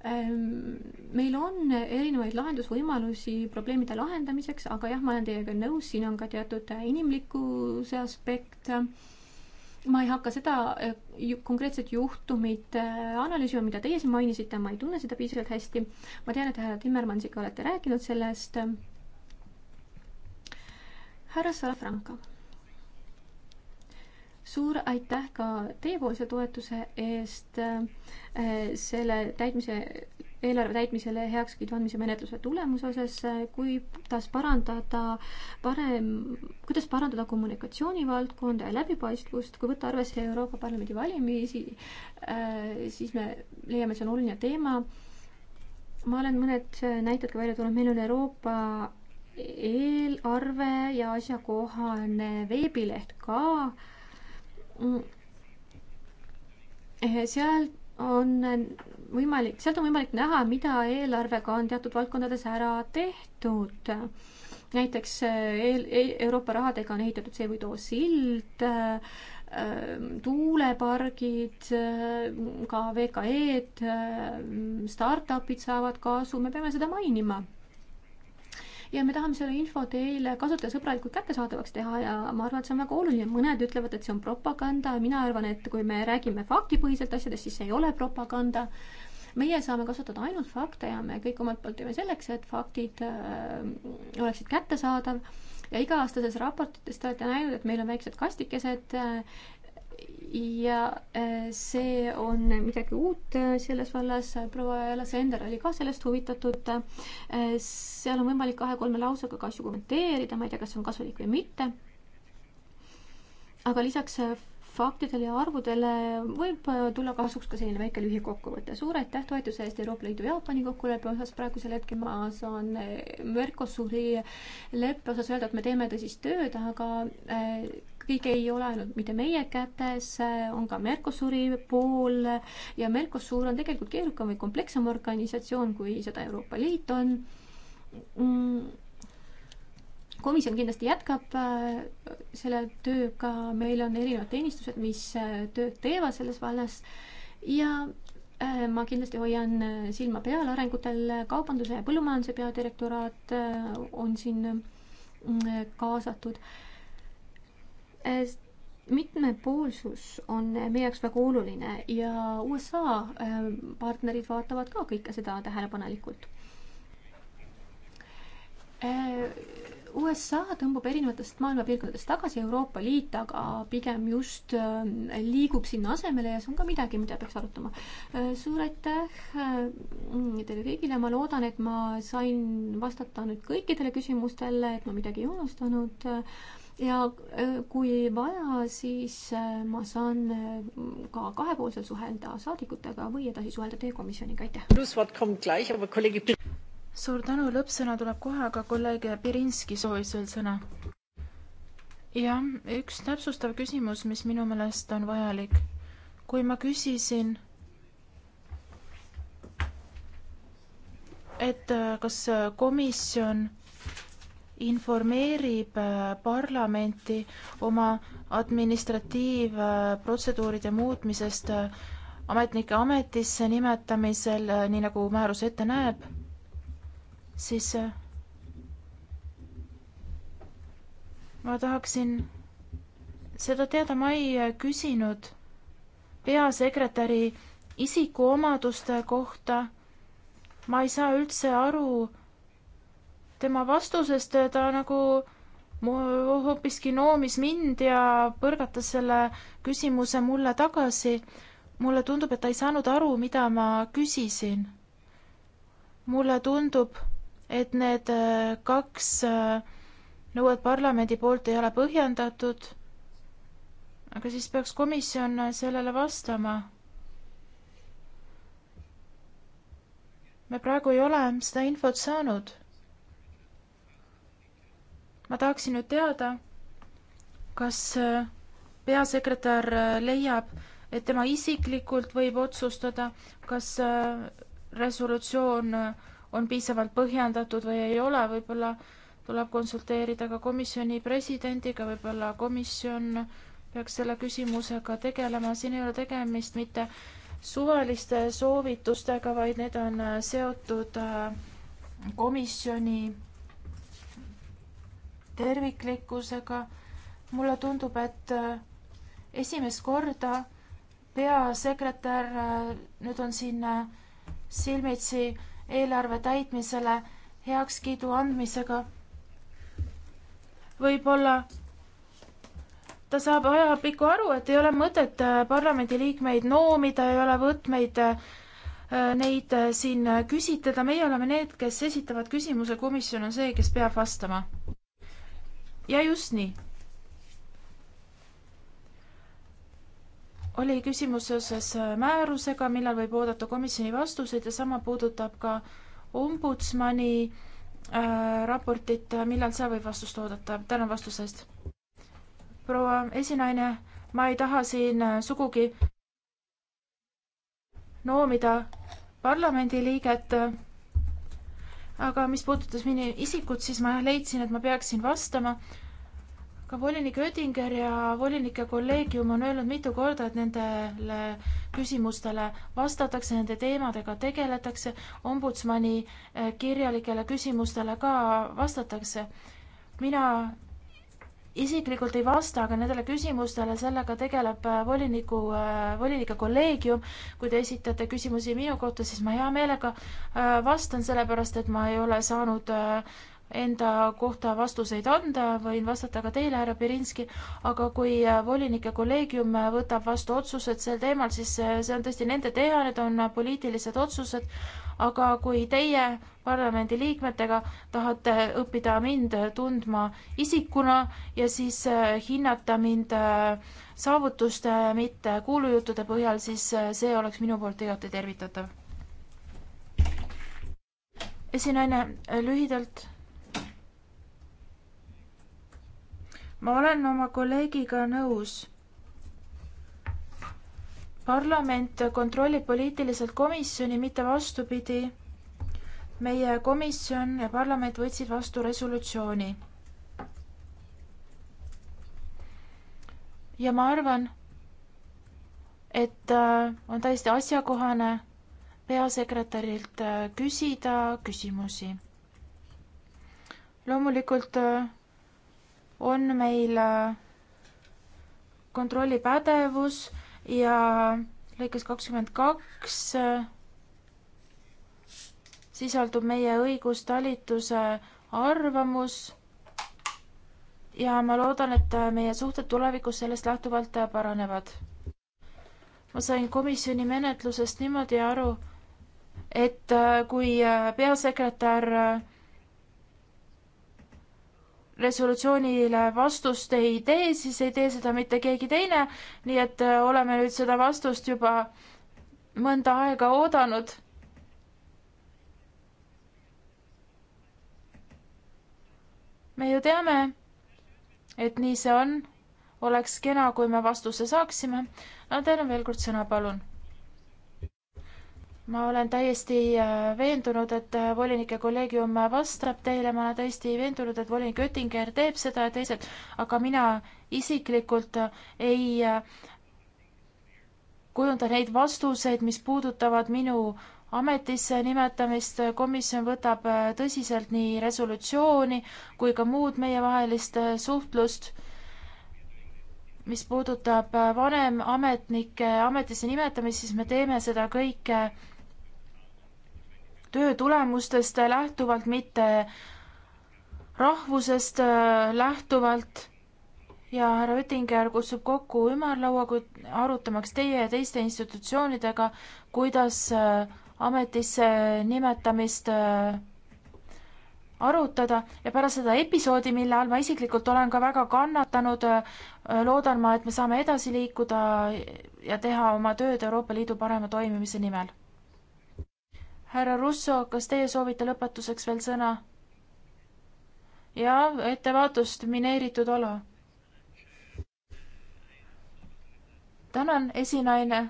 Ehm, meil on erinevaid lahendusvõimalusi probleemide lahendamiseks, aga jah, ma olen teiega nõus, siin on ka teatud inimlikkuse aspekt. ma ei hakka seda eh, konkreetset juhtumit eh, analüüsima, mida teie siin mainisite, ma ei tunne seda piisavalt hästi. ma tean, et härra Timmermansiga olete rääkinud sellest. härra Salafranca suur aitäh ka teiepoolse toetuse eest äh, selle täitmise, eelarve täitmisele heakskiidu andmise menetluse tulemuse osas, äh, kuidas parandada parem, kuidas parandada kommunikatsioonivaldkonda ja läbipaistvust, kui võtta arvesse Euroopa Parlamendi valimisi, äh, siis me leiame, see on oluline teema. ma olen mõned näited ka välja toonud, meil on Euroopa eelarve ja asjakohane veebileht ka Mm. Eh, seal on võimalik, sealt on võimalik näha, mida eelarvega on teatud valdkondades ära tehtud. näiteks eh, eel, e-, Euroopa rahadega on ehitatud see või too sild, eh, tuulepargid, ka VKE-d, startup'id saavad kasu, me peame seda mainima ja me tahame selle info teile kasutajasõbralikult kättesaadavaks teha ja ma arvan, et see on väga oluline, mõned ütlevad, et see on propaganda, mina arvan, et kui me räägime faktipõhiselt asjadest, siis see ei ole propaganda. meie saame kasutada ainult fakte ja me kõik omalt poolt teeme selleks, et faktid äh, oleksid kättesaadav ja iga-aastases raportites te olete näinud, et meil on väiksed kastikesed äh,, ja äh, see on midagi uut äh, selles vallas, proua Lasender oli ka sellest huvitatud. Äh, seal on võimalik kahe-kolme lausega ka asju kommenteerida, ma ei tea, kas see on kasulik või mitte. aga lisaks faktidele ja arvudele võib tulla kasuks ka selline väike lühikokkuvõte. suur aitäh toetuse eest Euroopa Liidu Jaapani kokkuleppe osas, praegusel hetkel ma saan Mercosuri leppe osas öelda, et me teeme tõsist tööd, aga kõik ei ole ainult mitte meie kätes, on ka Mercosuri pool ja Mercosur on tegelikult keerukam või komplekssem organisatsioon, kui seda Euroopa Liit on mm, komisjon kindlasti jätkab äh, selle tööga, meil on erinevad teenistused, mis äh, tööd teevad selles vallas ja äh, ma kindlasti hoian silma peal arengutel, kaubanduse ja põllumajanduse peadirektoraat on siin mm, kaasatud Äh, mitmepoolsus on meie jaoks väga oluline ja USA äh, partnerid vaatavad ka kõike seda tähelepanelikult. Äh, USA tõmbub erinevatest maailma piirkondadest tagasi, Euroopa Liit aga pigem just liigub sinna asemele ja see on ka midagi, mida peaks arutama. suur aitäh teile kõigile, ma loodan, et ma sain vastata nüüd kõikidele küsimustele, et ma midagi ei unustanud ja äh, kui vaja, siis äh, ma saan äh, ka kahepoolselt suhelda saadikutega või edasi suhelda teie komisjoniga, aitäh. suur tänu, lõppsõna tuleb kohe, aga kolleeg Pirinski soovis veel sõna. jah, üks täpsustav küsimus, mis minu meelest on vajalik. kui ma küsisin et kas komisjon informeerib äh, parlamenti oma administratiivprotseduuride muutmisest äh, ametnike ametisse nimetamisel, äh, nii nagu määrus ette näeb, siis ma tahaksin seda teada, ma ei küsinud peasekretäri isikuomaduste kohta. ma ei saa üldse aru, tema vastusest ta nagu hoopiski noomis mind ja põrgatas selle küsimuse mulle tagasi. mulle tundub, et ta ei saanud aru, mida ma küsisin. mulle tundub, et need äh, kaks äh, nõuet parlamendi poolt ei ole põhjendatud. aga siis peaks komisjon äh, sellele vastama. me praegu ei ole seda infot saanud ma tahaksin nüüd teada, kas äh, peasekretär äh, leiab, et tema isiklikult võib otsustada, kas äh, resolutsioon on piisavalt põhjendatud või ei ole, võib-olla tuleb konsulteerida ka komisjoni presidendiga, võib-olla komisjon peaks selle küsimusega tegelema, siin ei ole tegemist mitte suvaliste soovitustega, vaid need on seotud komisjoni terviklikkusega. mulle tundub, et äh, esimest korda peasekretär äh, nüüd on siin äh, silmitsi eelarve täitmisele heakskiidu andmisega. võib-olla ta saab ajapikku aru, et ei ole mõtet parlamendiliikmeid noomida, ei ole võtmeid neid siin küsitleda, meie oleme need, kes esitavad küsimuse, komisjon on see, kes peab vastama ja just nii. oli küsimus seoses äh, määrusega, millal võib oodata komisjoni vastuseid ja sama puudutab ka ombudsmani äh, raportit, äh, millal seal võib vastust oodata. tänan vastuse eest. proua esinaine, ma ei taha siin äh, sugugi noomida parlamendiliiget aga mis puudutas minu isikut, siis ma leidsin, et ma peaksin vastama. ka volinik Oettinger ja volinike kolleegium on öelnud mitu korda, et nendele küsimustele vastatakse, nende teemadega tegeletakse, ombudsmani eh, kirjalikele küsimustele ka vastatakse. mina isiklikult ei vasta aga nendele küsimustele, sellega tegeleb äh, voliniku, äh, volinike kolleegium. kui te esitate küsimusi minu kohta, siis ma hea meelega äh, vastan, sellepärast et ma ei ole saanud enda kohta vastuseid anda, võin vastata ka teile, härra Pirinski, aga kui volinike kolleegium võtab vastu otsused sel teemal, siis see on tõesti nende teha, need on poliitilised otsused aga kui teie parlamendi liikmetega tahate õppida mind tundma isikuna ja siis äh, hinnata mind äh, saavutuste, mitte kuulujuttude põhjal, siis äh, see oleks minu poolt igati tervitatav. esinaine, lühidalt ma olen oma kolleegiga nõus parlament kontrollib poliitiliselt komisjoni, mitte vastupidi. meie komisjon ja parlament võtsid vastu resolutsiooni. ja ma arvan, et äh, on täiesti asjakohane peasekretärilt äh, küsida küsimusi. loomulikult äh, on meil kontrollipädevus ja lõikes kakskümmend kaks äh, sisaldub meie õigustalituse arvamus ja ma loodan, et äh, meie suhted tulevikus sellest lähtuvalt äh, paranevad. ma sain komisjoni menetlusest niimoodi aru, et kui peasekretär resolutsioonile vastust ei tee, siis ei tee seda mitte keegi teine, nii et äh, oleme nüüd seda vastust juba mõnda aega oodanud. me ju teame, et nii see on. oleks kena, kui me vastuse saaksime. no teil on veel kord sõna, palun ma olen täiesti äh, veendunud, et äh, volinike kolleegium vastab teile, ma olen täiesti veendunud, et volinik Oettinger teeb seda ja teised, aga mina isiklikult äh, ei kujunda neid vastuseid, mis puudutavad minu ametisse nimetamist. komisjon võtab tõsiselt nii resolutsiooni kui ka muud meievahelist suhtlust mis puudutab vanemametnike ametisse nimetamist, siis me teeme seda kõike töö tulemustest lähtuvalt, mitte rahvusest lähtuvalt. ja härra Oettinger kutsub kokku ümarlaua, arutamaks teie ja teiste institutsioonidega, kuidas äh, ametisse nimetamist äh, arutada ja pärast seda episoodi, mille all ma isiklikult olen ka väga kannatanud, äh, loodan ma, et me saame edasi liikuda ja teha oma tööd Euroopa Liidu parema toimimise nimel härra Russo, kas teie soovite lõpetuseks veel sõna? jaa, ettevaatust, mineeritud ala. tänan, esinaine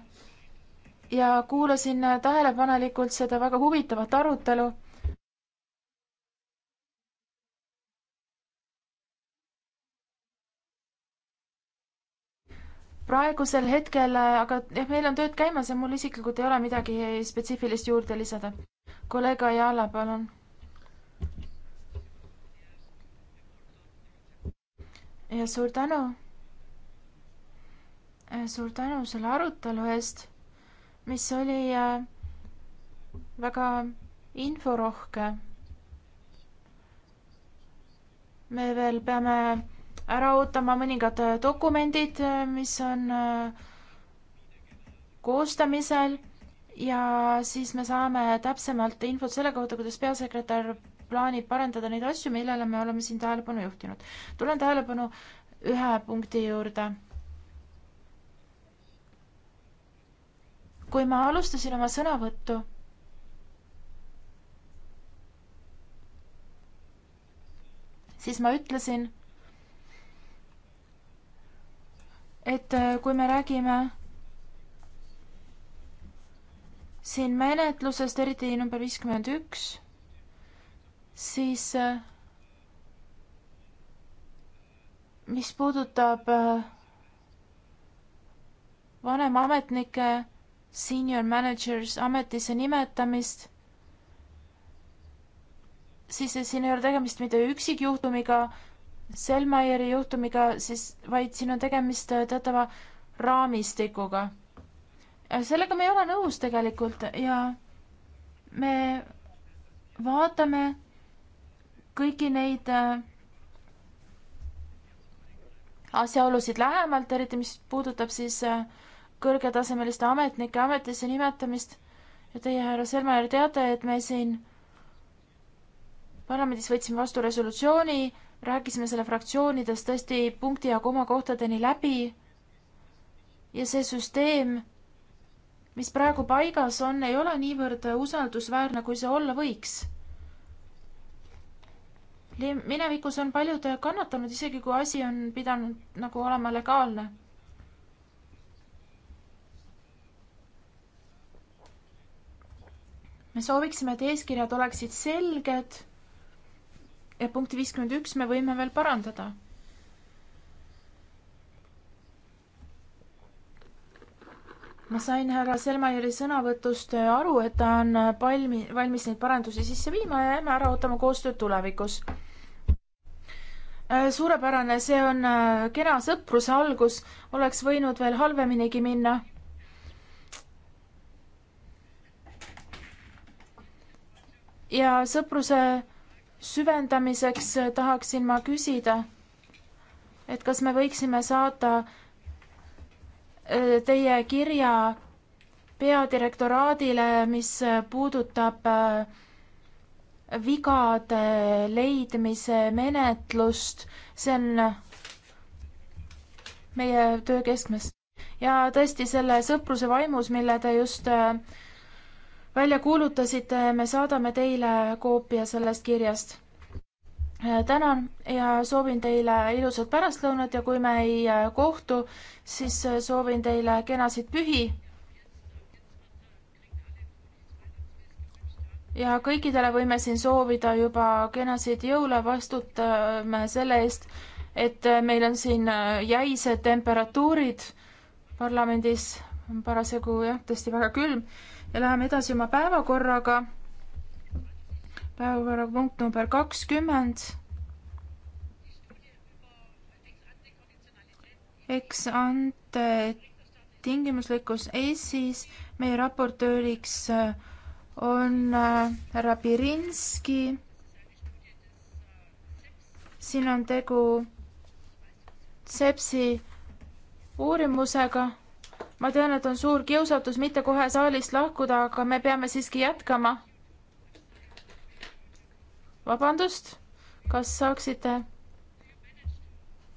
ja kuulasin tähelepanelikult seda väga huvitavat arutelu praegusel hetkel, aga jah, meil on tööd käimas ja mul isiklikult ei ole midagi spetsiifilist juurde lisada. kolleeg Ajala, palun. ja suur tänu. suur tänu selle arutelu eest, mis oli äh, väga inforohke. me veel peame ära ootama mõningad äh, dokumendid, äh, mis on äh, koostamisel ja siis me saame täpsemalt infot selle kohta, kuidas peasekretär plaanib parandada neid asju, millele me oleme siin tähelepanu juhtinud. tulen tähelepanu ühe punkti juurde. kui ma alustasin oma sõnavõttu, siis ma ütlesin et äh, kui me räägime siin menetlusest, eriti number viiskümmend üks, siis äh, mis puudutab äh, vanemametnike senior managers ametisse nimetamist, siis siin ei ole tegemist mitte üksikjuhtumiga, Selmaieri juhtumiga, siis vaid siin on tegemist äh, teatava raamistikuga. Äh, sellega me ei ole nõus tegelikult ja me vaatame kõiki neid äh, asjaolusid lähemalt, eriti mis puudutab siis kõrgetasemeliste ametnike ametisse nimetamist. ja teie, härra Selmajärv, teate, et me siin parlamendis võtsime vastu resolutsiooni rääkisime selle fraktsioonides tõesti punkti ja koma kohtadeni läbi ja see süsteem, mis praegu paigas on, ei ole niivõrd usaldusväärne, kui see olla võiks. minevikus on paljud kannatanud, isegi kui asi on pidanud nagu olema legaalne me sooviksime, et eeskirjad oleksid selged ja punkti viiskümmend üks me võime veel parandada. ma sain härra Selmajeri sõnavõtust aru, et ta on palmi, valmis neid parandusi sisse viima ja jääme ära ootama koostööd tulevikus äh, suurepärane, see on äh, kena sõpruse algus, oleks võinud veel halveminigi minna. ja sõpruse süvendamiseks tahaksin ma küsida, et kas me võiksime saada äh, teie kirja peadirektoraadile, mis puudutab äh, vigade leidmise menetlust, see on meie töö keskmes. ja tõesti, selle sõpruse vaimus, mille te just äh, välja kuulutasite, me saadame teile koopia sellest kirjast. tänan ja soovin teile ilusat pärastlõunat ja kui me ei äh, kohtu, siis äh, soovin teile kenasid pühi. ja kõikidele võime siin soovida juba kenasid jõule, vastutame selle eest, et äh, meil on siin jäised temperatuurid parlamendis, parasjagu jah, tõesti väga külm ja läheme edasi oma päevakorraga. päevakorrapunkt number kakskümmend. eks ante tingimuslikkus Eestis meie raportööriks äh, on äh, härra Pirinski. siin on tegu sepsi uurimusega ma tean, et on suur kiusatus mitte kohe saalist lahkuda, aga me peame siiski jätkama. vabandust, kas saaksite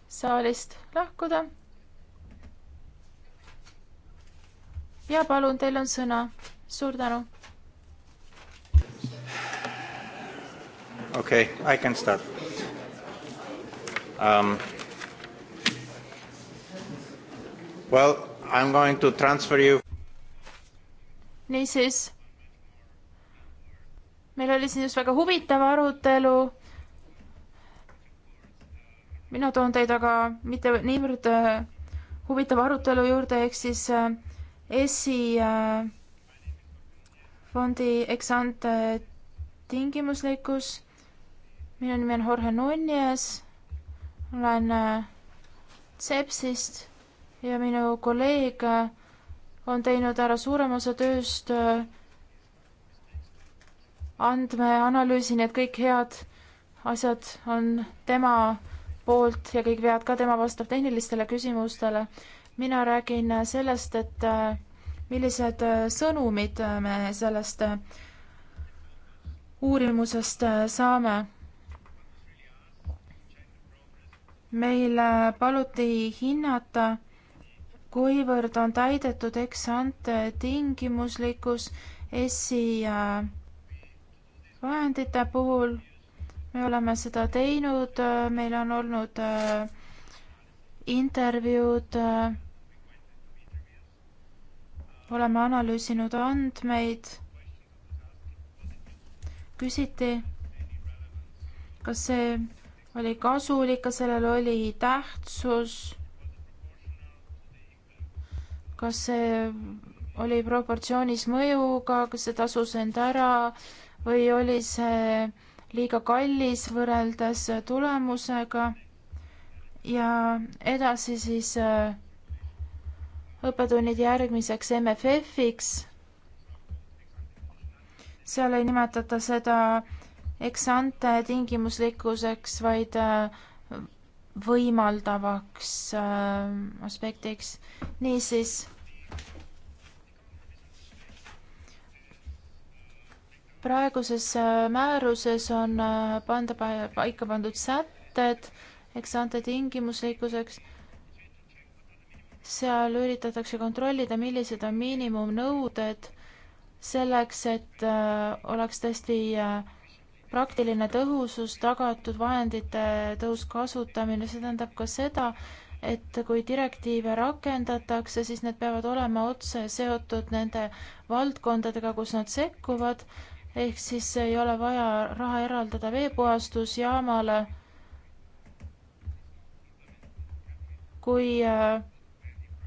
saalist lahkuda? ja palun, teil on sõna. suur tänu. okei okay,, I can start um,. Well I am going to transfer you. niisiis, meil oli siin just väga huvitav arutelu. mina toon teid aga mitte niivõrd äh, huvitava arutelu juurde, ehk siis äh, ESI äh, fondi eksante tingimuslikkus. minu nimi on Jorge Nunez, olen Sepsist ja minu kolleeg on teinud ära suurema osa tööst andmeanalüüsi, nii et kõik head asjad on tema poolt ja kõik vead ka tema vastab tehnilistele küsimustele. mina räägin sellest, et millised sõnumid me sellest uurimusest saame. meil paluti hinnata kuivõrd on täidetud eksante tingimuslikkus ESI vahendite puhul. me oleme seda teinud, meil on olnud äh, intervjuud, äh, oleme analüüsinud andmeid. küsiti, kas see oli kasulik, kas sellel oli tähtsus kas see oli proportsioonis mõjuga, kas see tasus end ära või oli see liiga kallis võrreldes tulemusega ja edasi siis äh, õppetunnid järgmiseks MFF-iks. seal ei nimetata seda eksante tingimuslikkuseks, vaid äh, võimaldavaks äh, aspektiks. niisiis, praeguses äh, määruses on äh, panda paika pandud sätted eks ante tingimuslikkuseks. seal üritatakse kontrollida, millised on miinimumnõuded selleks, et oleks tõesti äh, praktiline tõhusus, tagatud vahendite tõhus kasutamine, see tähendab ka seda, et kui direktiive rakendatakse, siis need peavad olema otse seotud nende valdkondadega, kus nad sekkuvad, ehk siis ei ole vaja raha eraldada veepuhastusjaamale, kui äh,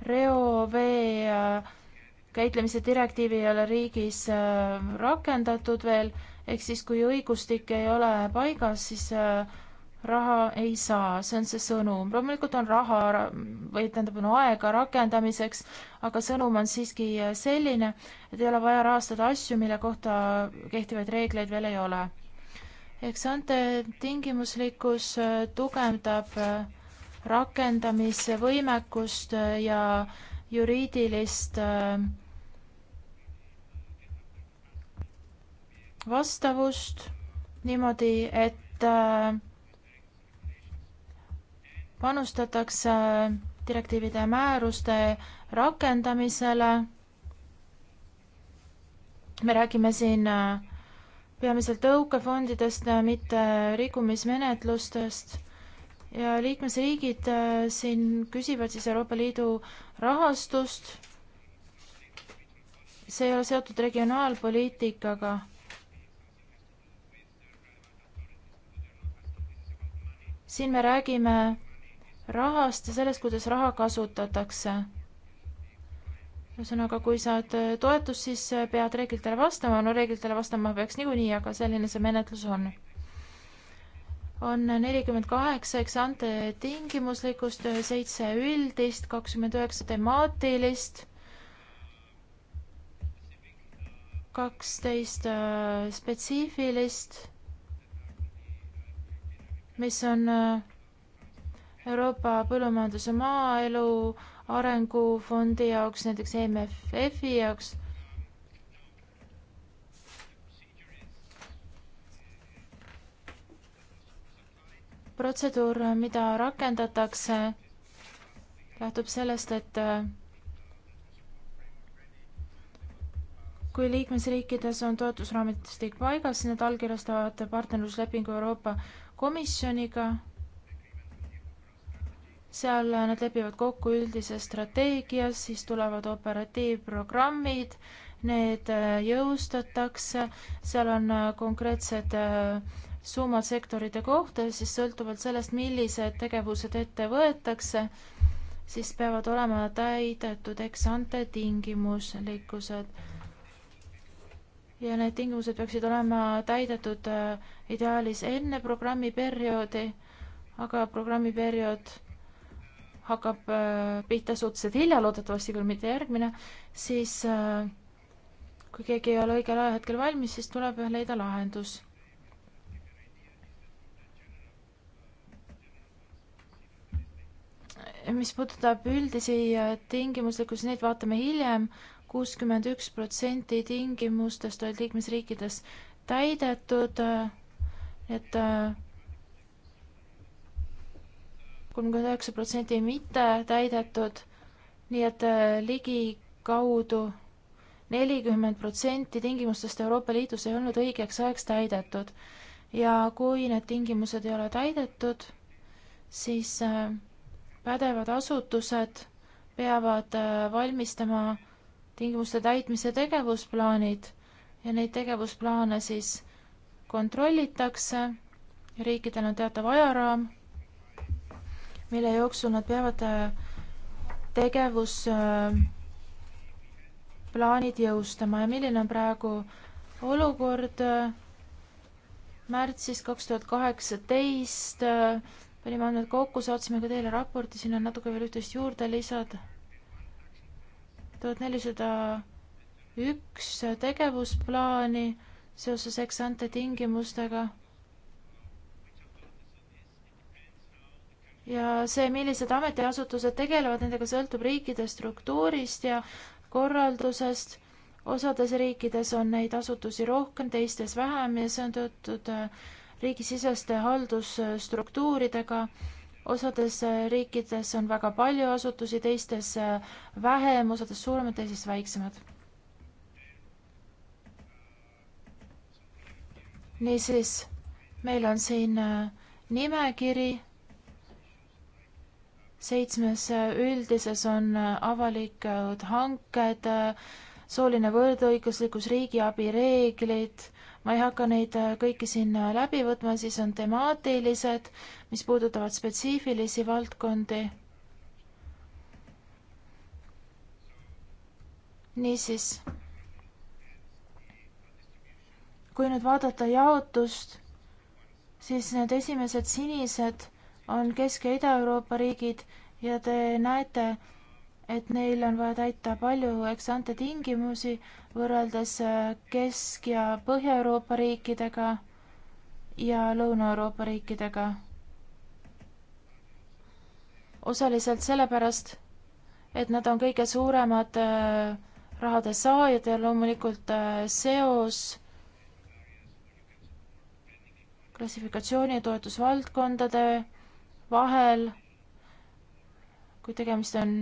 reovee äh, käitlemise direktiivi ei ole riigis äh, rakendatud veel ehk siis, kui õigustik ei ole paigas, siis äh, raha ei saa, see on see sõnum. loomulikult on raha või tähendab, on aega rakendamiseks, aga sõnum on siiski äh, selline, et ei ole vaja rahastada asju, mille kohta kehtivaid reegleid veel ei ole. eks ante tingimuslikkus äh, tugevdab rakendamisvõimekust ja juriidilist äh, vastavust niimoodi, et äh, panustatakse direktiivide ja määruste rakendamisele. me räägime siin äh, peamiselt tõukefondidest, mitte rikkumismenetlustest ja liikmesriigid äh, siin küsivad siis Euroopa Liidu rahastust. see ei ole seotud regionaalpoliitikaga siin me räägime rahast ja sellest, kuidas raha kasutatakse. ühesõnaga, kui saad toetust, siis pead reeglitele vastama, no reeglitele vastama peaks niikuinii, aga selline see menetlus on. on nelikümmend kaheksa eksante tingimuslikkust, seitse üldist, kakskümmend üheksa temaatilist, kaksteist äh, spetsiifilist mis on äh, Euroopa Põllumajanduse Maaelu Arengufondi jaoks, näiteks EMFF-i jaoks. protseduur, mida rakendatakse, lähtub sellest, et äh, kui liikmesriikides on toetusraamistik paigas, siis nad allkirjastavad partnerluslepingu Euroopa komisjoniga. seal nad lepivad kokku üldises strateegias, siis tulevad operatiivprogrammid, need äh, jõustatakse, seal on äh, konkreetsed äh, summad sektorite kohta, siis sõltuvalt sellest, millised tegevused ette võetakse, siis peavad olema täidetud eksante tingimuslikkused ja need tingimused peaksid olema täidetud äh, ideaalis enne programmiperioodi, aga programmiperiood hakkab äh, pihta suhteliselt hilja, loodetavasti küll mitte järgmine, siis äh, kui keegi ei ole õigel ajahetkel valmis, siis tuleb leida lahendus. mis puudutab üldisi tingimuslikkusi, neid vaatame hiljem, kuuskümmend üks protsenti tingimustest olid liikmesriikides täidetud, et äh, kolmkümmend üheksa protsenti mitte täidetud, nii et äh, ligikaudu nelikümmend protsenti tingimustest Euroopa Liidus ei olnud õigeks ajaks täidetud. ja kui need tingimused ei ole täidetud, siis äh, pädevad asutused peavad valmistama äh, tingimuste täitmise tegevusplaanid ja neid tegevusplaane siis kontrollitakse. riikidel on teatav ajaraam, mille jooksul nad peavad äh, tegevusplaanid äh, jõustama ja milline on praegu olukord märtsis kaks tuhat kaheksateist panime äh, andmed kokku, saatsime ka teile raporti, siin on natuke veel üht-teist juurde lisada tuhat nelisada üks tegevusplaani seoses eksante tingimustega. ja see, millised ametiasutused tegelevad nendega, sõltub riikide struktuurist ja korraldusest. osades riikides on neid asutusi rohkem, teistes vähem ja see on teatud äh, riigisiseste haldusstruktuuridega osades äh, riikides on väga palju asutusi, teistes äh, vähem, osades suuremad, teises väiksemad. niisiis, meil on siin äh, nimekiri. seitsmes üldises on avalikud hanked sooline võrdõiguslikkus, riigiabi reeglid, ma ei hakka neid äh, kõiki siin äh, läbi võtma, siis on temaatilised, mis puudutavad spetsiifilisi valdkondi. niisiis, kui nüüd vaadata jaotust, siis need esimesed sinised on Kesk- ja Ida-Euroopa riigid ja te näete, et neil on vaja täita palju eksante tingimusi võrreldes äh, Kesk- ja Põhja-Euroopa riikidega ja Lõuna-Euroopa riikidega. osaliselt sellepärast, et nad on kõige suuremad äh, rahade saajad ja loomulikult äh, seos klassifikatsiooni ja toetusvaldkondade vahel, kui tegemist on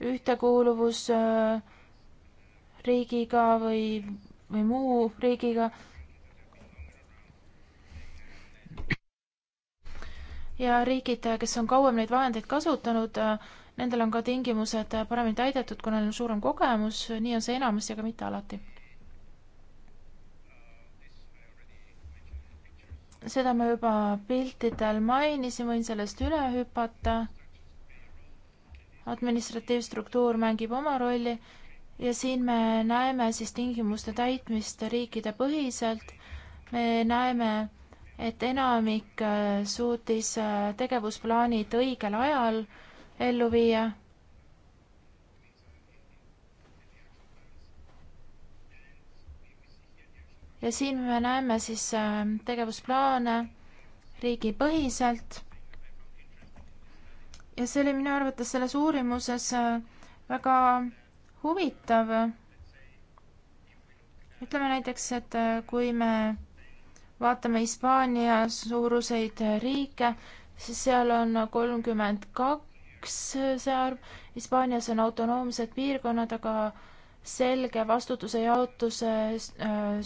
ühtekuuluvus äh, riigiga või, või muu riigiga. ja riigid, kes on kauem neid vahendeid kasutanud, äh, nendel on ka tingimused paremini täidetud, kuna neil on suurem kogemus, nii on see enamasti, aga mitte alati. seda ma juba piltidel mainisin, võin sellest üle hüpata administratiivstruktuur mängib oma rolli ja siin me näeme siis tingimuste täitmist riikide põhiselt. me näeme, et enamik äh, suutis äh, tegevusplaanid õigel ajal ellu viia ja siin me näeme siis äh, tegevusplaane riigipõhiselt ja see oli minu arvates selles uurimuses äh, väga huvitav. ütleme näiteks, et äh, kui me vaatame Hispaania suuruseid riike, siis seal on kolmkümmend kaks äh, see arv, Hispaanias on autonoomsed piirkonnad, aga selge vastutuse jaotuse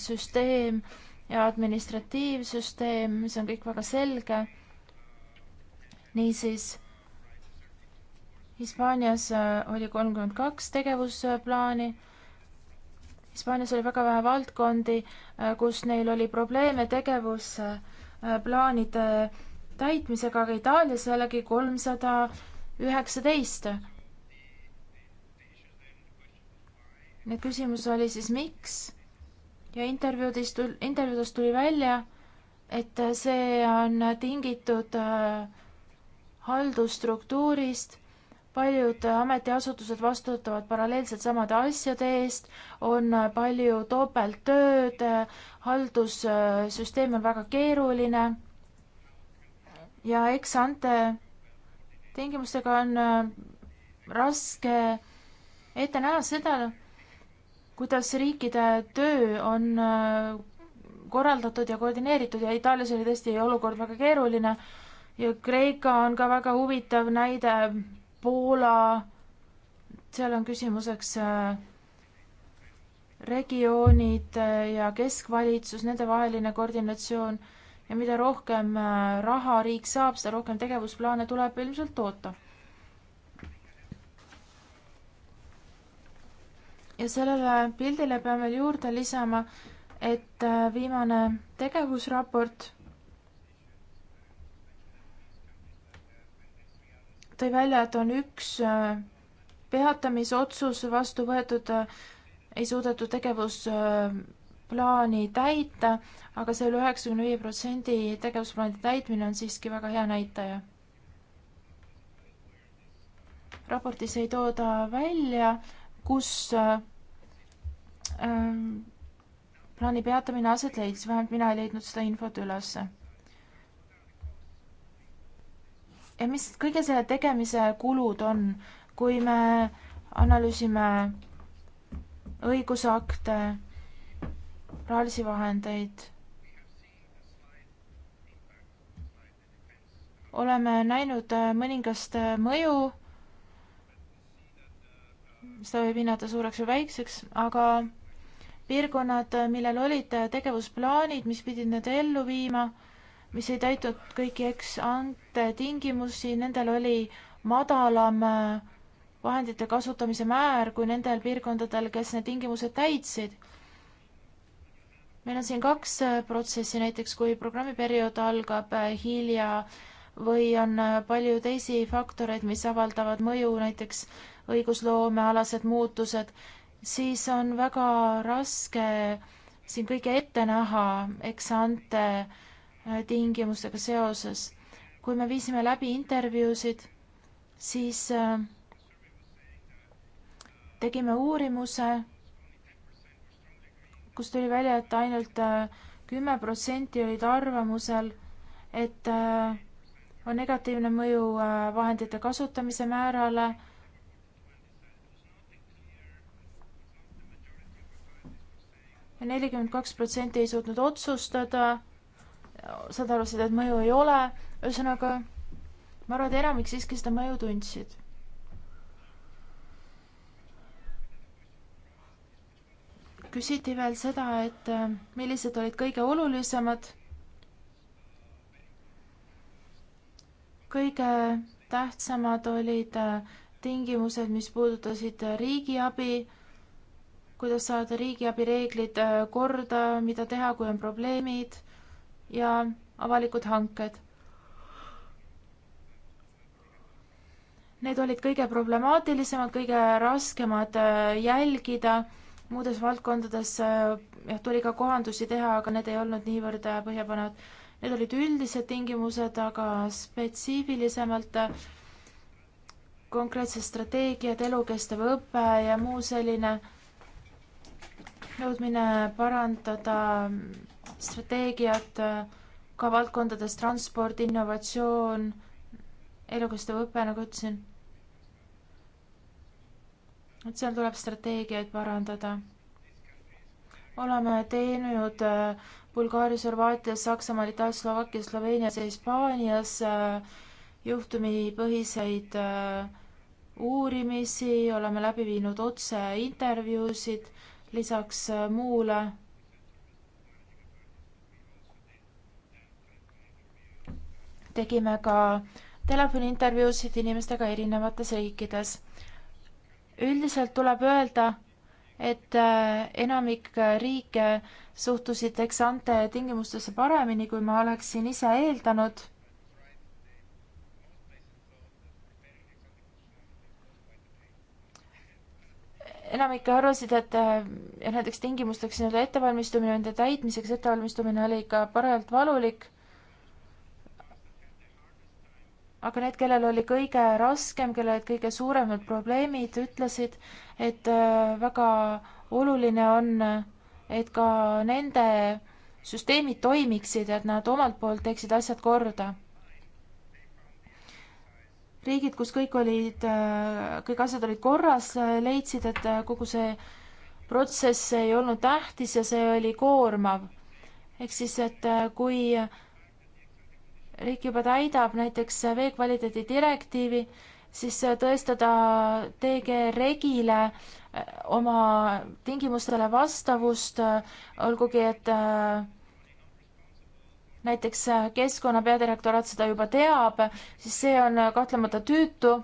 süsteem ja administratiivsüsteem, see on kõik väga selge. niisiis Hispaanias äh, oli kolmkümmend kaks tegevusplaani. Hispaanias oli väga vähe valdkondi, äh, kus neil oli probleeme tegevusplaanide äh, täitmisega, aga Itaalias jällegi kolmsada üheksateist. nüüd küsimus oli siis miks ja intervjuudist, intervjuudest tuli välja, et see on tingitud haldusstruktuurist paljud ametiasutused vastutavad paralleelselt samade asjade eest, on palju topelttööd, haldussüsteem on väga keeruline ja eksante tingimustega on äh, raske ette näha seda, kuidas riikide töö on äh, korraldatud ja koordineeritud ja Itaalias oli tõesti olukord väga keeruline ja Kreeka on ka väga huvitav näide Poola, seal on küsimuseks äh, regioonid äh, ja keskvalitsus, nendevaheline koordinatsioon ja mida rohkem äh, raha riik saab, seda rohkem tegevusplaane tuleb ilmselt toota. ja sellele pildile peame juurde lisama, et viimane tegevusraport tõi välja, et on üks äh, peatamisotsus vastu võetud, äh, ei suudetud tegevusplaani äh, täita, aga see üle üheksakümne viie protsendi tegevusplaanide täitmine on siiski väga hea näitaja. raportis ei tooda välja, kus plaani peatamine aset leidis, vähemalt mina ei leidnud seda infot ülesse ja mis kõige selle tegemise kulud on, kui me analüüsime õigusakte, rahalisi vahendeid. oleme näinud äh, mõningast äh, mõju, seda võib hinnata suureks või väikseks, aga piirkonnad, äh, millel olid tegevusplaanid, mis pidid need ellu viima mis ei täitnud kõiki ex-ante tingimusi, nendel oli madalam äh, vahendite kasutamise määr kui nendel piirkondadel, kes need tingimused täitsid. meil on siin kaks äh, protsessi, näiteks kui programmiperiood algab äh, hilja või on palju teisi faktoreid, mis avaldavad mõju, näiteks õigusloomealased muutused, siis on väga raske siin kõike ette näha, eks ante äh, Äh, tingimustega seoses. kui me viisime läbi intervjuusid, siis äh, tegime uurimuse, kus tuli välja, et ainult äh, kümme protsenti olid arvamusel, et on negatiivne mõju vahendite kasutamise määrale ja nelikümmend kaks protsenti ei suutnud otsustada saad aru, seda mõju ei ole, ühesõnaga ma arvan, et enamik siiski seda mõju tundsid. küsiti veel seda, et äh, millised olid kõige olulisemad, kõige tähtsamad olid äh, tingimused, mis puudutasid äh, riigiabi, kuidas saada riigiabi reeglid korda, mida teha, kui on probleemid ja avalikud hanked. Need olid kõige problemaatilisemad, kõige raskemad äh, jälgida, muudes valdkondades äh, jah, tuli ka kohandusi teha, aga need ei olnud niivõrd äh, põhjapanevad. Need olid üldised tingimused, aga spetsiifilisemalt konkreetsed strateegiad, elukestev õpe ja muu selline nõudmine parandada strateegiat ka valdkondades transport, innovatsioon, elukestev õpe, nagu ütlesin. et seal tuleb strateegiaid parandada. oleme teinud äh, Bulgaarias, Horvaatias, Saksamaal, Itaalias, Slovakkias, Sloveenias ja Hispaanias äh, juhtumipõhiseid äh, uurimisi, oleme läbi viinud otseintervjuusid lisaks muule tegime ka telefoniintervjuusid inimestega erinevates riikides. üldiselt tuleb öelda, et äh, enamik riike suhtusid eksante tingimustesse paremini, kui ma oleksin ise eeldanud. enamik arvasid, et äh, näiteks tingimusteks nii-öelda ettevalmistumine, nende täitmiseks ettevalmistumine oli ikka parajalt valulik aga need, kellel oli kõige raskem, kellel olid kõige suuremad probleemid, ütlesid, et äh, väga oluline on, et ka nende süsteemid toimiksid, et nad omalt poolt teeksid asjad korda. riigid, kus kõik olid, äh, kõik asjad olid korras, äh, leidsid, et kogu see protsess ei olnud tähtis ja see oli koormav. ehk siis, et kui riik juba täidab näiteks veekvaliteedi direktiivi, siis tõestada TG Regile äh, oma tingimustele vastavust, äh, olgugi et äh, näiteks keskkonna peadirektorat seda juba teab, siis see on kahtlemata tüütu.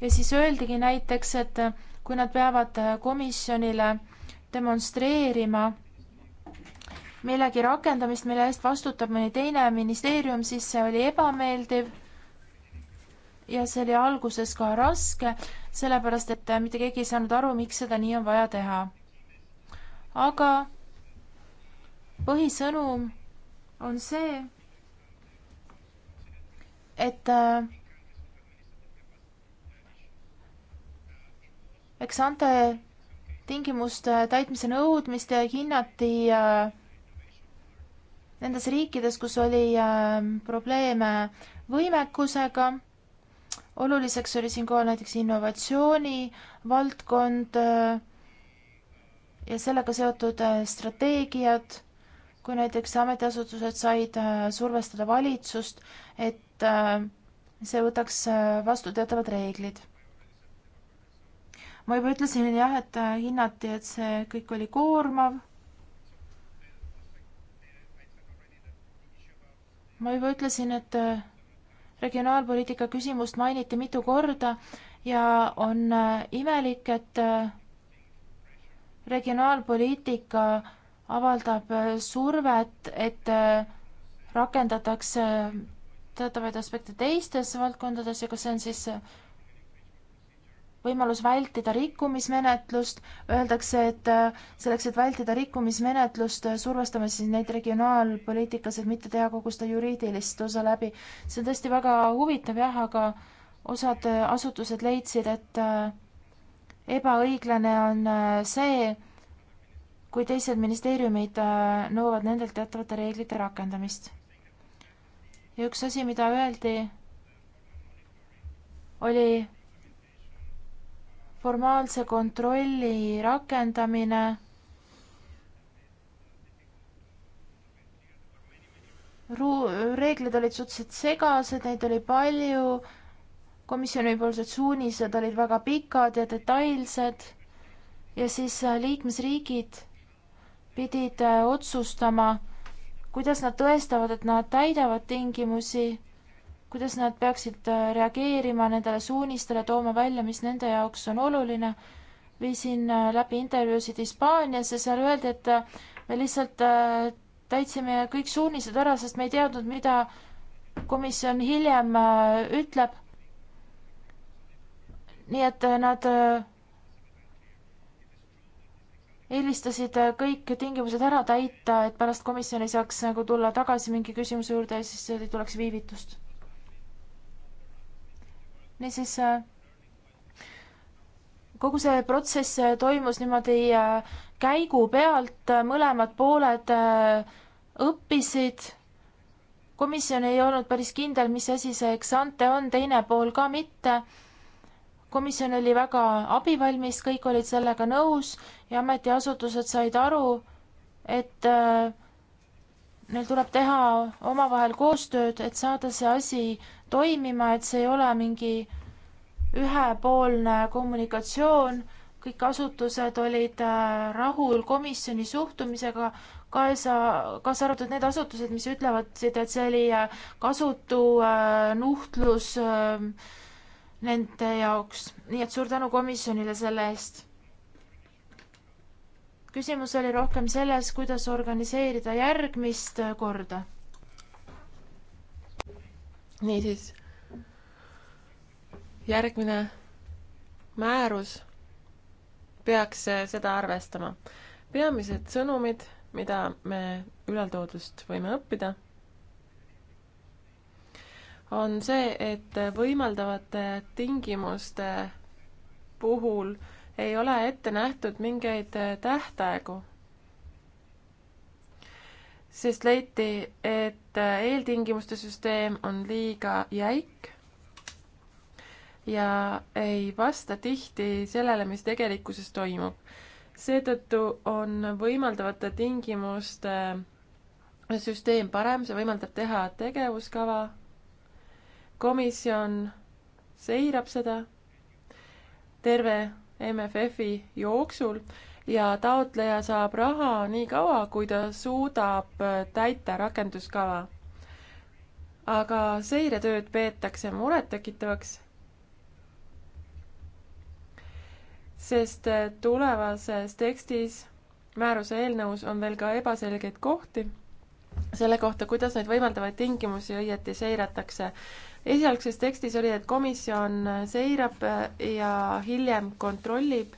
ja siis öeldigi näiteks, et kui nad peavad komisjonile demonstreerima millegi rakendamist, mille eest vastutab mõni teine ministeerium, siis see oli ebameeldiv. ja see oli alguses ka raske, sellepärast et mitte keegi ei saanud aru, miks seda nii on vaja teha. aga põhisõnum on see, et äh, eks ante tingimuste täitmise nõudmist hinnati äh, nendes riikides, kus oli ähm, probleeme võimekusega, oluliseks oli siinkohal näiteks innovatsiooni valdkond äh, ja sellega seotud äh, strateegiad, kui näiteks ametiasutused said äh, survestada valitsust, et see võtaks vastu teatavad reeglid. ma juba ütlesin jah, et hinnati, et see kõik oli koormav ma juba ütlesin, et äh, regionaalpoliitika küsimust mainiti mitu korda ja on äh, imelik, et äh, regionaalpoliitika avaldab survet, et rakendatakse teatavaid aspekte teistes valdkondades ja kas see on siis võimalus vältida rikkumismenetlust, öeldakse, et äh, selleks, et vältida rikkumismenetlust, äh, survestame siis neid regionaalpoliitikas, et mitte teha kogu seda juriidilist osa läbi. see on tõesti väga huvitav jah, aga osad äh, asutused leidsid, et ebaõiglane on see, kui teised ministeeriumid nõuavad nendelt teatavate reeglite rakendamist. ja üks asi, mida öeldi, oli formaalse kontrolli rakendamine Ruu-, reeglid olid suhteliselt segased, neid oli palju, komisjonipoolsed suunised olid väga pikad ja detailsed ja siis äh, liikmesriigid pidid äh, otsustama, kuidas nad tõestavad, et nad täidavad tingimusi kuidas nad peaksid äh, reageerima nendele suunistele, tooma välja, mis nende jaoks on oluline. viisin äh, läbi intervjuusid Hispaanias ja seal öeldi, et äh, me lihtsalt täitsime kõik suunised ära, sest me ei teadnud, mida komisjon hiljem ütleb. nii et nad eelistasid kõik tingimused ära täita, et pärast komisjon ei saaks nagu tulla tagasi mingi küsimuse juurde ja siis ei tuleks viivitust niisiis äh, kogu see protsess äh, toimus niimoodi äh, käigu pealt, mõlemad pooled õppisid, komisjon ei olnud päris kindel, mis asi see eksante on, teine pool ka mitte. komisjon oli väga abivalmis, kõik olid sellega nõus ja ametiasutused said aru, et äh, neil tuleb teha omavahel koostööd, et saada see asi toimima, et see ei ole mingi ühepoolne kommunikatsioon, kõik asutused olid äh, rahul komisjoni suhtumisega, kaasa, kaasa arvatud need asutused, mis ütlevad, et see oli äh, kasutu äh, nuhtlus ähm, nende jaoks. nii et suur tänu komisjonile selle eest küsimus oli rohkem selles, kuidas organiseerida järgmist korda. niisiis, järgmine määrus peaks seda arvestama. peamised sõnumid, mida me ülaltoodust võime õppida, on see, et võimaldavate tingimuste puhul äh, ei ole ette nähtud mingeid äh, tähtaegu, sest leiti, et äh, eeltingimuste süsteem on liiga jäik ja ei vasta tihti sellele, mis tegelikkuses toimub. seetõttu on võimaldavate tingimuste äh, süsteem parem, see võimaldab teha tegevuskava, komisjon seirab seda, terve MFF-i jooksul ja taotleja saab raha nii kaua, kui ta suudab äh, täita rakenduskava. aga seiretööd peetakse murettekitavaks, sest äh, tulevases tekstis, määruse eelnõus on veel ka ebaselgeid kohti selle kohta, kuidas neid võimaldavaid tingimusi õieti seiratakse. esialgses tekstis oli, et komisjon seirab ja hiljem kontrollib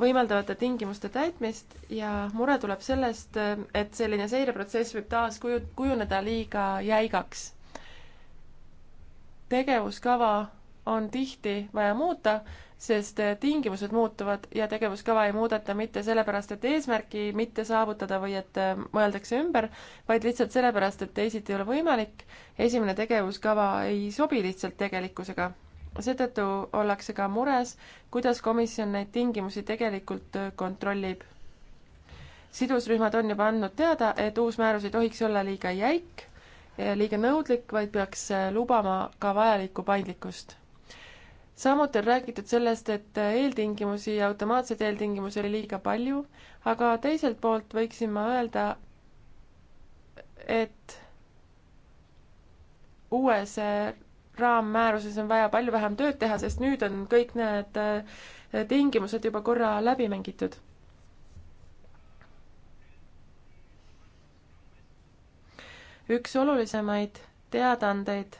võimaldavate tingimuste täitmist ja mure tuleb sellest, et selline seireprotsess võib taas kuju, kujuneda liiga jäigaks. tegevuskava on tihti vaja muuta, sest eh, tingimused muutuvad ja tegevuskava ei muudeta mitte sellepärast, et eesmärki mitte saavutada või et eh, mõeldakse ümber, vaid lihtsalt sellepärast, et teisiti ei ole võimalik. esimene tegevuskava ei sobi lihtsalt tegelikkusega. seetõttu ollakse ka mures, kuidas komisjon neid tingimusi tegelikult eh, kontrollib. sidusrühmad on juba andnud teada, et uus määrus ei tohiks olla liiga jäik, liiga nõudlik, vaid peaks lubama ka vajalikku paindlikkust samuti on räägitud sellest, et eeltingimusi ja automaatseid eeltingimusi oli liiga palju, aga teiselt poolt võiksin ma öelda, et uues raammääruses on vaja palju vähem tööd teha, sest nüüd on kõik need äh, tingimused juba korra läbi mängitud. üks olulisemaid teadaandeid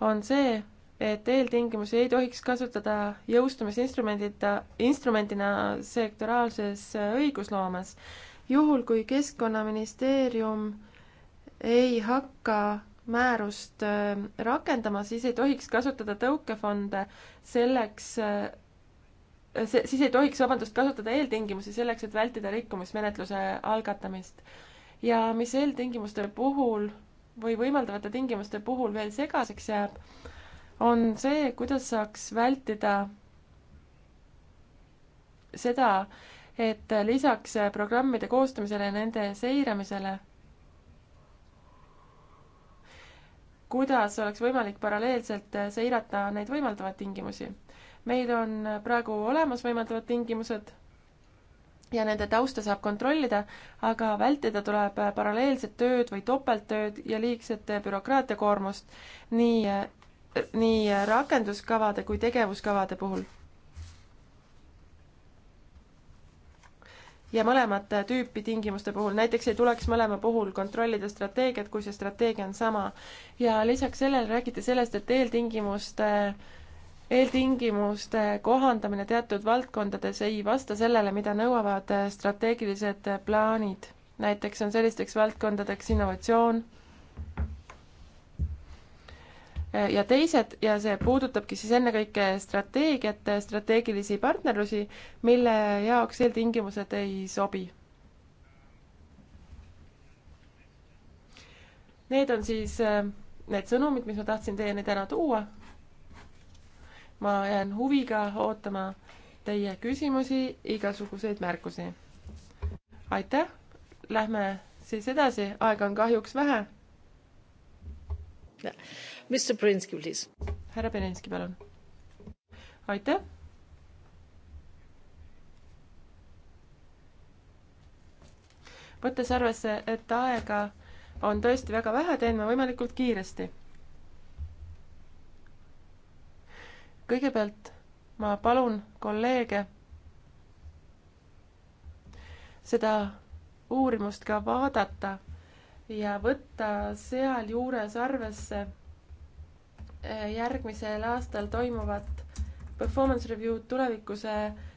on see, et eeltingimusi ei tohiks kasutada jõustumisinstrumendita, instrumendina sektoraalses õigusloomes. juhul, kui Keskkonnaministeerium ei hakka määrust äh, rakendama, siis ei tohiks kasutada tõukefonde selleks, äh, see, siis ei tohiks, vabandust, kasutada eeltingimusi selleks, et vältida rikkumismenetluse algatamist. ja mis eeltingimuste puhul või võimaldavate tingimuste puhul veel segaseks jääb, on see, kuidas saaks vältida seda, et lisaks programmide koostamisele ja nende seiramisele, kuidas oleks võimalik paralleelselt seirata neid võimaldavaid tingimusi. meil on praegu olemas võimaldavad tingimused ja nende tausta saab kontrollida, aga vältida tuleb paralleelset tööd või topelttööd ja liigset bürokraatiakoormust nii nii rakenduskavade kui tegevuskavade puhul. ja mõlemat tüüpi tingimuste puhul, näiteks ei tuleks mõlema puhul kontrollida strateegiat, kui see strateegia on sama. ja lisaks sellele räägiti sellest, et eeltingimuste äh, eeltingimuste kohandamine teatud valdkondades ei vasta sellele, mida nõuavad strateegilised plaanid. näiteks on sellisteks valdkondadeks innovatsioon, Äh, ja teised ja see puudutabki siis ennekõike strateegiat, äh, strateegilisi partnerlusi, mille jaoks eeltingimused ei sobi. Need on siis äh, need sõnumid, mis ma tahtsin teieni täna tuua. ma jään huviga ootama teie küsimusi, igasuguseid märkusi. aitäh, lähme siis edasi, aega on kahjuks vähe. Mr Berinski, please. härra Berinski, palun. aitäh. võttes arvesse, et aega on tõesti väga vähe, teen ma võimalikult kiiresti. kõigepealt ma palun kolleege seda uurimust ka vaadata ja võtta sealjuures arvesse järgmisel aastal toimuvat performance review'd tulevikuse,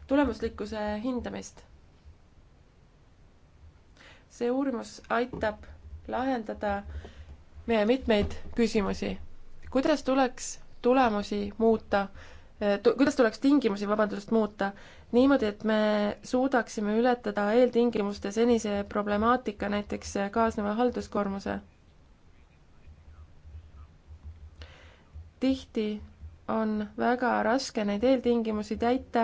tulemuslikkuse hindamist. see uurimus aitab lahendada meie mitmeid küsimusi. kuidas tuleks tulemusi muuta, eh, kuidas tuleks tingimusi, vabandust, muuta niimoodi, et me suudaksime ületada eeltingimuste senise problemaatika, näiteks eh, kaasneva halduskoormuse tihti on väga raske neid eeltingimusi täita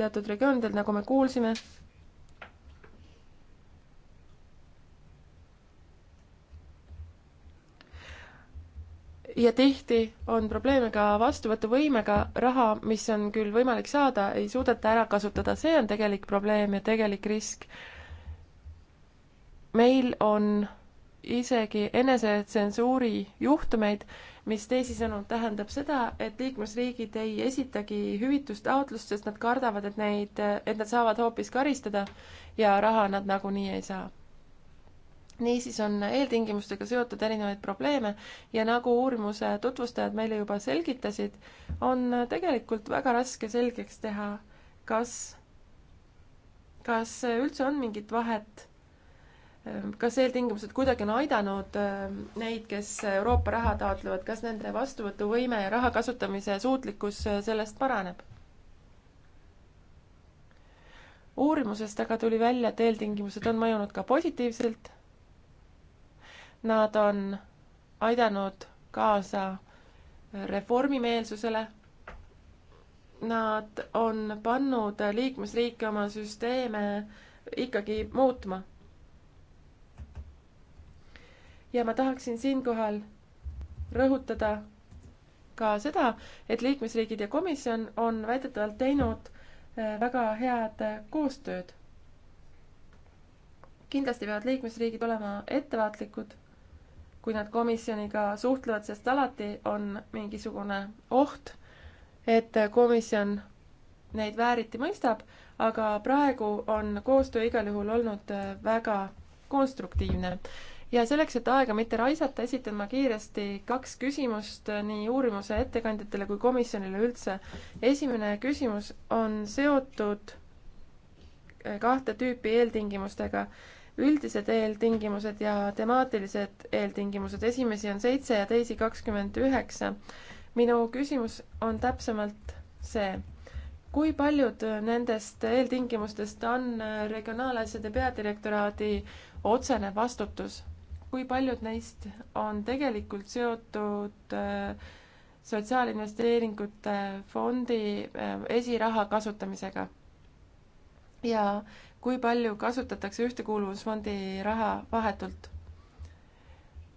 teatud regioonidel, nagu me kuulsime. ja tihti on probleeme ka vastuvõtuvõimega, raha, mis on küll võimalik saada, ei suudeta ära kasutada, see on tegelik probleem ja tegelik risk. meil on isegi enesetsensuuri juhtumeid, mis teisisõnu tähendab seda, et liikmesriigid ei esitagi hüvitustaotlust, sest nad kardavad, et neid, et nad saavad hoopis karistada ja raha nad nagunii ei saa. niisiis on eeltingimustega seotud erinevaid probleeme ja nagu uurimuse tutvustajad meile juba selgitasid, on tegelikult väga raske selgeks teha, kas, kas üldse on mingit vahet Ehm, kas eeltingimused kuidagi on aidanud ehm, neid, kes Euroopa raha taotlevad, kas nende vastuvõtuvõime ja raha kasutamise suutlikkus eh, sellest paraneb? uurimusest aga tuli välja, et eeltingimused on mõjunud ka positiivselt. Nad on aidanud kaasa reformimeelsusele. Nad on pannud liikmesriike oma süsteeme ikkagi muutma ja ma tahaksin siinkohal rõhutada ka seda, et liikmesriigid ja komisjon on väidetavalt teinud äh, väga head äh, koostööd. kindlasti peavad liikmesriigid olema ettevaatlikud, kui nad komisjoniga suhtlevad, sest alati on mingisugune oht, et äh, komisjon neid vääriti mõistab, aga praegu on koostöö igal juhul olnud väga konstruktiivne ja selleks, et aega mitte raisata, esitan ma kiiresti kaks küsimust nii uurimuse ettekandjatele kui komisjonile üldse. esimene küsimus on seotud eh, kahte tüüpi eeltingimustega üldised eeltingimused ja temaatilised eeltingimused. esimesi on seitse ja teisi kakskümmend üheksa. minu küsimus on täpsemalt see, kui paljud nendest eeltingimustest on eh, regionaalasjade peadirektoraadi otsene vastutus? kui paljud neist on tegelikult seotud äh, sotsiaalinvesteeringute fondi äh, esiraha kasutamisega? ja kui palju kasutatakse Ühtekuuluvusfondi raha vahetult?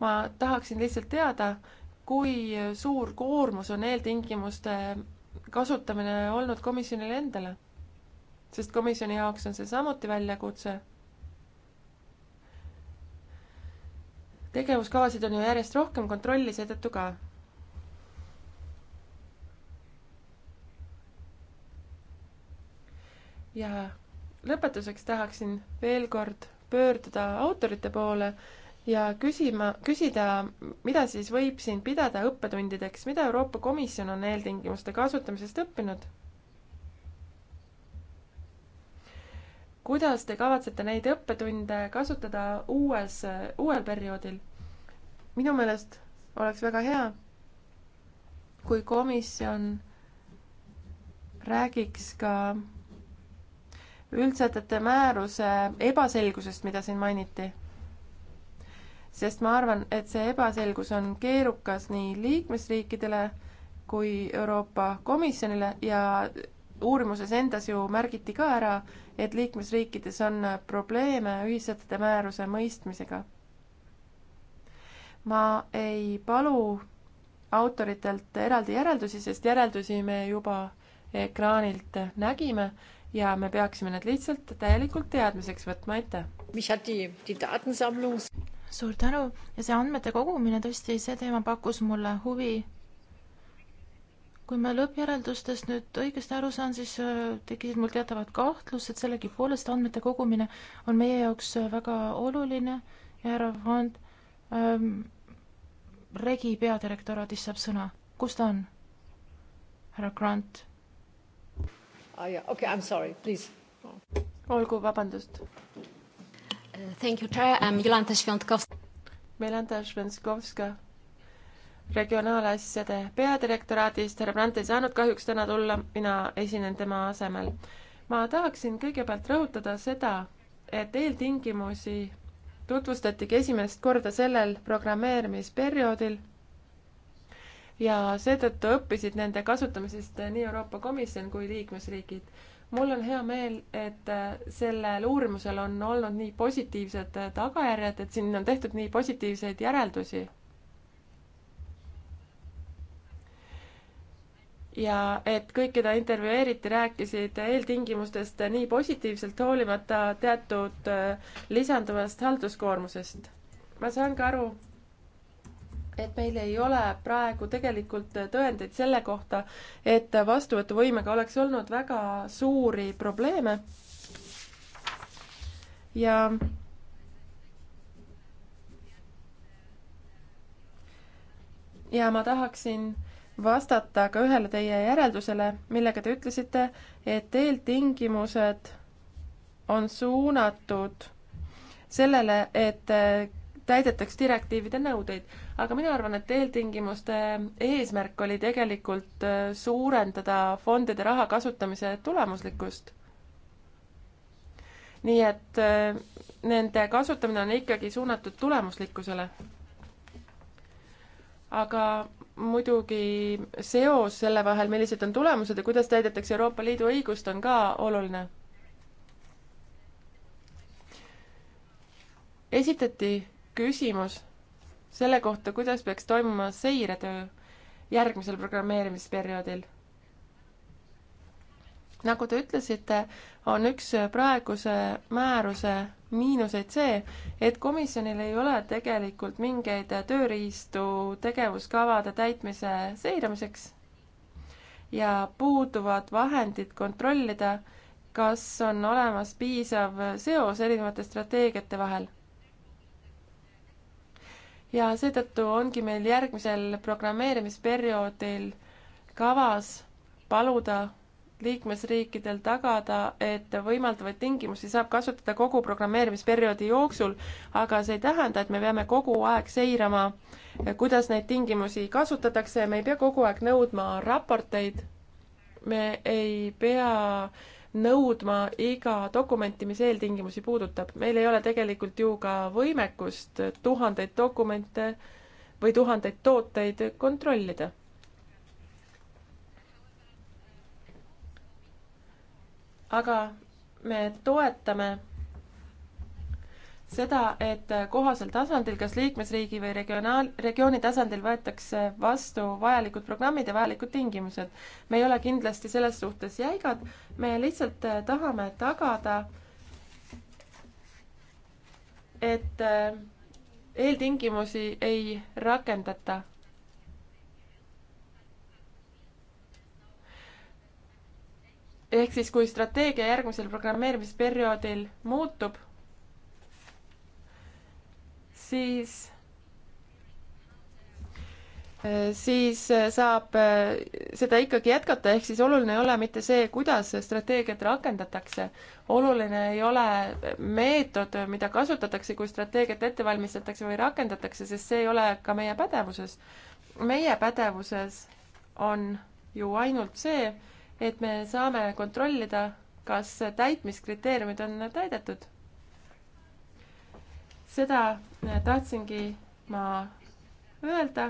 ma tahaksin lihtsalt teada, kui suur koormus on eeltingimuste kasutamine olnud komisjonile endale? sest komisjoni jaoks on see samuti väljakutse tegevuskavasid on ju järjest rohkem, kontrolli seetõttu ka. ja lõpetuseks tahaksin veel kord pöörduda autorite poole ja küsima, küsida, mida siis võib siin pidada õppetundideks, mida Euroopa Komisjon on eeltingimuste kasutamisest õppinud kuidas te kavatsete neid õppetunde kasutada uues, uuel perioodil? minu meelest oleks väga hea, kui komisjon räägiks ka üldsätete määruse ebaselgusest, mida siin mainiti. sest ma arvan, et see ebaselgus on keerukas nii liikmesriikidele kui Euroopa Komisjonile ja uurimuses endas ju märgiti ka ära, et liikmesriikides on probleeme ühissätete määruse mõistmisega ma ei palu autoritelt eraldi järeldusi, sest järeldusi me juba ekraanilt nägime ja me peaksime need lihtsalt täielikult teadmiseks võtma, aitäh! suur tänu ja see andmete kogumine tõesti, see teema pakkus mulle huvi. kui ma lõppjäreldustest nüüd õigesti aru saan, siis äh, tekkisid mul teatavad kahtlused, sellegipoolest andmete kogumine on meie jaoks väga oluline ja härra Vand ähm, regi peadirektoraadist saab sõna, kus ta on? härra Grant. okei, I m sorry, please. olgu, vabandust. Thank you, Chair, I m Jolanta Švjantkovska. Melanta Švjantkovska regionaalasjade peadirektoraadist, härra Brandt ei saanud kahjuks täna tulla, mina esinen tema asemel. ma tahaksin kõigepealt rõhutada seda, et eeltingimusi tutvustatigi esimest korda sellel programmeerimisperioodil ja seetõttu õppisid nende kasutamisest nii Euroopa Komisjon kui liikmesriigid. mul on hea meel, et äh, sellel uurimusel on olnud nii positiivsed äh, tagajärjed, et siin on tehtud nii positiivseid järeldusi ja et kõik, keda intervjueeriti, rääkisid eeltingimustest nii positiivselt, hoolimata teatud äh, lisanduvast halduskoormusest. ma saan ka aru, et meil ei ole praegu tegelikult tõendeid selle kohta, et vastuvõtuvõimega oleks olnud väga suuri probleeme. ja ja ma tahaksin vastata ka ühele teie järeldusele, millega te ütlesite, et eeltingimused on suunatud sellele, et äh, täidetaks direktiivide nõudeid, aga mina arvan, et eeltingimuste eesmärk oli tegelikult äh, suurendada fondide raha kasutamise tulemuslikkust. nii et äh, nende kasutamine on ikkagi suunatud tulemuslikkusele. aga muidugi seos selle vahel, millised on tulemused ja kuidas täidetakse Euroopa Liidu õigust, on ka oluline. esitati küsimus selle kohta, kuidas peaks toimuma seiretöö järgmisel programmeerimisperioodil. nagu te ütlesite, on üks praeguse määruse miinuseid see, et komisjonil ei ole tegelikult mingeid tööriistu tegevuskavade täitmise seiramiseks ja puuduvad vahendid kontrollida, kas on olemas piisav seos erinevate strateegiate vahel. ja seetõttu ongi meil järgmisel programmeerimisperioodil kavas paluda liikmesriikidel tagada, et võimaldavaid tingimusi saab kasutada kogu programmeerimisperioodi jooksul, aga see ei tähenda, et me peame kogu aeg seirama, kuidas neid tingimusi kasutatakse, me ei pea kogu aeg nõudma raporteid, me ei pea nõudma iga dokumenti, mis eeltingimusi puudutab. meil ei ole tegelikult ju ka võimekust tuhandeid dokumente või tuhandeid tooteid kontrollida aga me toetame seda, et kohasel tasandil, kas liikmesriigi või regionaal, regiooni tasandil võetakse vastu vajalikud programmid ja vajalikud tingimused. me ei ole kindlasti selles suhtes jäigad, me lihtsalt tahame tagada, et äh, eeltingimusi ei rakendata ehk siis, kui strateegia järgmisel programmeerimisperioodil muutub, siis, siis äh, saab äh, seda ikkagi jätkata, ehk siis oluline ei ole mitte see, kuidas strateegiat rakendatakse, oluline ei ole meetod, mida kasutatakse, kui strateegiat ette valmistatakse või rakendatakse, sest see ei ole ka meie pädevuses. meie pädevuses on ju ainult see, et me saame kontrollida, kas täitmiskriteeriumid on täidetud. seda tahtsingi ma öelda.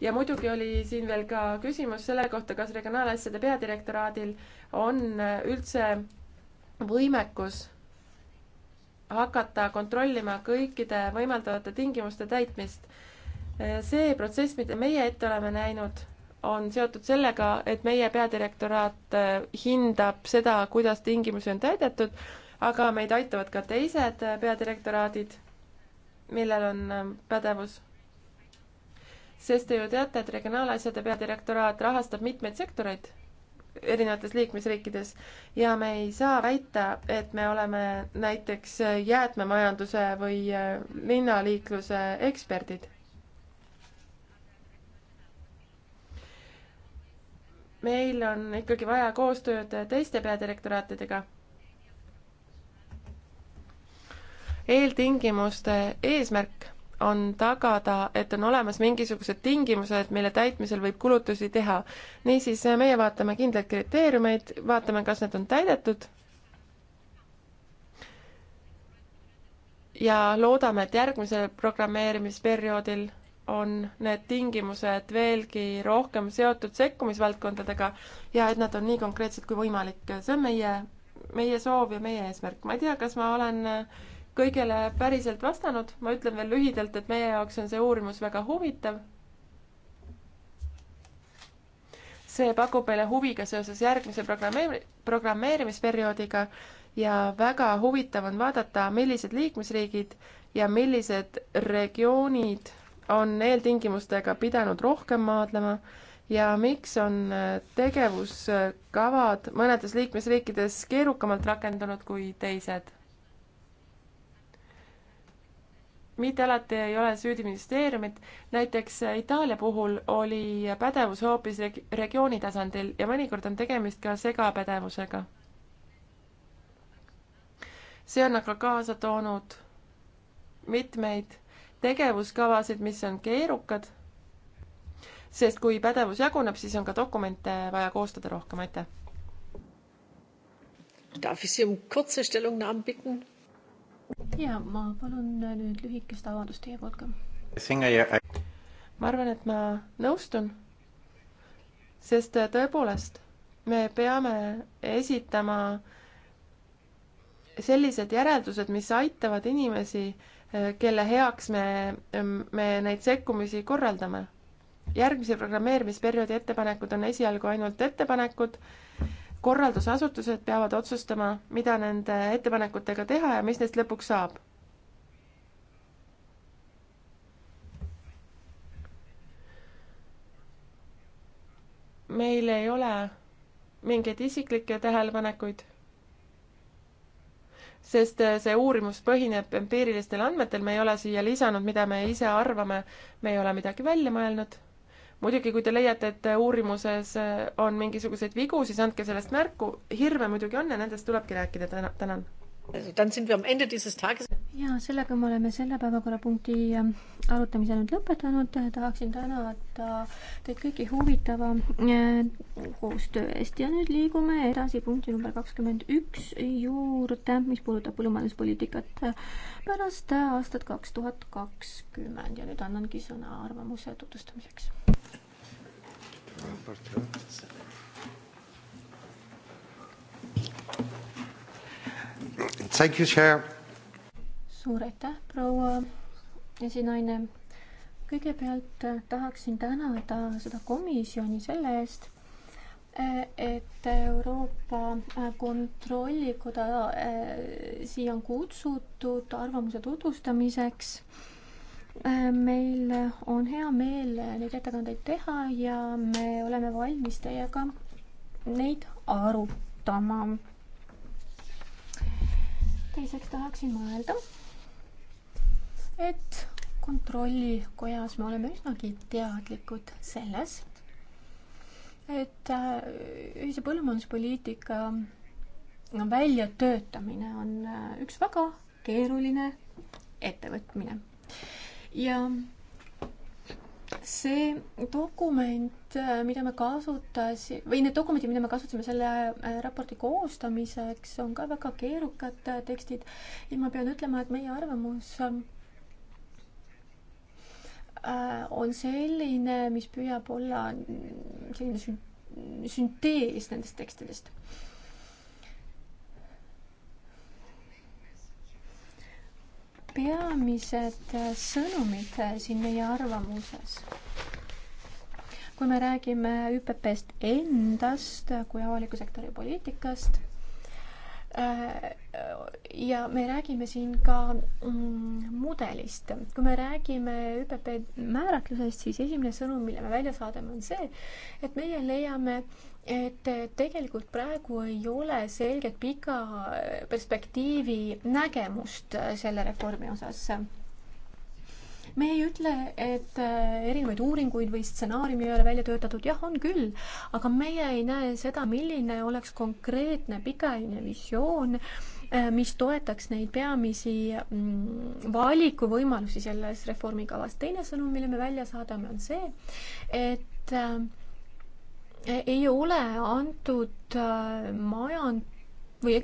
ja muidugi oli siin veel ka küsimus selle kohta, kas regionaalasjade peadirektoraadil on üldse võimekus hakata kontrollima kõikide võimaldavate tingimuste täitmist. see protsess, mida meie ette oleme näinud on seotud sellega, et meie peadirektoraat äh, hindab seda, kuidas tingimusi on täidetud, aga meid aitavad ka teised äh, peadirektoraadid, millel on äh, pädevus. sest te ju teate, et regionaalasjade peadirektoraat rahastab mitmeid sektoreid erinevates liikmesriikides ja me ei saa väita, et me oleme näiteks jäätmemajanduse või linnaliikluse eksperdid meil on ikkagi vaja koostööd teiste peadirektoraatidega. eeltingimuste eesmärk on tagada, et on olemas mingisugused tingimused, mille täitmisel võib kulutusi teha. niisiis, meie vaatame kindlaid kriteeriumeid, vaatame, kas need on täidetud. ja loodame, et järgmisel programmeerimisperioodil on need tingimused veelgi rohkem seotud sekkumisvaldkondadega ja et nad on nii konkreetsed kui võimalik. see on meie, meie soov ja meie eesmärk. ma ei tea, kas ma olen kõigele päriselt vastanud, ma ütlen veel lühidalt, et meie jaoks on see uurimus väga huvitav. see pakub meile huvi ka seoses järgmise programmeeri-, programmeerimisperioodiga ja väga huvitav on vaadata, millised liikmesriigid ja millised regioonid on eeltingimustega pidanud rohkem maadlema ja miks on äh, tegevuskavad mõnedes liikmesriikides keerukamalt rakendunud kui teised? mitte alati ei ole süüdi ministeeriumid, näiteks Itaalia puhul oli pädevus hoopis reg-, regiooni tasandil ja mõnikord on tegemist ka segapädevusega. see on aga kaasa toonud mitmeid tegevuskavasid, mis on keerukad, sest kui pädevus jaguneb, siis on ka dokumente vaja koostada rohkem, aitäh. Um ja ma palun nüüd lühikest avaldust teie poolt ka. ma arvan, et ma nõustun, sest tõepoolest, me peame esitama sellised järeldused, mis aitavad inimesi äh, Äh, kelle heaks me, ähm, me neid sekkumisi korraldame. järgmise programmeerimisperioodi ettepanekud on esialgu ainult ettepanekud, korraldusasutused peavad otsustama, mida nende ettepanekutega teha ja mis neist lõpuks saab. meil ei ole mingeid isiklikke tähelepanekuid sest äh, see uurimus põhineb empiirilistel andmetel, me ei ole siia lisanud, mida me ise arvame, me ei ole midagi välja mõelnud. muidugi, kui te leiate, et uurimuses äh, on mingisuguseid vigu, siis andke sellest märku, hirme muidugi on ja nendest tulebki rääkida, tänan ja sellega me oleme selle päevakorrapunkti äh, arutamise nüüd lõpetanud. tahaksin tänada teid kõiki huvitava äh, koostöö eest ja nüüd liigume edasi punkti number kakskümmend üks juurde, mis puudutab põllumajanduspoliitikat äh, pärast aastat kaks tuhat kakskümmend ja nüüd annangi sõna arvamuse tutvustamiseks. Thank you. Thank you, Chair. suur aitäh, proua esinaine. kõigepealt äh, tahaksin tänada seda komisjoni selle eest, äh, et Euroopa äh, Kontrollikoda siia on kutsutud arvamuse tutvustamiseks meil on hea meel neid ettekandeid teha ja me oleme valmis teiega neid arutama teiseks tahaksin ma öelda, et kontrollikojas me oleme üsnagi teadlikud selles, et äh, ühise põllumajanduspoliitika väljatöötamine on äh, üks väga keeruline ettevõtmine. ja see dokument, äh, mida me kasutasime, või need dokumendid, mida me kasutasime selle äh, raporti koostamiseks, on ka väga keerukad äh, tekstid ja ma pean ütlema, et meie arvamus ähm, on selline, mis püüab olla selline süntees nendest tekstidest peamised sõnumid äh, siin meie arvamuses? kui me räägime ÜPP-st endast kui avaliku sektori poliitikast äh, ja me räägime siin ka mm, mudelist, kui me räägime ÜPP määratlusest, siis esimene sõnum, mille me välja saadame, on see, et meie leiame, et tegelikult praegu ei ole selget pika perspektiivi nägemust selle reformi osas me ei ütle, et äh, erinevaid uuringuid või stsenaariumi ei ole välja töötatud, jah, on küll, aga meie ei näe seda, milline oleks konkreetne pikaajaline visioon, äh, mis toetaks neid peamisi mm, valikuvõimalusi selles reformikavas. teine sõnum, mille me välja saadame, on see, et äh, ei ole antud äh, majand- või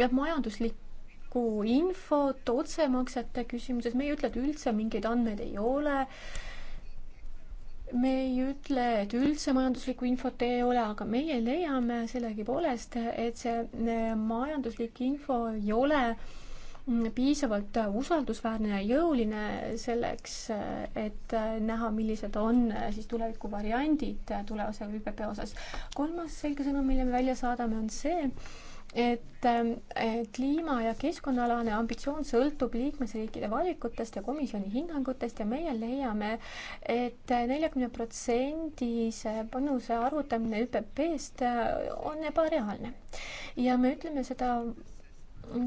jah, majanduslikku infot otsemaksete küsimuses, me ei ütle, et üldse mingeid andmeid ei ole, me ei ütle, et üldse majanduslikku infot ei ole, aga meie leiame sellegipoolest, et see äh, majanduslik info ei ole äh, piisavalt usaldusväärne ja jõuline selleks, et näha, millised on äh, siis tulevikuvariandid äh, tulevase ÜPP osas. kolmas selge sõnum, mille me välja saadame, on see, et ähm, äh, kliima- ja keskkonnaalane ambitsioon sõltub liikmesriikide valikutest ja komisjoni hinnangutest ja meie leiame et, et neljakümne protsendise panuse arvutamine ÜPP-st on ebareaalne. ja me ütleme seda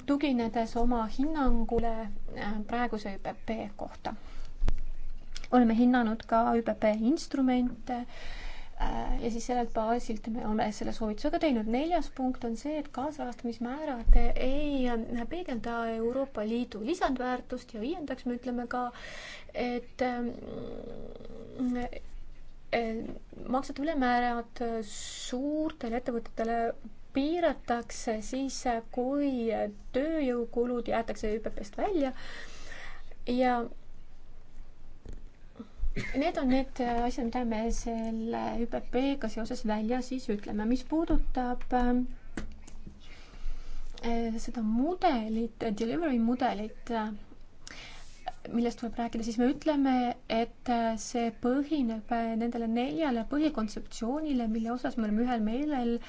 tuginedes oma hinnangule äh, praeguse ÜPP kohta. oleme hinnanud ka ÜPP instrumente äh, ja siis sellelt baasilt me oleme selle soovituse ka teinud. neljas punkt on see, et kaasrahastamismäärad ei äh, peegelda Euroopa Liidu lisandväärtust ja viiendaks me ütleme ka, et maksete ülemäärad suurtele ettevõtetele piiratakse siis, äh, kui tööjõukulud jäetakse ÜPP-st välja ja Need on need äh, asjad, mida me selle ÜPP-ga seoses välja siis ütleme, mis puudutab äh, seda mudelit, delivery mudelit, millest tuleb rääkida, siis me ütleme, et see põhineb nendele neljale põhikontseptsioonile, mille osas me oleme ühel meelel äh,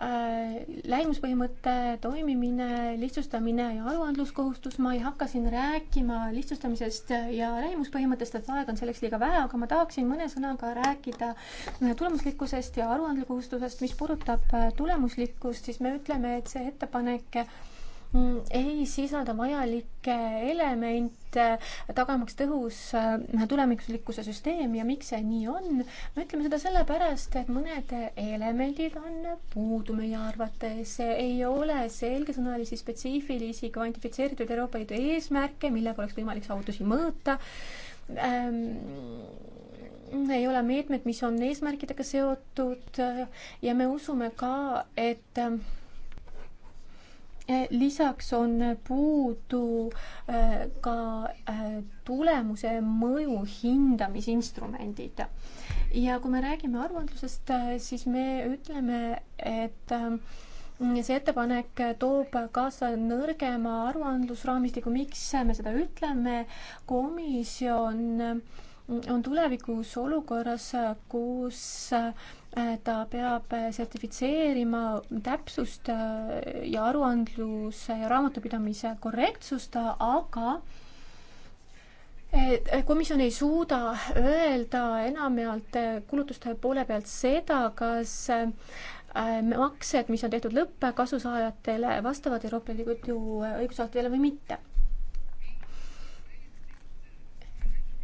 Äh, lähimuspõhimõtte toimimine, lihtsustamine ja aruandluskohustus, ma ei hakka siin rääkima lihtsustamisest ja lähimuspõhimõttest, et aega on selleks liiga vähe, aga ma tahaksin mõne sõnaga rääkida tulemuslikkusest ja aruandekohustusest. mis puudutab äh, tulemuslikkust, siis me ütleme, et see ettepanek Mm, ei sisalda vajalikke elemente, tagamaks tõhus äh, tulemuslikkuse süsteem ja miks see nii on. me ütleme seda sellepärast, et mõned elemendid on puudu meie arvates, ei ole selgesõnalisi spetsiifilisi kvantifitseeritud Euroopa Liidu eesmärke, millega oleks võimalik saavutusi mõõta ähm, ei ole meetmed, mis on eesmärkidega seotud ja me usume ka, et äh, Eh, lisaks on puudu eh, ka eh, tulemuse mõju hindamisinstrumendid. ja kui me räägime aruandlusest, siis me ütleme, et mm, see ettepanek toob kaasa nõrgema aruandlusraamistiku, miks me seda ütleme, komisjon on tulevikus olukorras, kus äh, ta peab äh, sertifitseerima täpsust äh, ja aruandluse ja raamatupidamise korrektsust, aga komisjon ei suuda öelda enamjaolt kulutuste poole pealt seda, kas maksed, mis on tehtud lõppkasusaajatele, vastavad Euroopa Liidu õigusaktidele või mitte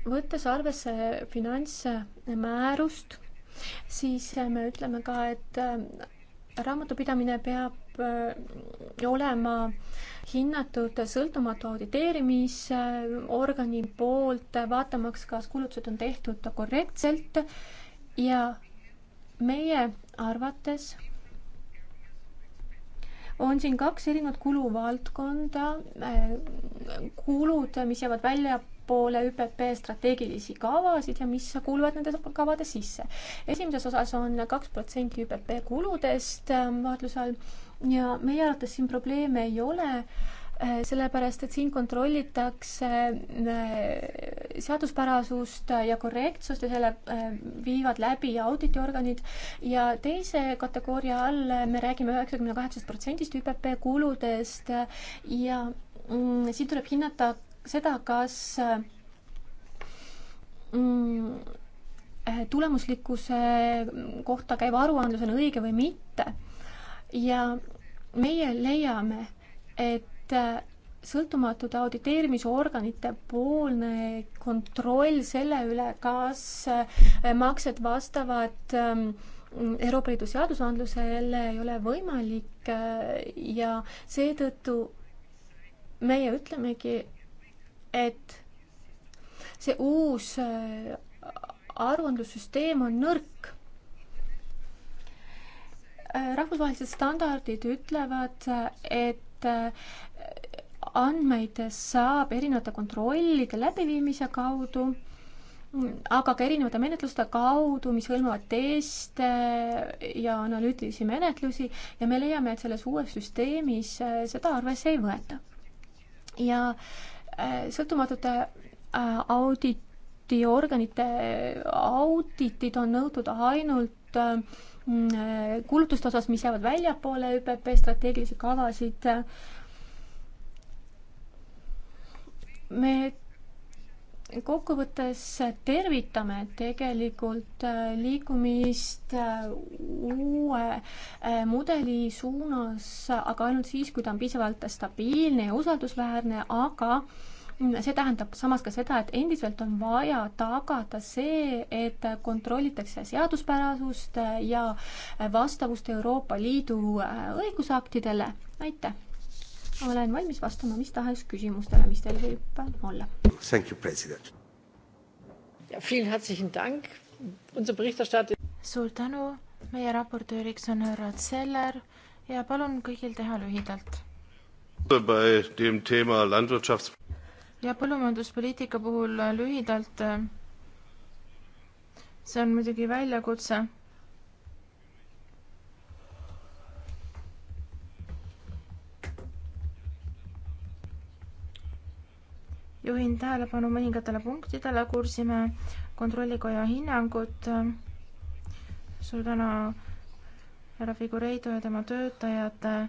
võttes arvesse finantsmäärust, siis me ütleme ka, et äh, raamatupidamine peab äh, olema hinnatud sõltumatu auditeerimisorgani poolt, vaatamaks, kas kulutused on tehtud korrektselt ja meie arvates on siin kaks erinevat kuluvaldkonda, äh, kulud, mis jäävad välja allapoole ÜPP strateegilisi kavasid ja mis kuuluvad nende kavade sisse. esimeses osas on kaks protsenti ÜPP kuludest ähm, vaatluse all ja meie arvates siin probleeme ei ole äh, sellepärast, et siin kontrollitakse äh, seaduspärasust ja korrektsust ja selle äh, viivad läbi auditiorganid ja teise kategooria all me räägime üheksakümne kaheksast protsendist ÜPP kuludest ja mm, siin tuleb hinnata seda, kas mm, tulemuslikkuse kohta käiv aruandlus on õige või mitte. ja meie leiame, et sõltumatute auditeerimisorganite poolne kontroll selle üle, kas maksed vastavad mm, Euroopa Liidu seadusandlusele, ei ole võimalik ja seetõttu meie ütlemegi, et see uus äh, aruandlussüsteem on nõrk. Äh, rahvusvahelised standardid ütlevad, et äh, andmeid saab erinevate kontrollide läbiviimise kaudu, aga ka erinevate menetluste kaudu, mis hõlmavad teste ja analüütilisi menetlusi ja me leiame, et selles uues süsteemis seda arvesse ei võeta. ja äh, Äh, sõltumatute äh, auditiorganite auditid on nõutud ainult äh, mm, kulutuste osas, mis jäävad väljapoole ÜPP strateegilisi kavasid. me kokkuvõttes tervitame tegelikult äh, liikumist äh, uue äh, mudeli suunas, aga ainult siis, kui ta on piisavalt stabiilne ja usaldusväärne, aga see tähendab samas ka seda, et endiselt on vaja tagada see, et kontrollitakse seaduspärasust ja vastavust Euroopa Liidu õigusaktidele. aitäh! olen valmis vastama mis tahes küsimustele, mis teil võib olla. Thank you, president. ja, vielen herzlichen Dank. Unser Berichterstatter. suur tänu, meie raportööriks on härra Zeller ja palun kõigil teha lühidalt. Bei dem Thema Landwirtschafts- ja põllumajanduspoliitika puhul lühidalt, äh, see on muidugi väljakutse juhin tähelepanu mõningatele punktidele, kuulsime kontrollikoja hinnangut. suur tänu härra Figureidu ja tema töötajate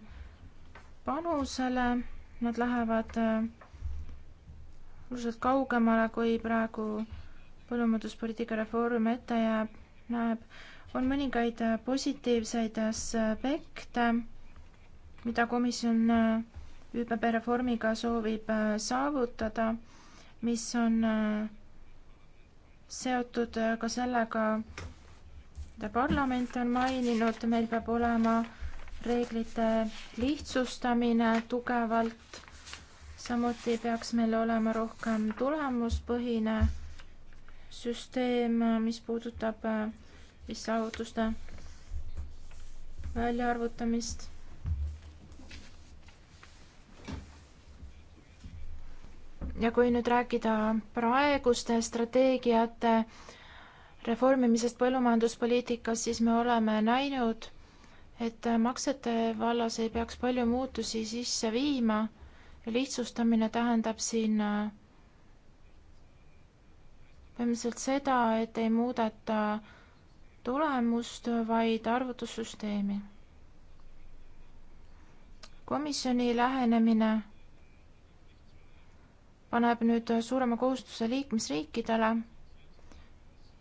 panusele. Nad lähevad äh, oluliselt kaugemale, kui praegu põllumajanduspoliitika reform ette jääb, näeb. on mõningaid positiivseid aspekte, mida komisjon äh, ÜPP reformiga soovib äh, saavutada, mis on äh, seotud äh, ka sellega, mida parlament on maininud, meil peab olema reeglite lihtsustamine tugevalt, samuti peaks meil olema rohkem tulemuspõhine süsteem, mis puudutab siis saavutuste väljaarvutamist ja kui nüüd rääkida praeguste strateegiate reformimisest põllumajanduspoliitikas, siis me oleme näinud, et maksete vallas ei peaks palju muutusi sisse viima. lihtsustamine tähendab siin äh, põhimõtteliselt seda, et ei muudeta tulemust, vaid arvutussüsteemi. komisjoni lähenemine paneb nüüd suurema kohustuse liikmesriikidele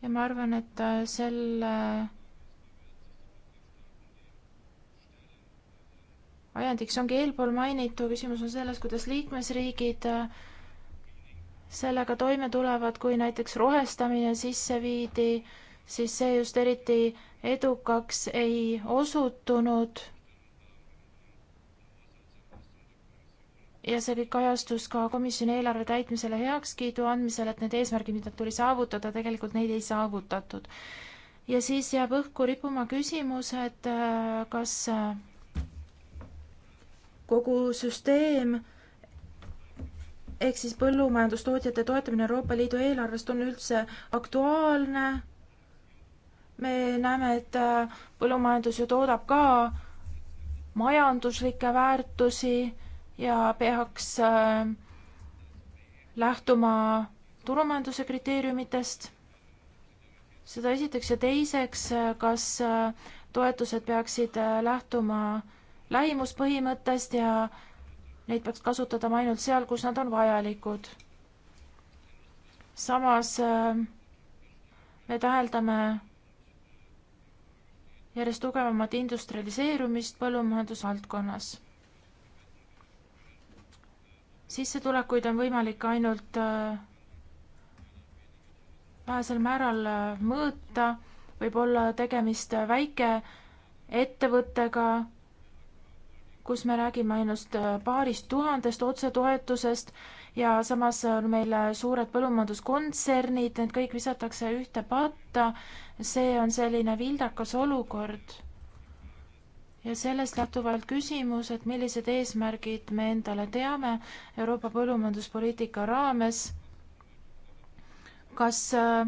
ja ma arvan, et äh, selle ajendiks ongi eelpool mainitu, küsimus on selles, kuidas liikmesriigid äh, sellega toime tulevad, kui näiteks rohestamine sisse viidi, siis see just eriti edukaks ei osutunud ja see kõik ajastus ka komisjoni eelarve täitmisele heakskiidu andmisel, et need eesmärgid, mida tuli saavutada, tegelikult neid ei saavutatud. ja siis jääb õhku rippuma küsimus, et äh, kas äh, kogu süsteem ehk siis põllumajandustootjate toetamine Euroopa Liidu eelarvest on üldse aktuaalne. me näeme, et äh, põllumajandus ju toodab ka majanduslikke väärtusi ja peaks äh, lähtuma turumajanduse kriteeriumitest. seda esiteks ja teiseks, äh, kas äh, toetused peaksid lähtuma lähimuspõhimõttest ja neid peaks kasutama ainult seal, kus nad on vajalikud. samas me täheldame järjest tugevamat industrialiseerumist põllumajandusvaldkonnas sissetulekuid on võimalik ainult äh, vähesel määral äh, mõõta, võib olla tegemist äh, väikeettevõttega, kus me räägime ainult paarist tuhandest otsetoetusest ja samas on meil suured põllumajanduskontsernid, need kõik visatakse ühte patta. see on selline vildakas olukord ja sellest lähtuvalt küsimus, et millised eesmärgid me endale teame Euroopa põllumajanduspoliitika raames. kas äh,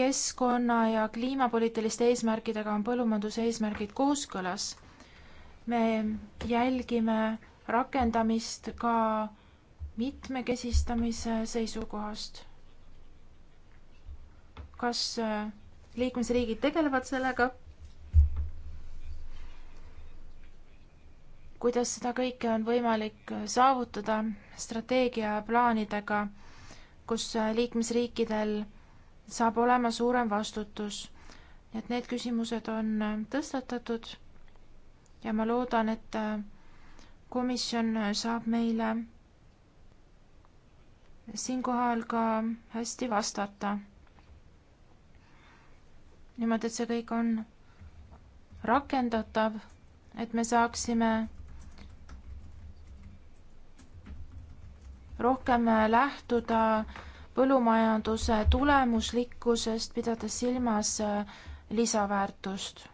keskkonna ja kliimapoliitiliste eesmärkidega on põllumajanduse eesmärgid kooskõlas? me jälgime rakendamist ka mitmekesistamise seisukohast. kas äh, liikmesriigid tegelevad sellega? kuidas seda kõike on võimalik saavutada strateegiaplaanidega, kus liikmesriikidel saab olema suurem vastutus. nii et need küsimused on tõstatatud ja ma loodan, et komisjon saab meile siinkohal ka hästi vastata. niimoodi, et see kõik on rakendatav, et me saaksime rohkem äh, lähtuda põllumajanduse tulemuslikkusest, pidades silmas äh, lisaväärtust.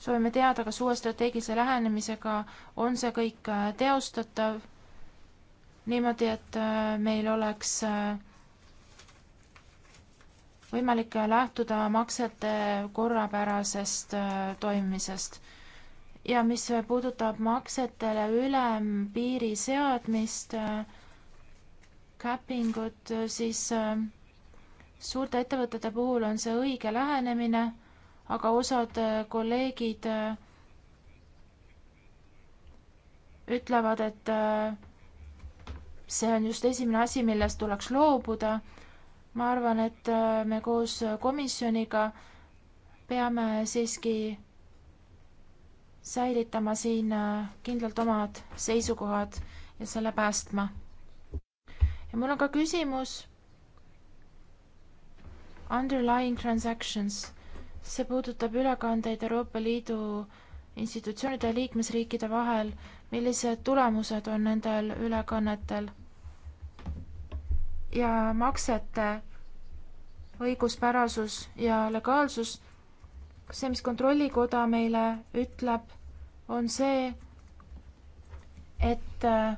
soovime teada, kas uue strateegilise lähenemisega on see kõik äh, teostatav niimoodi, et meil oleks võimalik lähtuda maksete korrapärasest toimimisest ja mis puudutab maksetele ülempiiri seadmist, capping ut, siis äh, suurte ettevõtete puhul on see õige lähenemine, aga osad äh, kolleegid äh, ütlevad, et see on just esimene asi, millest tuleks loobuda. ma arvan, et me koos komisjoniga peame siiski säilitama siin äh, kindlalt omad seisukohad ja selle päästma. ja mul on ka küsimus. Underlying transactions, see puudutab ülekandeid Euroopa Liidu institutsioonide ja liikmesriikide vahel. millised tulemused on nendel ülekannetel? ja maksete õiguspärasus ja legaalsus see, mis Kontrollikoda meile ütleb, on see, et äh,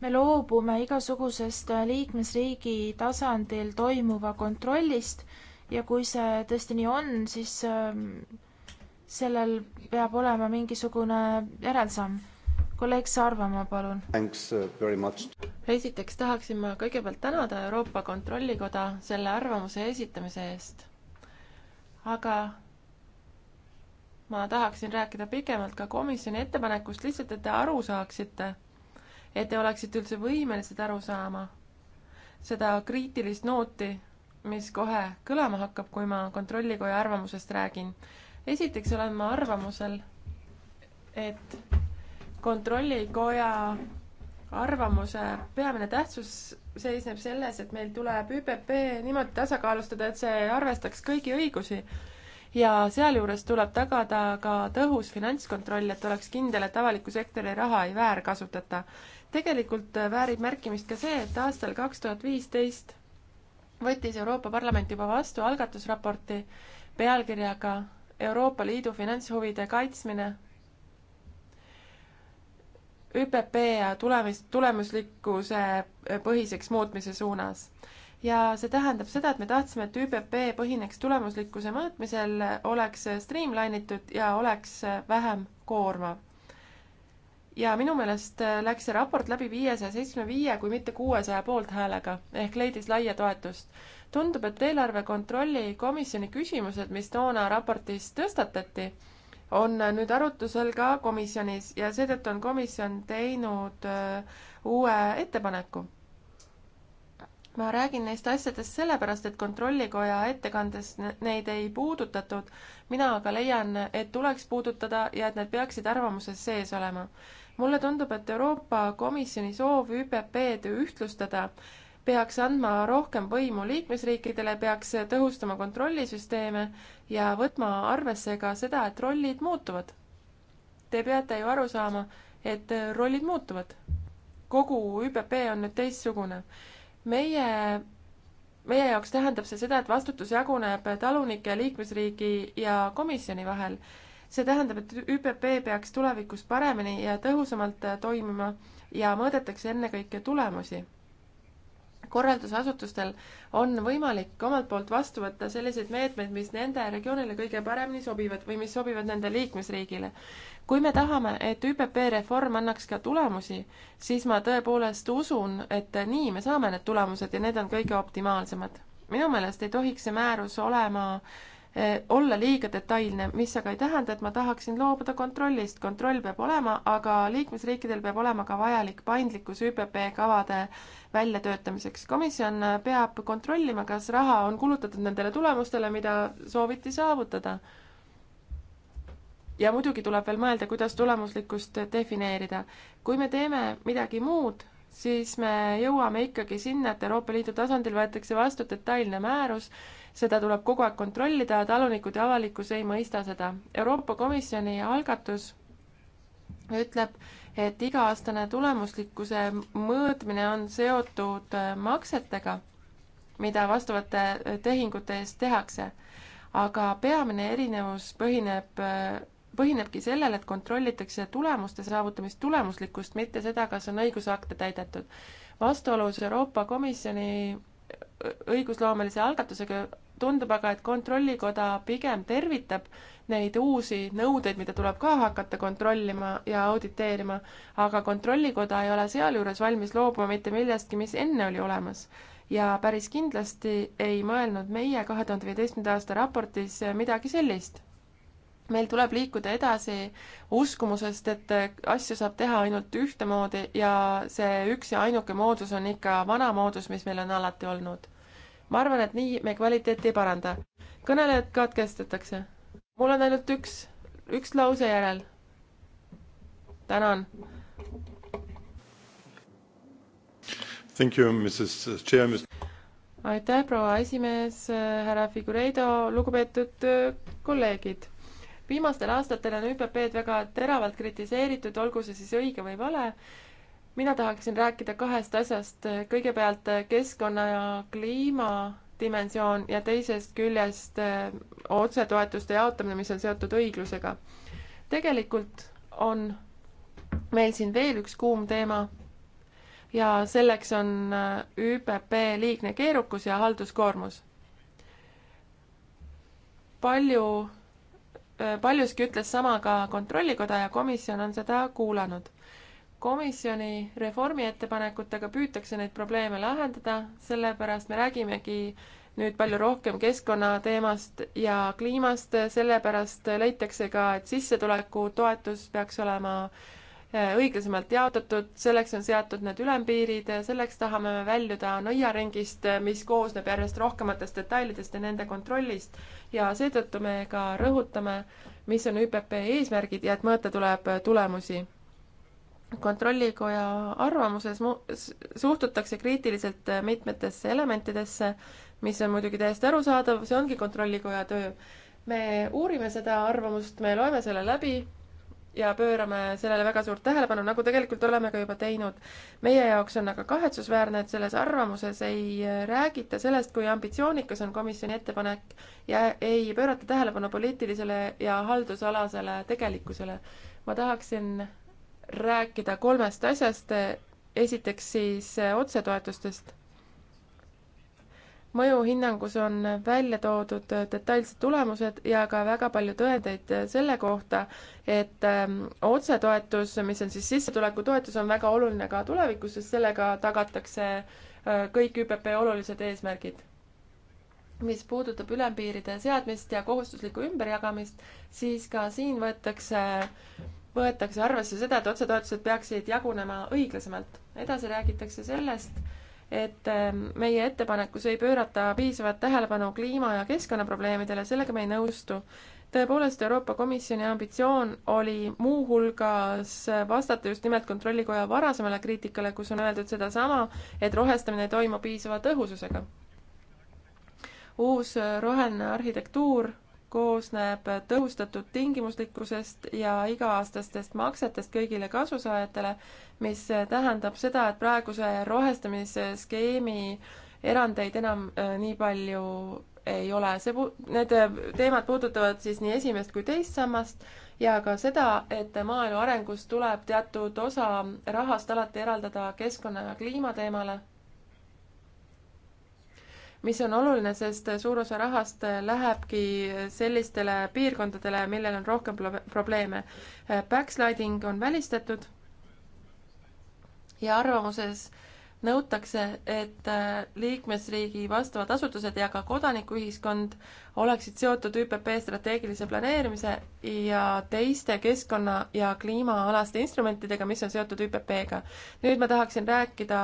me loobume igasugusest äh, liikmesriigi tasandil toimuva kontrollist ja kui see tõesti nii on, siis äh, sellel peab olema mingisugune järelsamm. kolleeg Sarvamaa, palun. Uh, esiteks tahaksin ma kõigepealt tänada Euroopa Kontrollikoda selle arvamuse esitamise eest. aga ma tahaksin rääkida pikemalt ka komisjoni ettepanekust, lihtsalt et te aru saaksite, et te oleksite üldse võimelised aru saama seda kriitilist nooti, mis kohe kõlama hakkab, kui ma Kontrollikoja arvamusest räägin. esiteks olen ma arvamusel, et Kontrollikoja arvamuse peamine tähtsus seisneb selles, et meil tuleb ÜPP niimoodi tasakaalustada, et see arvestaks kõigi õigusi ja sealjuures tuleb tagada ka tõhus finantskontroll, et oleks kindel, et avaliku sektori raha ei väärkasutata. tegelikult äh, väärib märkimist ka see, et aastal kaks tuhat viisteist võttis Euroopa Parlament juba vastu algatusraporti pealkirjaga Euroopa Liidu finantshuvide kaitsmine ÜPP ja tulemis, tulemuslikkuse äh, põhiseks muutmise suunas ja see tähendab seda, et me tahtsime, et ÜPP põhineks tulemuslikkuse mõõtmisel, oleks streamline itud ja oleks vähem koormav. ja minu meelest läks see raport läbi viiesaja seitsmekümne viie kui mitte kuuesaja poolthäälega ehk leidis laia toetust. tundub, et eelarve kontrolli komisjoni küsimused, mis toona raportis tõstatati, on nüüd arutusel ka komisjonis ja seetõttu on komisjon teinud äh, uue ettepaneku ma räägin neist asjadest sellepärast, et Kontrollikoja ettekandes neid ei puudutatud, mina aga leian, et tuleks puudutada ja et need peaksid arvamuses sees olema. mulle tundub, et Euroopa Komisjoni soov ÜPP-d ühtlustada peaks andma rohkem võimu liikmesriikidele, peaks tõhustama kontrollisüsteeme ja võtma arvesse ka seda, et rollid muutuvad. Te peate ju aru saama, et rollid muutuvad. kogu ÜPP on nüüd teistsugune meie, meie jaoks tähendab see seda, et vastutus jaguneb talunike, liikmesriigi ja komisjoni vahel. see tähendab, et ÜPP peaks tulevikus paremini ja tõhusamalt toimima ja mõõdetakse ennekõike tulemusi korraldusasutustel on võimalik omalt poolt vastu võtta selliseid meetmeid, mis nende regioonile kõige paremini sobivad või mis sobivad nende liikmesriigile. kui me tahame, et ÜPP reform annaks ka tulemusi, siis ma tõepoolest usun, et nii me saame need tulemused ja need on kõige optimaalsemad. minu meelest ei tohiks see määrus olema äh, Äh, olla liiga detailne, mis aga ei tähenda, et ma tahaksin loobuda kontrollist. kontroll peab olema, aga liikmesriikidel peab olema ka vajalik paindlikkus ÜPP kavade väljatöötamiseks. komisjon äh, peab kontrollima, kas raha on kulutatud nendele tulemustele, mida sooviti saavutada. ja muidugi tuleb veel mõelda, kuidas tulemuslikkust defineerida. kui me teeme midagi muud, siis me jõuame ikkagi sinna, et Euroopa Liidu tasandil võetakse vastu detailne määrus seda tuleb kogu aeg kontrollida, talunikud ja avalikkus ei mõista seda. Euroopa Komisjoni algatus ütleb, et iga-aastane tulemuslikkuse mõõtmine on seotud äh, maksetega, mida vastavate äh, tehingute eest tehakse. aga peamine erinevus põhineb, äh, põhinebki sellel, et kontrollitakse tulemuste saavutamist, tulemuslikkust, mitte seda, kas on õigusakte täidetud. vastuolus Euroopa Komisjoni õigusloomelise algatusega, tundub aga, et Kontrollikoda pigem tervitab neid uusi nõudeid, mida tuleb ka hakata kontrollima ja auditeerima, aga Kontrollikoda ei ole sealjuures valmis loobuma mitte millestki, mis enne oli olemas. ja päris kindlasti ei mõelnud meie kahe tuhande viieteistkümnenda aasta raportis midagi sellist meil tuleb liikuda edasi uskumusest, et asju saab teha ainult ühtemoodi ja see üks ja ainuke moodus on ikka vana moodus, mis meil on alati olnud. ma arvan, et nii me kvaliteeti ei paranda. kõnelejad katkestatakse. mul on ainult üks, üks lause järel. tänan. Thank you, Mrs Chair aitäh, proua esimees, härra Figureido, lugupeetud kolleegid viimastel aastatel on ÜPP-d väga teravalt kritiseeritud, olgu see siis õige või vale. mina tahaksin rääkida kahest asjast, kõigepealt keskkonna ja kliima dimensioon ja teisest küljest eh, otsetoetuste jaotamine, mis on seotud õiglusega. tegelikult on meil siin veel üks kuum teema ja selleks on eh, ÜPP liigne keerukus ja halduskoormus. palju paljuski ütles sama ka Kontrollikoda ja komisjon on seda kuulanud. komisjoni reformi ettepanekutega püütakse neid probleeme lahendada, sellepärast me räägimegi nüüd palju rohkem keskkonnateemast ja kliimast, sellepärast leitakse ka, et sissetulekutoetus peaks olema äh, Äh, õiglasemalt jaotatud, selleks on seatud need ülempiirid, äh, selleks tahame me väljuda nõiaringist, äh, mis koosneb järjest rohkematest detailidest ja nende kontrollist. ja seetõttu me ka rõhutame, mis on ÜPP eesmärgid ja et mõõta tuleb tulemusi kontrollikoja arvamuses mu-, suhtutakse kriitiliselt mitmetesse elementidesse, mis on muidugi täiesti arusaadav, see ongi kontrollikoja töö. me uurime seda arvamust, me loeme selle läbi ja pöörame sellele väga suurt tähelepanu, nagu tegelikult oleme ka juba teinud. meie jaoks on aga kahetsusväärne, et selles arvamuses ei räägita sellest, kui ambitsioonikas on komisjoni ettepanek ja ei pöörata tähelepanu poliitilisele ja haldusalasele tegelikkusele. ma tahaksin rääkida kolmest asjast. esiteks siis otsetoetustest mõjuhinnangus on välja toodud detailsed tulemused ja ka väga palju tõendeid selle kohta, et ähm, otsetoetus, mis on siis sissetulekutoetus, on väga oluline ka tulevikus, sest sellega tagatakse äh, kõik ÜPP olulised eesmärgid. mis puudutab ülempiiride seadmist ja kohustuslikku ümberjagamist, siis ka siin võetakse, võetakse arvesse seda, et otsetoetused peaksid jagunema õiglasemalt. edasi räägitakse sellest, et ähm, meie ettepanekus ei pöörata piisavat tähelepanu kliima- ja keskkonnaprobleemidele, sellega me ei nõustu. tõepoolest, Euroopa Komisjoni ambitsioon oli muuhulgas vastata just nimelt Kontrollikoja varasemale kriitikale, kus on öeldud sedasama, et rohestamine ei toimu piisava tõhususega. uus roheline arhitektuur koosneb tõhustatud tingimuslikkusest ja iga-aastastest maksetest kõigile kasusaajatele, mis tähendab seda, et praeguse rohestamisskeemi erandeid enam äh, nii palju ei ole. see pu-, need äh, teemad puudutavad siis nii esimest kui teist sammast ja ka seda, et maaelu arengus tuleb teatud osa rahast alati eraldada keskkonna ja kliima teemale mis on oluline, sest suur osa rahast lähebki sellistele piirkondadele, millel on rohkem probleeme. Backsliding on välistatud ja arvamuses äh, nõutakse, et äh, liikmesriigi vastavad asutused ja ka kodanikuühiskond oleksid seotud ÜPP strateegilise planeerimise ja teiste keskkonna ja kliimaalaste instrumentidega, mis on seotud ÜPP-ga. nüüd ma tahaksin rääkida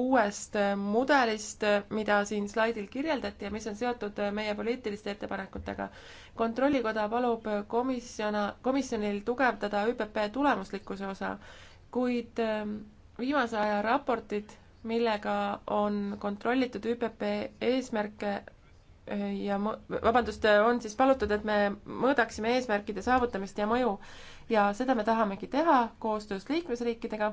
uuest äh, mudelist, äh, mida siin slaidil kirjeldati ja mis on seotud meie poliitiliste ettepanekutega. kontrollikoda palub komisjona, komisjonil tugevdada ÜPP tulemuslikkuse osa, kuid ähm, viimase aja raportid, millega on kontrollitud ÜPP eesmärke äh, ja vabandust, äh, on siis palutud, et me mõõdaksime eesmärkide saavutamist ja mõju ja seda me tahamegi teha koostöös liikmesriikidega.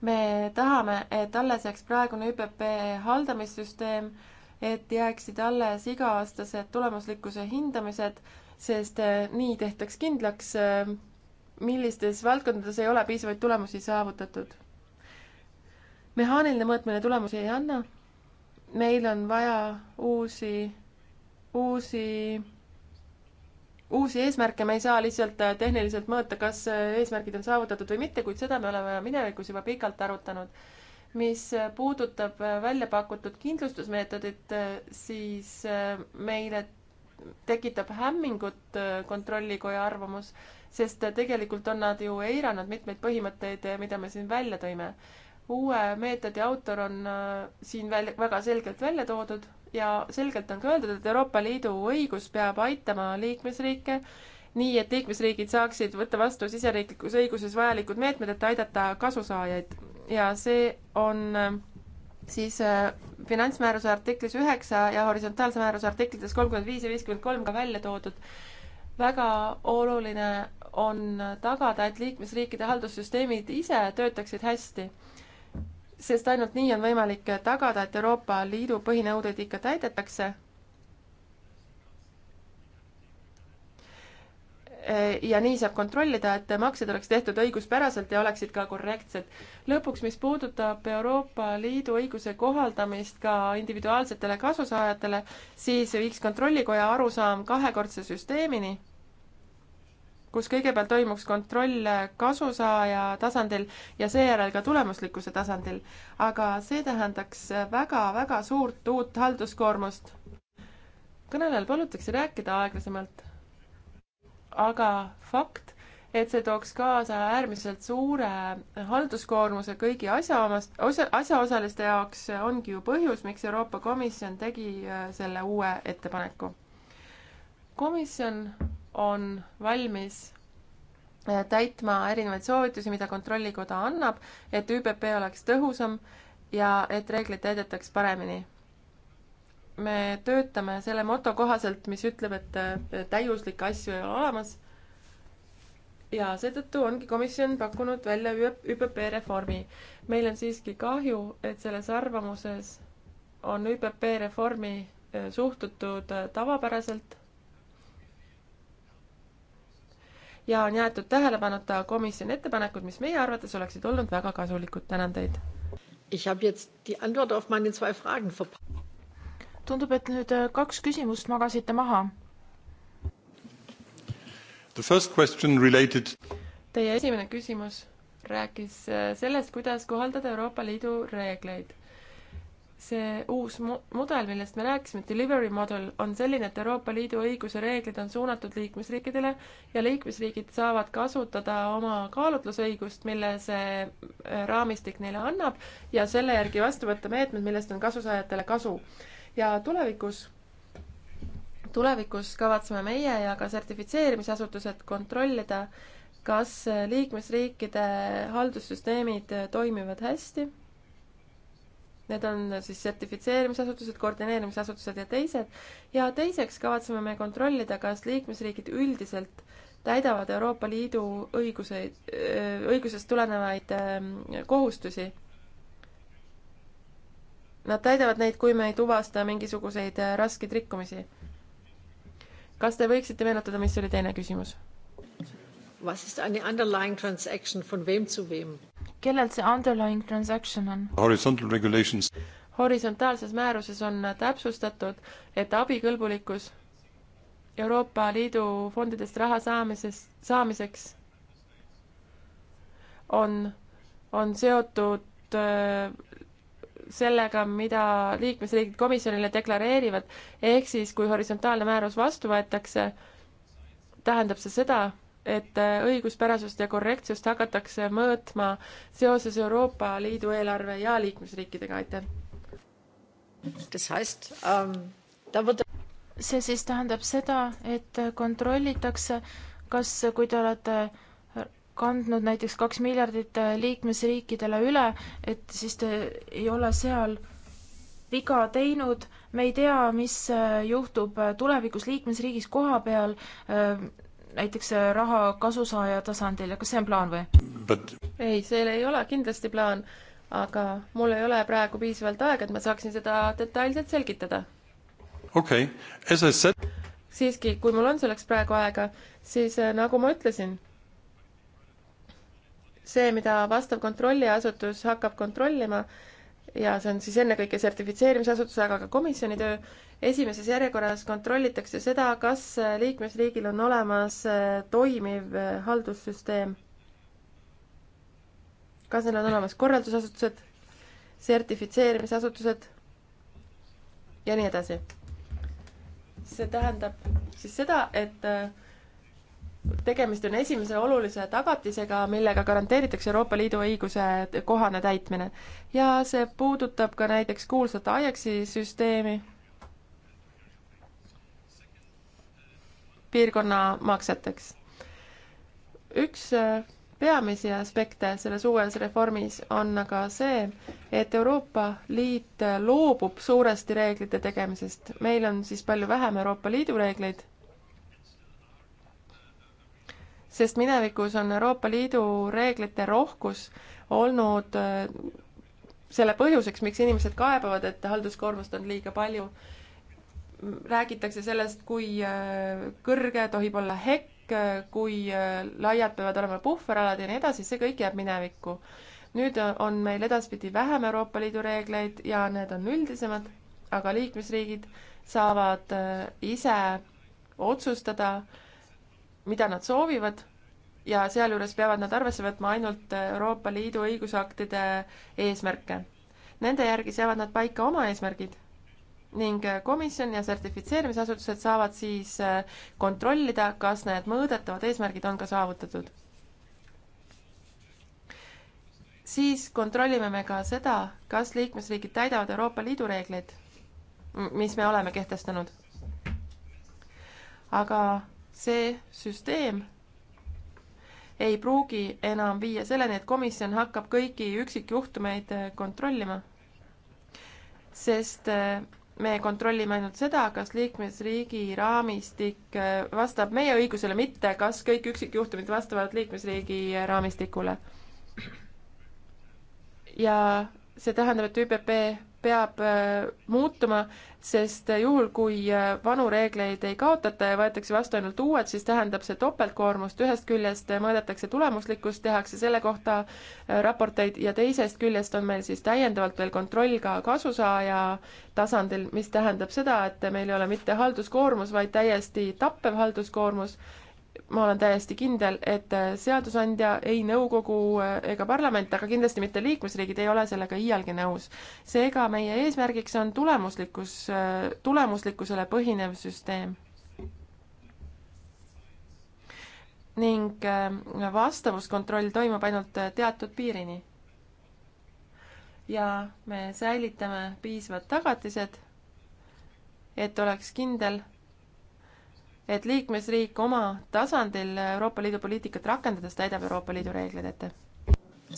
me tahame, et alles jääks praegune ÜPP haldamissüsteem, et jääksid alles iga-aastased tulemuslikkuse hindamised, sest äh, nii tehtaks kindlaks millistes valdkondades ei ole piisavaid tulemusi saavutatud. mehaaniline mõõtmine tulemusi ei anna. meil on vaja uusi, uusi, uusi eesmärke, me ei saa lihtsalt äh, tehniliselt mõõta, kas äh, eesmärgid on saavutatud või mitte, kuid seda me oleme minevikus juba pikalt arutanud mis äh, puudutab välja pakutud kindlustusmeetodit, siis meile tekitab hämmingut Kontrollikoja arvamus, sest tegelikult on nad ju eiranud mitmeid põhimõtteid, mida me siin välja tõime. uue meetodi autor on äh, siin väl-, väga selgelt välja toodud ja selgelt on ka öeldud, et Euroopa Liidu õigus peab aitama liikmesriike nii, et liikmesriigid saaksid võtta vastu siseriiklikus õiguses vajalikud meetmed, et aidata kasusaajaid ja see on äh, siis äh, finantsmääruse artiklis üheksa ja horisontaalse määruse artiklites kolmkümmend viis ja viiskümmend kolm ka välja toodud. väga oluline on tagada, et liikmesriikide haldussüsteemid ise töötaksid hästi. sest ainult nii on võimalik tagada, et Euroopa Liidu põhinõudeid ikka täidetakse. ja nii saab kontrollida, et maksed oleks tehtud õiguspäraselt ja oleksid ka korrektsed. lõpuks, mis puudutab Euroopa Liidu õiguse kohaldamist ka individuaalsetele kasusaajatele, siis viiks Kontrollikoja arusaam kahekordse süsteemini kus kõigepealt toimuks kontroll kasusaaja tasandil ja seejärel ka tulemuslikkuse tasandil. aga see tähendaks väga-väga suurt uut halduskoormust. kõnelejal palutakse rääkida aeglasemalt. aga fakt, et see tooks kaasa äärmiselt suure halduskoormuse kõigi asjaomast, osa, asjaosaliste jaoks, ongi ju põhjus, miks Euroopa Komisjon tegi äh, selle uue ettepaneku. komisjon on valmis äh, täitma erinevaid soovitusi, mida Kontrollikoda annab, et ÜPP oleks tõhusam ja et reegleid täidetaks paremini. me töötame selle moto kohaselt, mis ütleb, et äh, täiuslikke asju ei ole olemas ja seetõttu ongi komisjon pakkunud välja ÜPP reformi. meil on siiski kahju, et selles arvamuses on ÜPP reformi äh, suhtutud tavapäraselt ja on jäetud tähelepanuta komisjoni ettepanekud, mis meie arvates oleksid olnud väga kasulikud. tänan teid. tundub, et nüüd äh, kaks küsimust magasite maha. Related... Teie esimene küsimus rääkis äh, sellest, kuidas kohaldada Euroopa Liidu reegleid see uus mudel, millest me rääkisime, delivery model, on selline, et Euroopa Liidu õiguse reeglid on suunatud liikmesriikidele ja liikmesriigid saavad kasutada oma kaalutlusõigust, mille see äh, raamistik neile annab ja selle järgi vastu võtta meetmed, millest on kasusaajatele kasu. ja tulevikus, tulevikus kavatseme meie ja ka sertifitseerimisasutused kontrollida, kas äh, liikmesriikide haldussüsteemid äh, toimivad hästi Need on siis sertifitseerimisasutused, koordineerimisasutused ja teised. ja teiseks kavatseme me kontrollida, kas liikmesriigid üldiselt täidavad Euroopa Liidu õiguseid, õigusest tulenevaid kohustusi. Nad täidavad neid, kui me ei tuvasta mingisuguseid raskeid rikkumisi. kas te võiksite meenutada, mis oli teine küsimus? Was ist eine underlying transaction? Von wem zu wem? kellelt see underlying transaction on? Horizontal regulations. horisontaalses määruses on täpsustatud, et abikõlbulikkus Euroopa Liidu fondidest raha saamises, saamiseks on, on seotud äh, sellega, mida liikmesriigid komisjonile deklareerivad, ehk siis kui horisontaalne määrus vastu võetakse, tähendab see seda, et äh, õiguspärasust ja korrektsust hakatakse mõõtma seoses Euroopa Liidu eelarve ja liikmesriikidega, aitäh! Ähm, see siis tähendab seda, et kontrollitakse, kas, kui te olete kandnud näiteks kaks miljardit liikmesriikidele üle, et siis te ei ole seal viga teinud, me ei tea, mis juhtub tulevikus liikmesriigis koha peal näiteks äh, raha kasusaaja tasandil ja kas see on plaan või But...? ei, see ei ole kindlasti plaan, aga mul ei ole praegu piisavalt aega, et ma saaksin seda detailselt selgitada. okei okay., as I said siiski, kui mul on selleks praegu aega, siis äh, nagu ma ütlesin, see, mida vastav kontrolliasutus hakkab kontrollima, ja see on siis ennekõike sertifitseerimisasutuse, aga ka komisjoni töö. esimeses järjekorras kontrollitakse seda, kas liikmesriigil on olemas äh, toimiv äh, haldussüsteem. kas neil on olemas korraldusasutused, sertifitseerimisasutused ja nii edasi. see tähendab siis seda, et äh, tegemist on esimese olulise tagatisega, millega garanteeritakse Euroopa Liidu õiguse kohane täitmine. ja see puudutab ka näiteks kuulsat Ajaxi süsteemi, piirkonna makseteks. üks äh, peamisi aspekte selles uues reformis on aga see, et Euroopa Liit loobub suuresti reeglite tegemisest. meil on siis palju vähem Euroopa Liidu reegleid sest minevikus on Euroopa Liidu reeglite rohkus olnud äh, selle põhjuseks, miks inimesed kaebavad, et halduskoormust on liiga palju. räägitakse sellest, kui äh, kõrge tohib olla hekk, kui äh, laiad peavad olema puhveralad ja nii edasi, see kõik jääb minevikku. nüüd on meil edaspidi vähem Euroopa Liidu reegleid ja need on üldisemad, aga liikmesriigid saavad ise otsustada äh, mida nad soovivad ja sealjuures peavad nad arvesse võtma ainult Euroopa Liidu õigusaktide eesmärke. Nende järgi seavad nad paika oma eesmärgid ning komisjon ja sertifitseerimisasutused saavad siis äh, kontrollida, kas need mõõdetavad eesmärgid on ka saavutatud. siis kontrollime me ka seda, kas liikmesriigid täidavad Euroopa Liidu reegleid, mis me oleme kehtestanud. aga see süsteem ei pruugi enam viia selleni, et komisjon hakkab kõiki üksikjuhtumeid äh, kontrollima, sest äh, me kontrollime ainult seda, kas liikmesriigi raamistik äh, vastab meie õigusele, mitte kas kõik üksikjuhtumid vastavad liikmesriigi raamistikule. ja see tähendab, et ÜPP peab äh, muutuma, sest juhul, kui äh, vanu reegleid ei kaotata ja võetakse vastu ainult uued, siis tähendab see topeltkoormust, ühest küljest mõõdetakse tulemuslikkust, tehakse selle kohta äh, raporteid ja teisest küljest on meil siis täiendavalt veel kontroll ka kasusaaja tasandil, mis tähendab seda, et meil ei ole mitte halduskoormus, vaid täiesti tappev halduskoormus ma olen täiesti kindel, et äh, seadusandja, ei nõukogu äh, ega parlament, aga kindlasti mitte liikmesriigid ei ole sellega iialgi nõus. seega meie eesmärgiks on tulemuslikkus, äh, tulemuslikkusele põhinev süsteem. ning vastavuskontroll toimub ainult teatud piirini. ja me säilitame piisavad tagatised, et oleks kindel, et liikmesriik oma tasandil Euroopa Liidu poliitikat rakendades täidab Euroopa Liidu reegleid ette.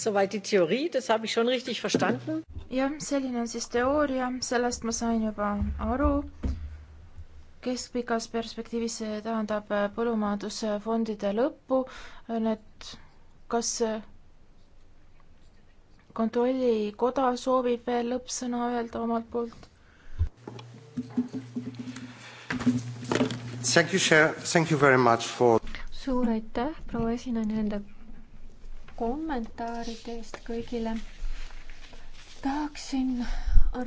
Soweit die Theorie, das habe ich schon richtig verstanden. jah, selline on siis teooria, sellest ma sain juba aru. keskpikas perspektiivis see tähendab äh, põllumajandusfondide lõppu, need, kas äh, kontrollikoda soovib veel lõppsõna öelda omalt poolt? Thank you, Chair, thank you very much for suur aitäh, proua esinaine, nende kommentaaride eest kõigile. tahaksin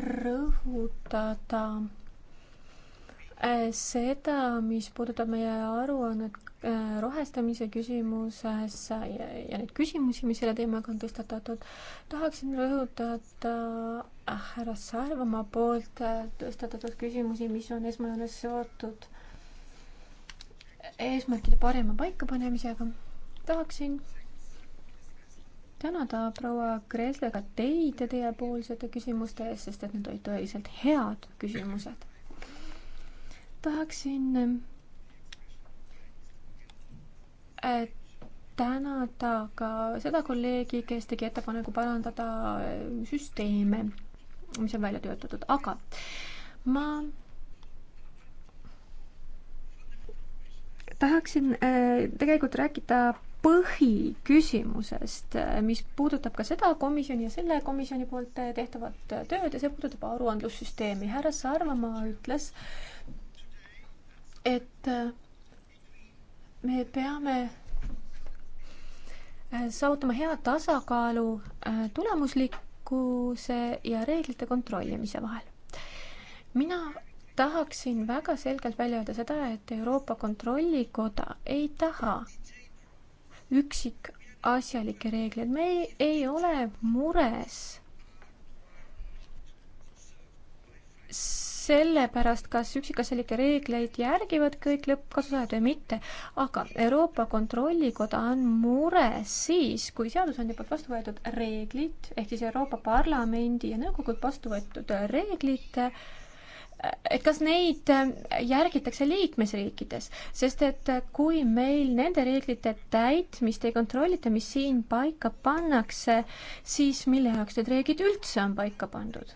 rõhutada eh, seda, mis puudutab meie aruannet eh, rohestamise küsimuses ja, ja neid küsimusi, mis selle teemaga on tõstatatud, tahaksin rõhutada eh, härra Sarvamaa poolt tõstatatud küsimusi, mis on esmajoones seotud eesmärkide parima paikapanemisega. tahaksin tänada proua Kresle ka teid ja teiepoolsete küsimuste eest, sest et need olid tõeliselt head küsimused. tahaksin äh, tänada ka seda kolleegi, kes tegi ettepaneku parandada äh, süsteeme, mis on välja töötatud, aga ma tahaksin äh, tegelikult rääkida põhiküsimusest, äh, mis puudutab ka seda komisjoni ja selle komisjoni poolt äh, tehtavat tööd ja see puudutab aruandlussüsteemi. härra Sarvamaa ütles, et me peame saavutama hea tasakaalu tulemuslikkuse ja reeglite kontrollimise vahel. mina tahaksin väga selgelt välja öelda seda, et Euroopa Kontrollikoda ei taha üksikasjalikke reegleid, me ei, ei ole mures sellepärast, kas üksikasjalikke reegleid järgivad kõik lõppkasusaajad või mitte, aga Euroopa Kontrollikoda on mures siis, kui seadusandja poolt vastu võetud reeglid ehk siis Euroopa Parlamendi ja nõukogult vastu võetud reeglid äh, et kas neid äh, järgitakse liikmesriikides, sest et äh, kui meil nende reeglite täitmist ei kontrollita, mis siin paika pannakse, siis mille jaoks need reeglid üldse on paika pandud?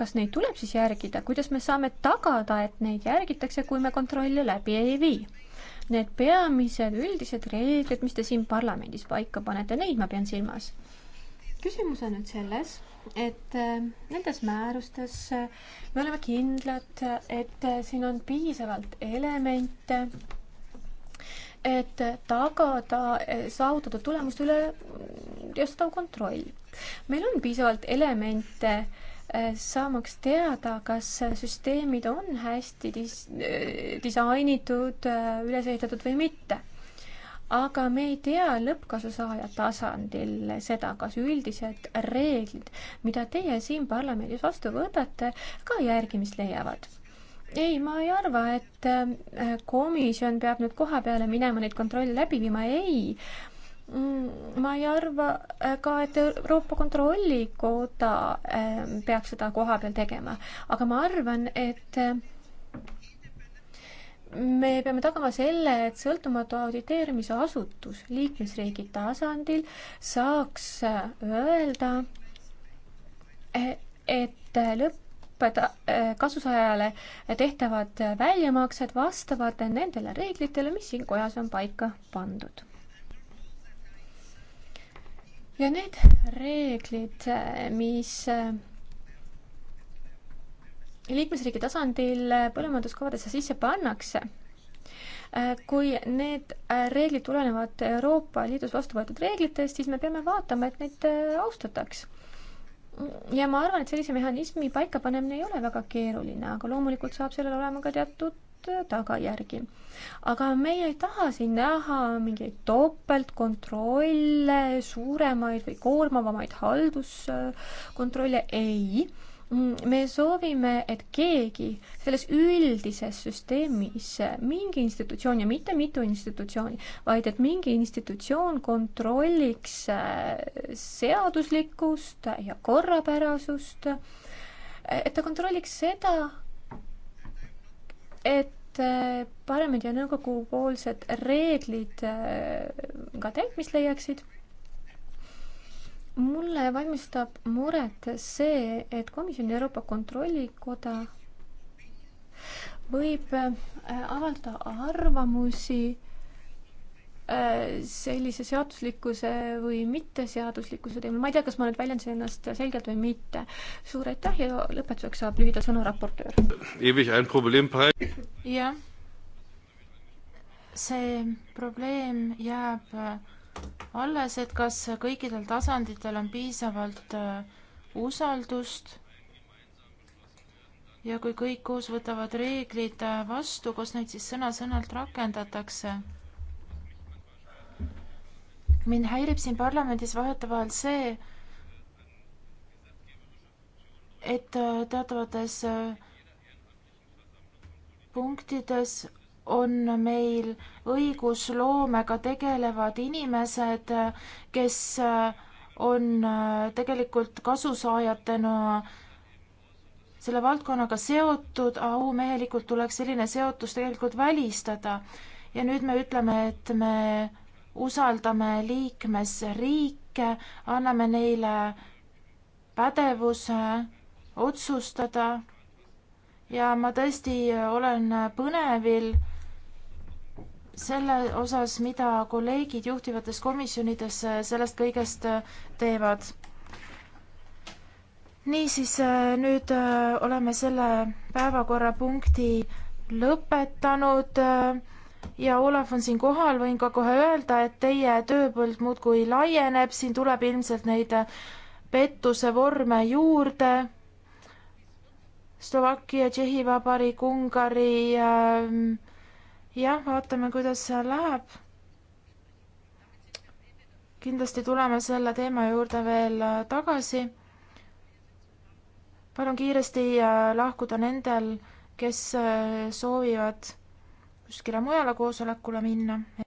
kas neid tuleb siis järgida, kuidas me saame tagada, et neid järgitakse, kui me kontrolle läbi ei vii? Need peamised üldised reeglid, mis te siin parlamendis paika panete, neid ma pean silmas küsimus on nüüd selles, et äh, nendes määrustes äh, me oleme kindlad, et äh, siin on piisavalt elemente, et tagada saavutatud tulemuste üle mm, teostatav kontroll. meil on piisavalt elemente saamaks teada, kas süsteemid on hästi dis-, disainitud, üles ehitatud või mitte aga me ei tea lõppkasusaaja tasandil seda, kas üldised reeglid, mida teie siin parlamendis vastu võtate, ka järgimist leiavad ei, ma ei arva, et äh, komisjon peab nüüd koha peale minema neid kontrolle läbi viima, ei. Mm, ma ei arva äh, ka, et Euroopa Kontrollikoda äh, peaks seda koha peal tegema, aga ma arvan, et me peame tagama selle, et sõltumatu auditeerimise asutus liikmesriigi tasandil saaks öelda, et lõppeda, kasusaajale tehtavad väljamaksed vastavad nendele reeglitele, mis siin kojas on paika pandud. ja need reeglid, mis liikmesriigi tasandil põllumajanduskavadesse sisse pannakse, äh, kui need äh, reeglid tulenevad Euroopa Liidus vastu võetud reeglitest, siis me peame vaatama, et neid äh, austataks. ja ma arvan, et sellise mehhanismi paikapanemine ei ole väga keeruline, aga loomulikult saab sellel olema ka teatud tagajärgi. aga meie ei taha siin näha mingeid topeltkontrolle, suuremaid või koormavamaid halduskontrolle, ei Mm, me soovime, et keegi selles üldises süsteemis, eh, mingi institutsioon ja mitte mitu institutsiooni, vaid et mingi institutsioon kontrolliks eh, seaduslikkust ja korrapärasust, eh, et ta kontrolliks seda, et parlamendi ja nõukogu poolsed reeglid ka täitmist leiaksid mulle valmistab muret see, et komisjoni Euroopa Kontrollikoda võib äh, avaldada arvamusi äh, sellise seaduslikkuse või mitteseaduslikkuse teemal, ma ei tea, kas ma nüüd väljendasin ennast selgelt või mitte. suur aitäh ja lõpetuseks saab lühidalt sõna raportöör. jah, see probleem jääb äh, alles, et kas kõikidel tasanditel on piisavalt äh, usaldust ja kui kõik koos võtavad reeglid äh, vastu, kas neid siis sõna-sõnalt rakendatakse? mind häirib siin parlamendis vahetevahel see, et äh, teatavates punktides on meil õigusloomega tegelevad inimesed, kes äh, on äh, tegelikult kasusaajatena selle valdkonnaga seotud, ahumehelikult tuleks selline seotus tegelikult välistada. ja nüüd me ütleme, et me usaldame liikmesriike, anname neile pädevuse otsustada. ja ma tõesti olen põnevil selle osas, mida kolleegid juhtivates komisjonides äh, sellest kõigest äh, teevad. niisiis, äh, nüüd oleme selle päevakorrapunkti lõpetanud ja Olav on siin kohal, võin ka kohe öelda, et teie tööpõld muudkui laieneb, siin tuleb ilmselt neid pettuse vorme juurde. Slovakkia, Tšehhi Vabariik, Ungari ähm, jah, vaatame, kuidas läheb. kindlasti tuleme selle teema juurde veel äh, tagasi. palun kiiresti äh, lahkuda nendel, kes äh, soovivad kuskile mujale koosolekule minna.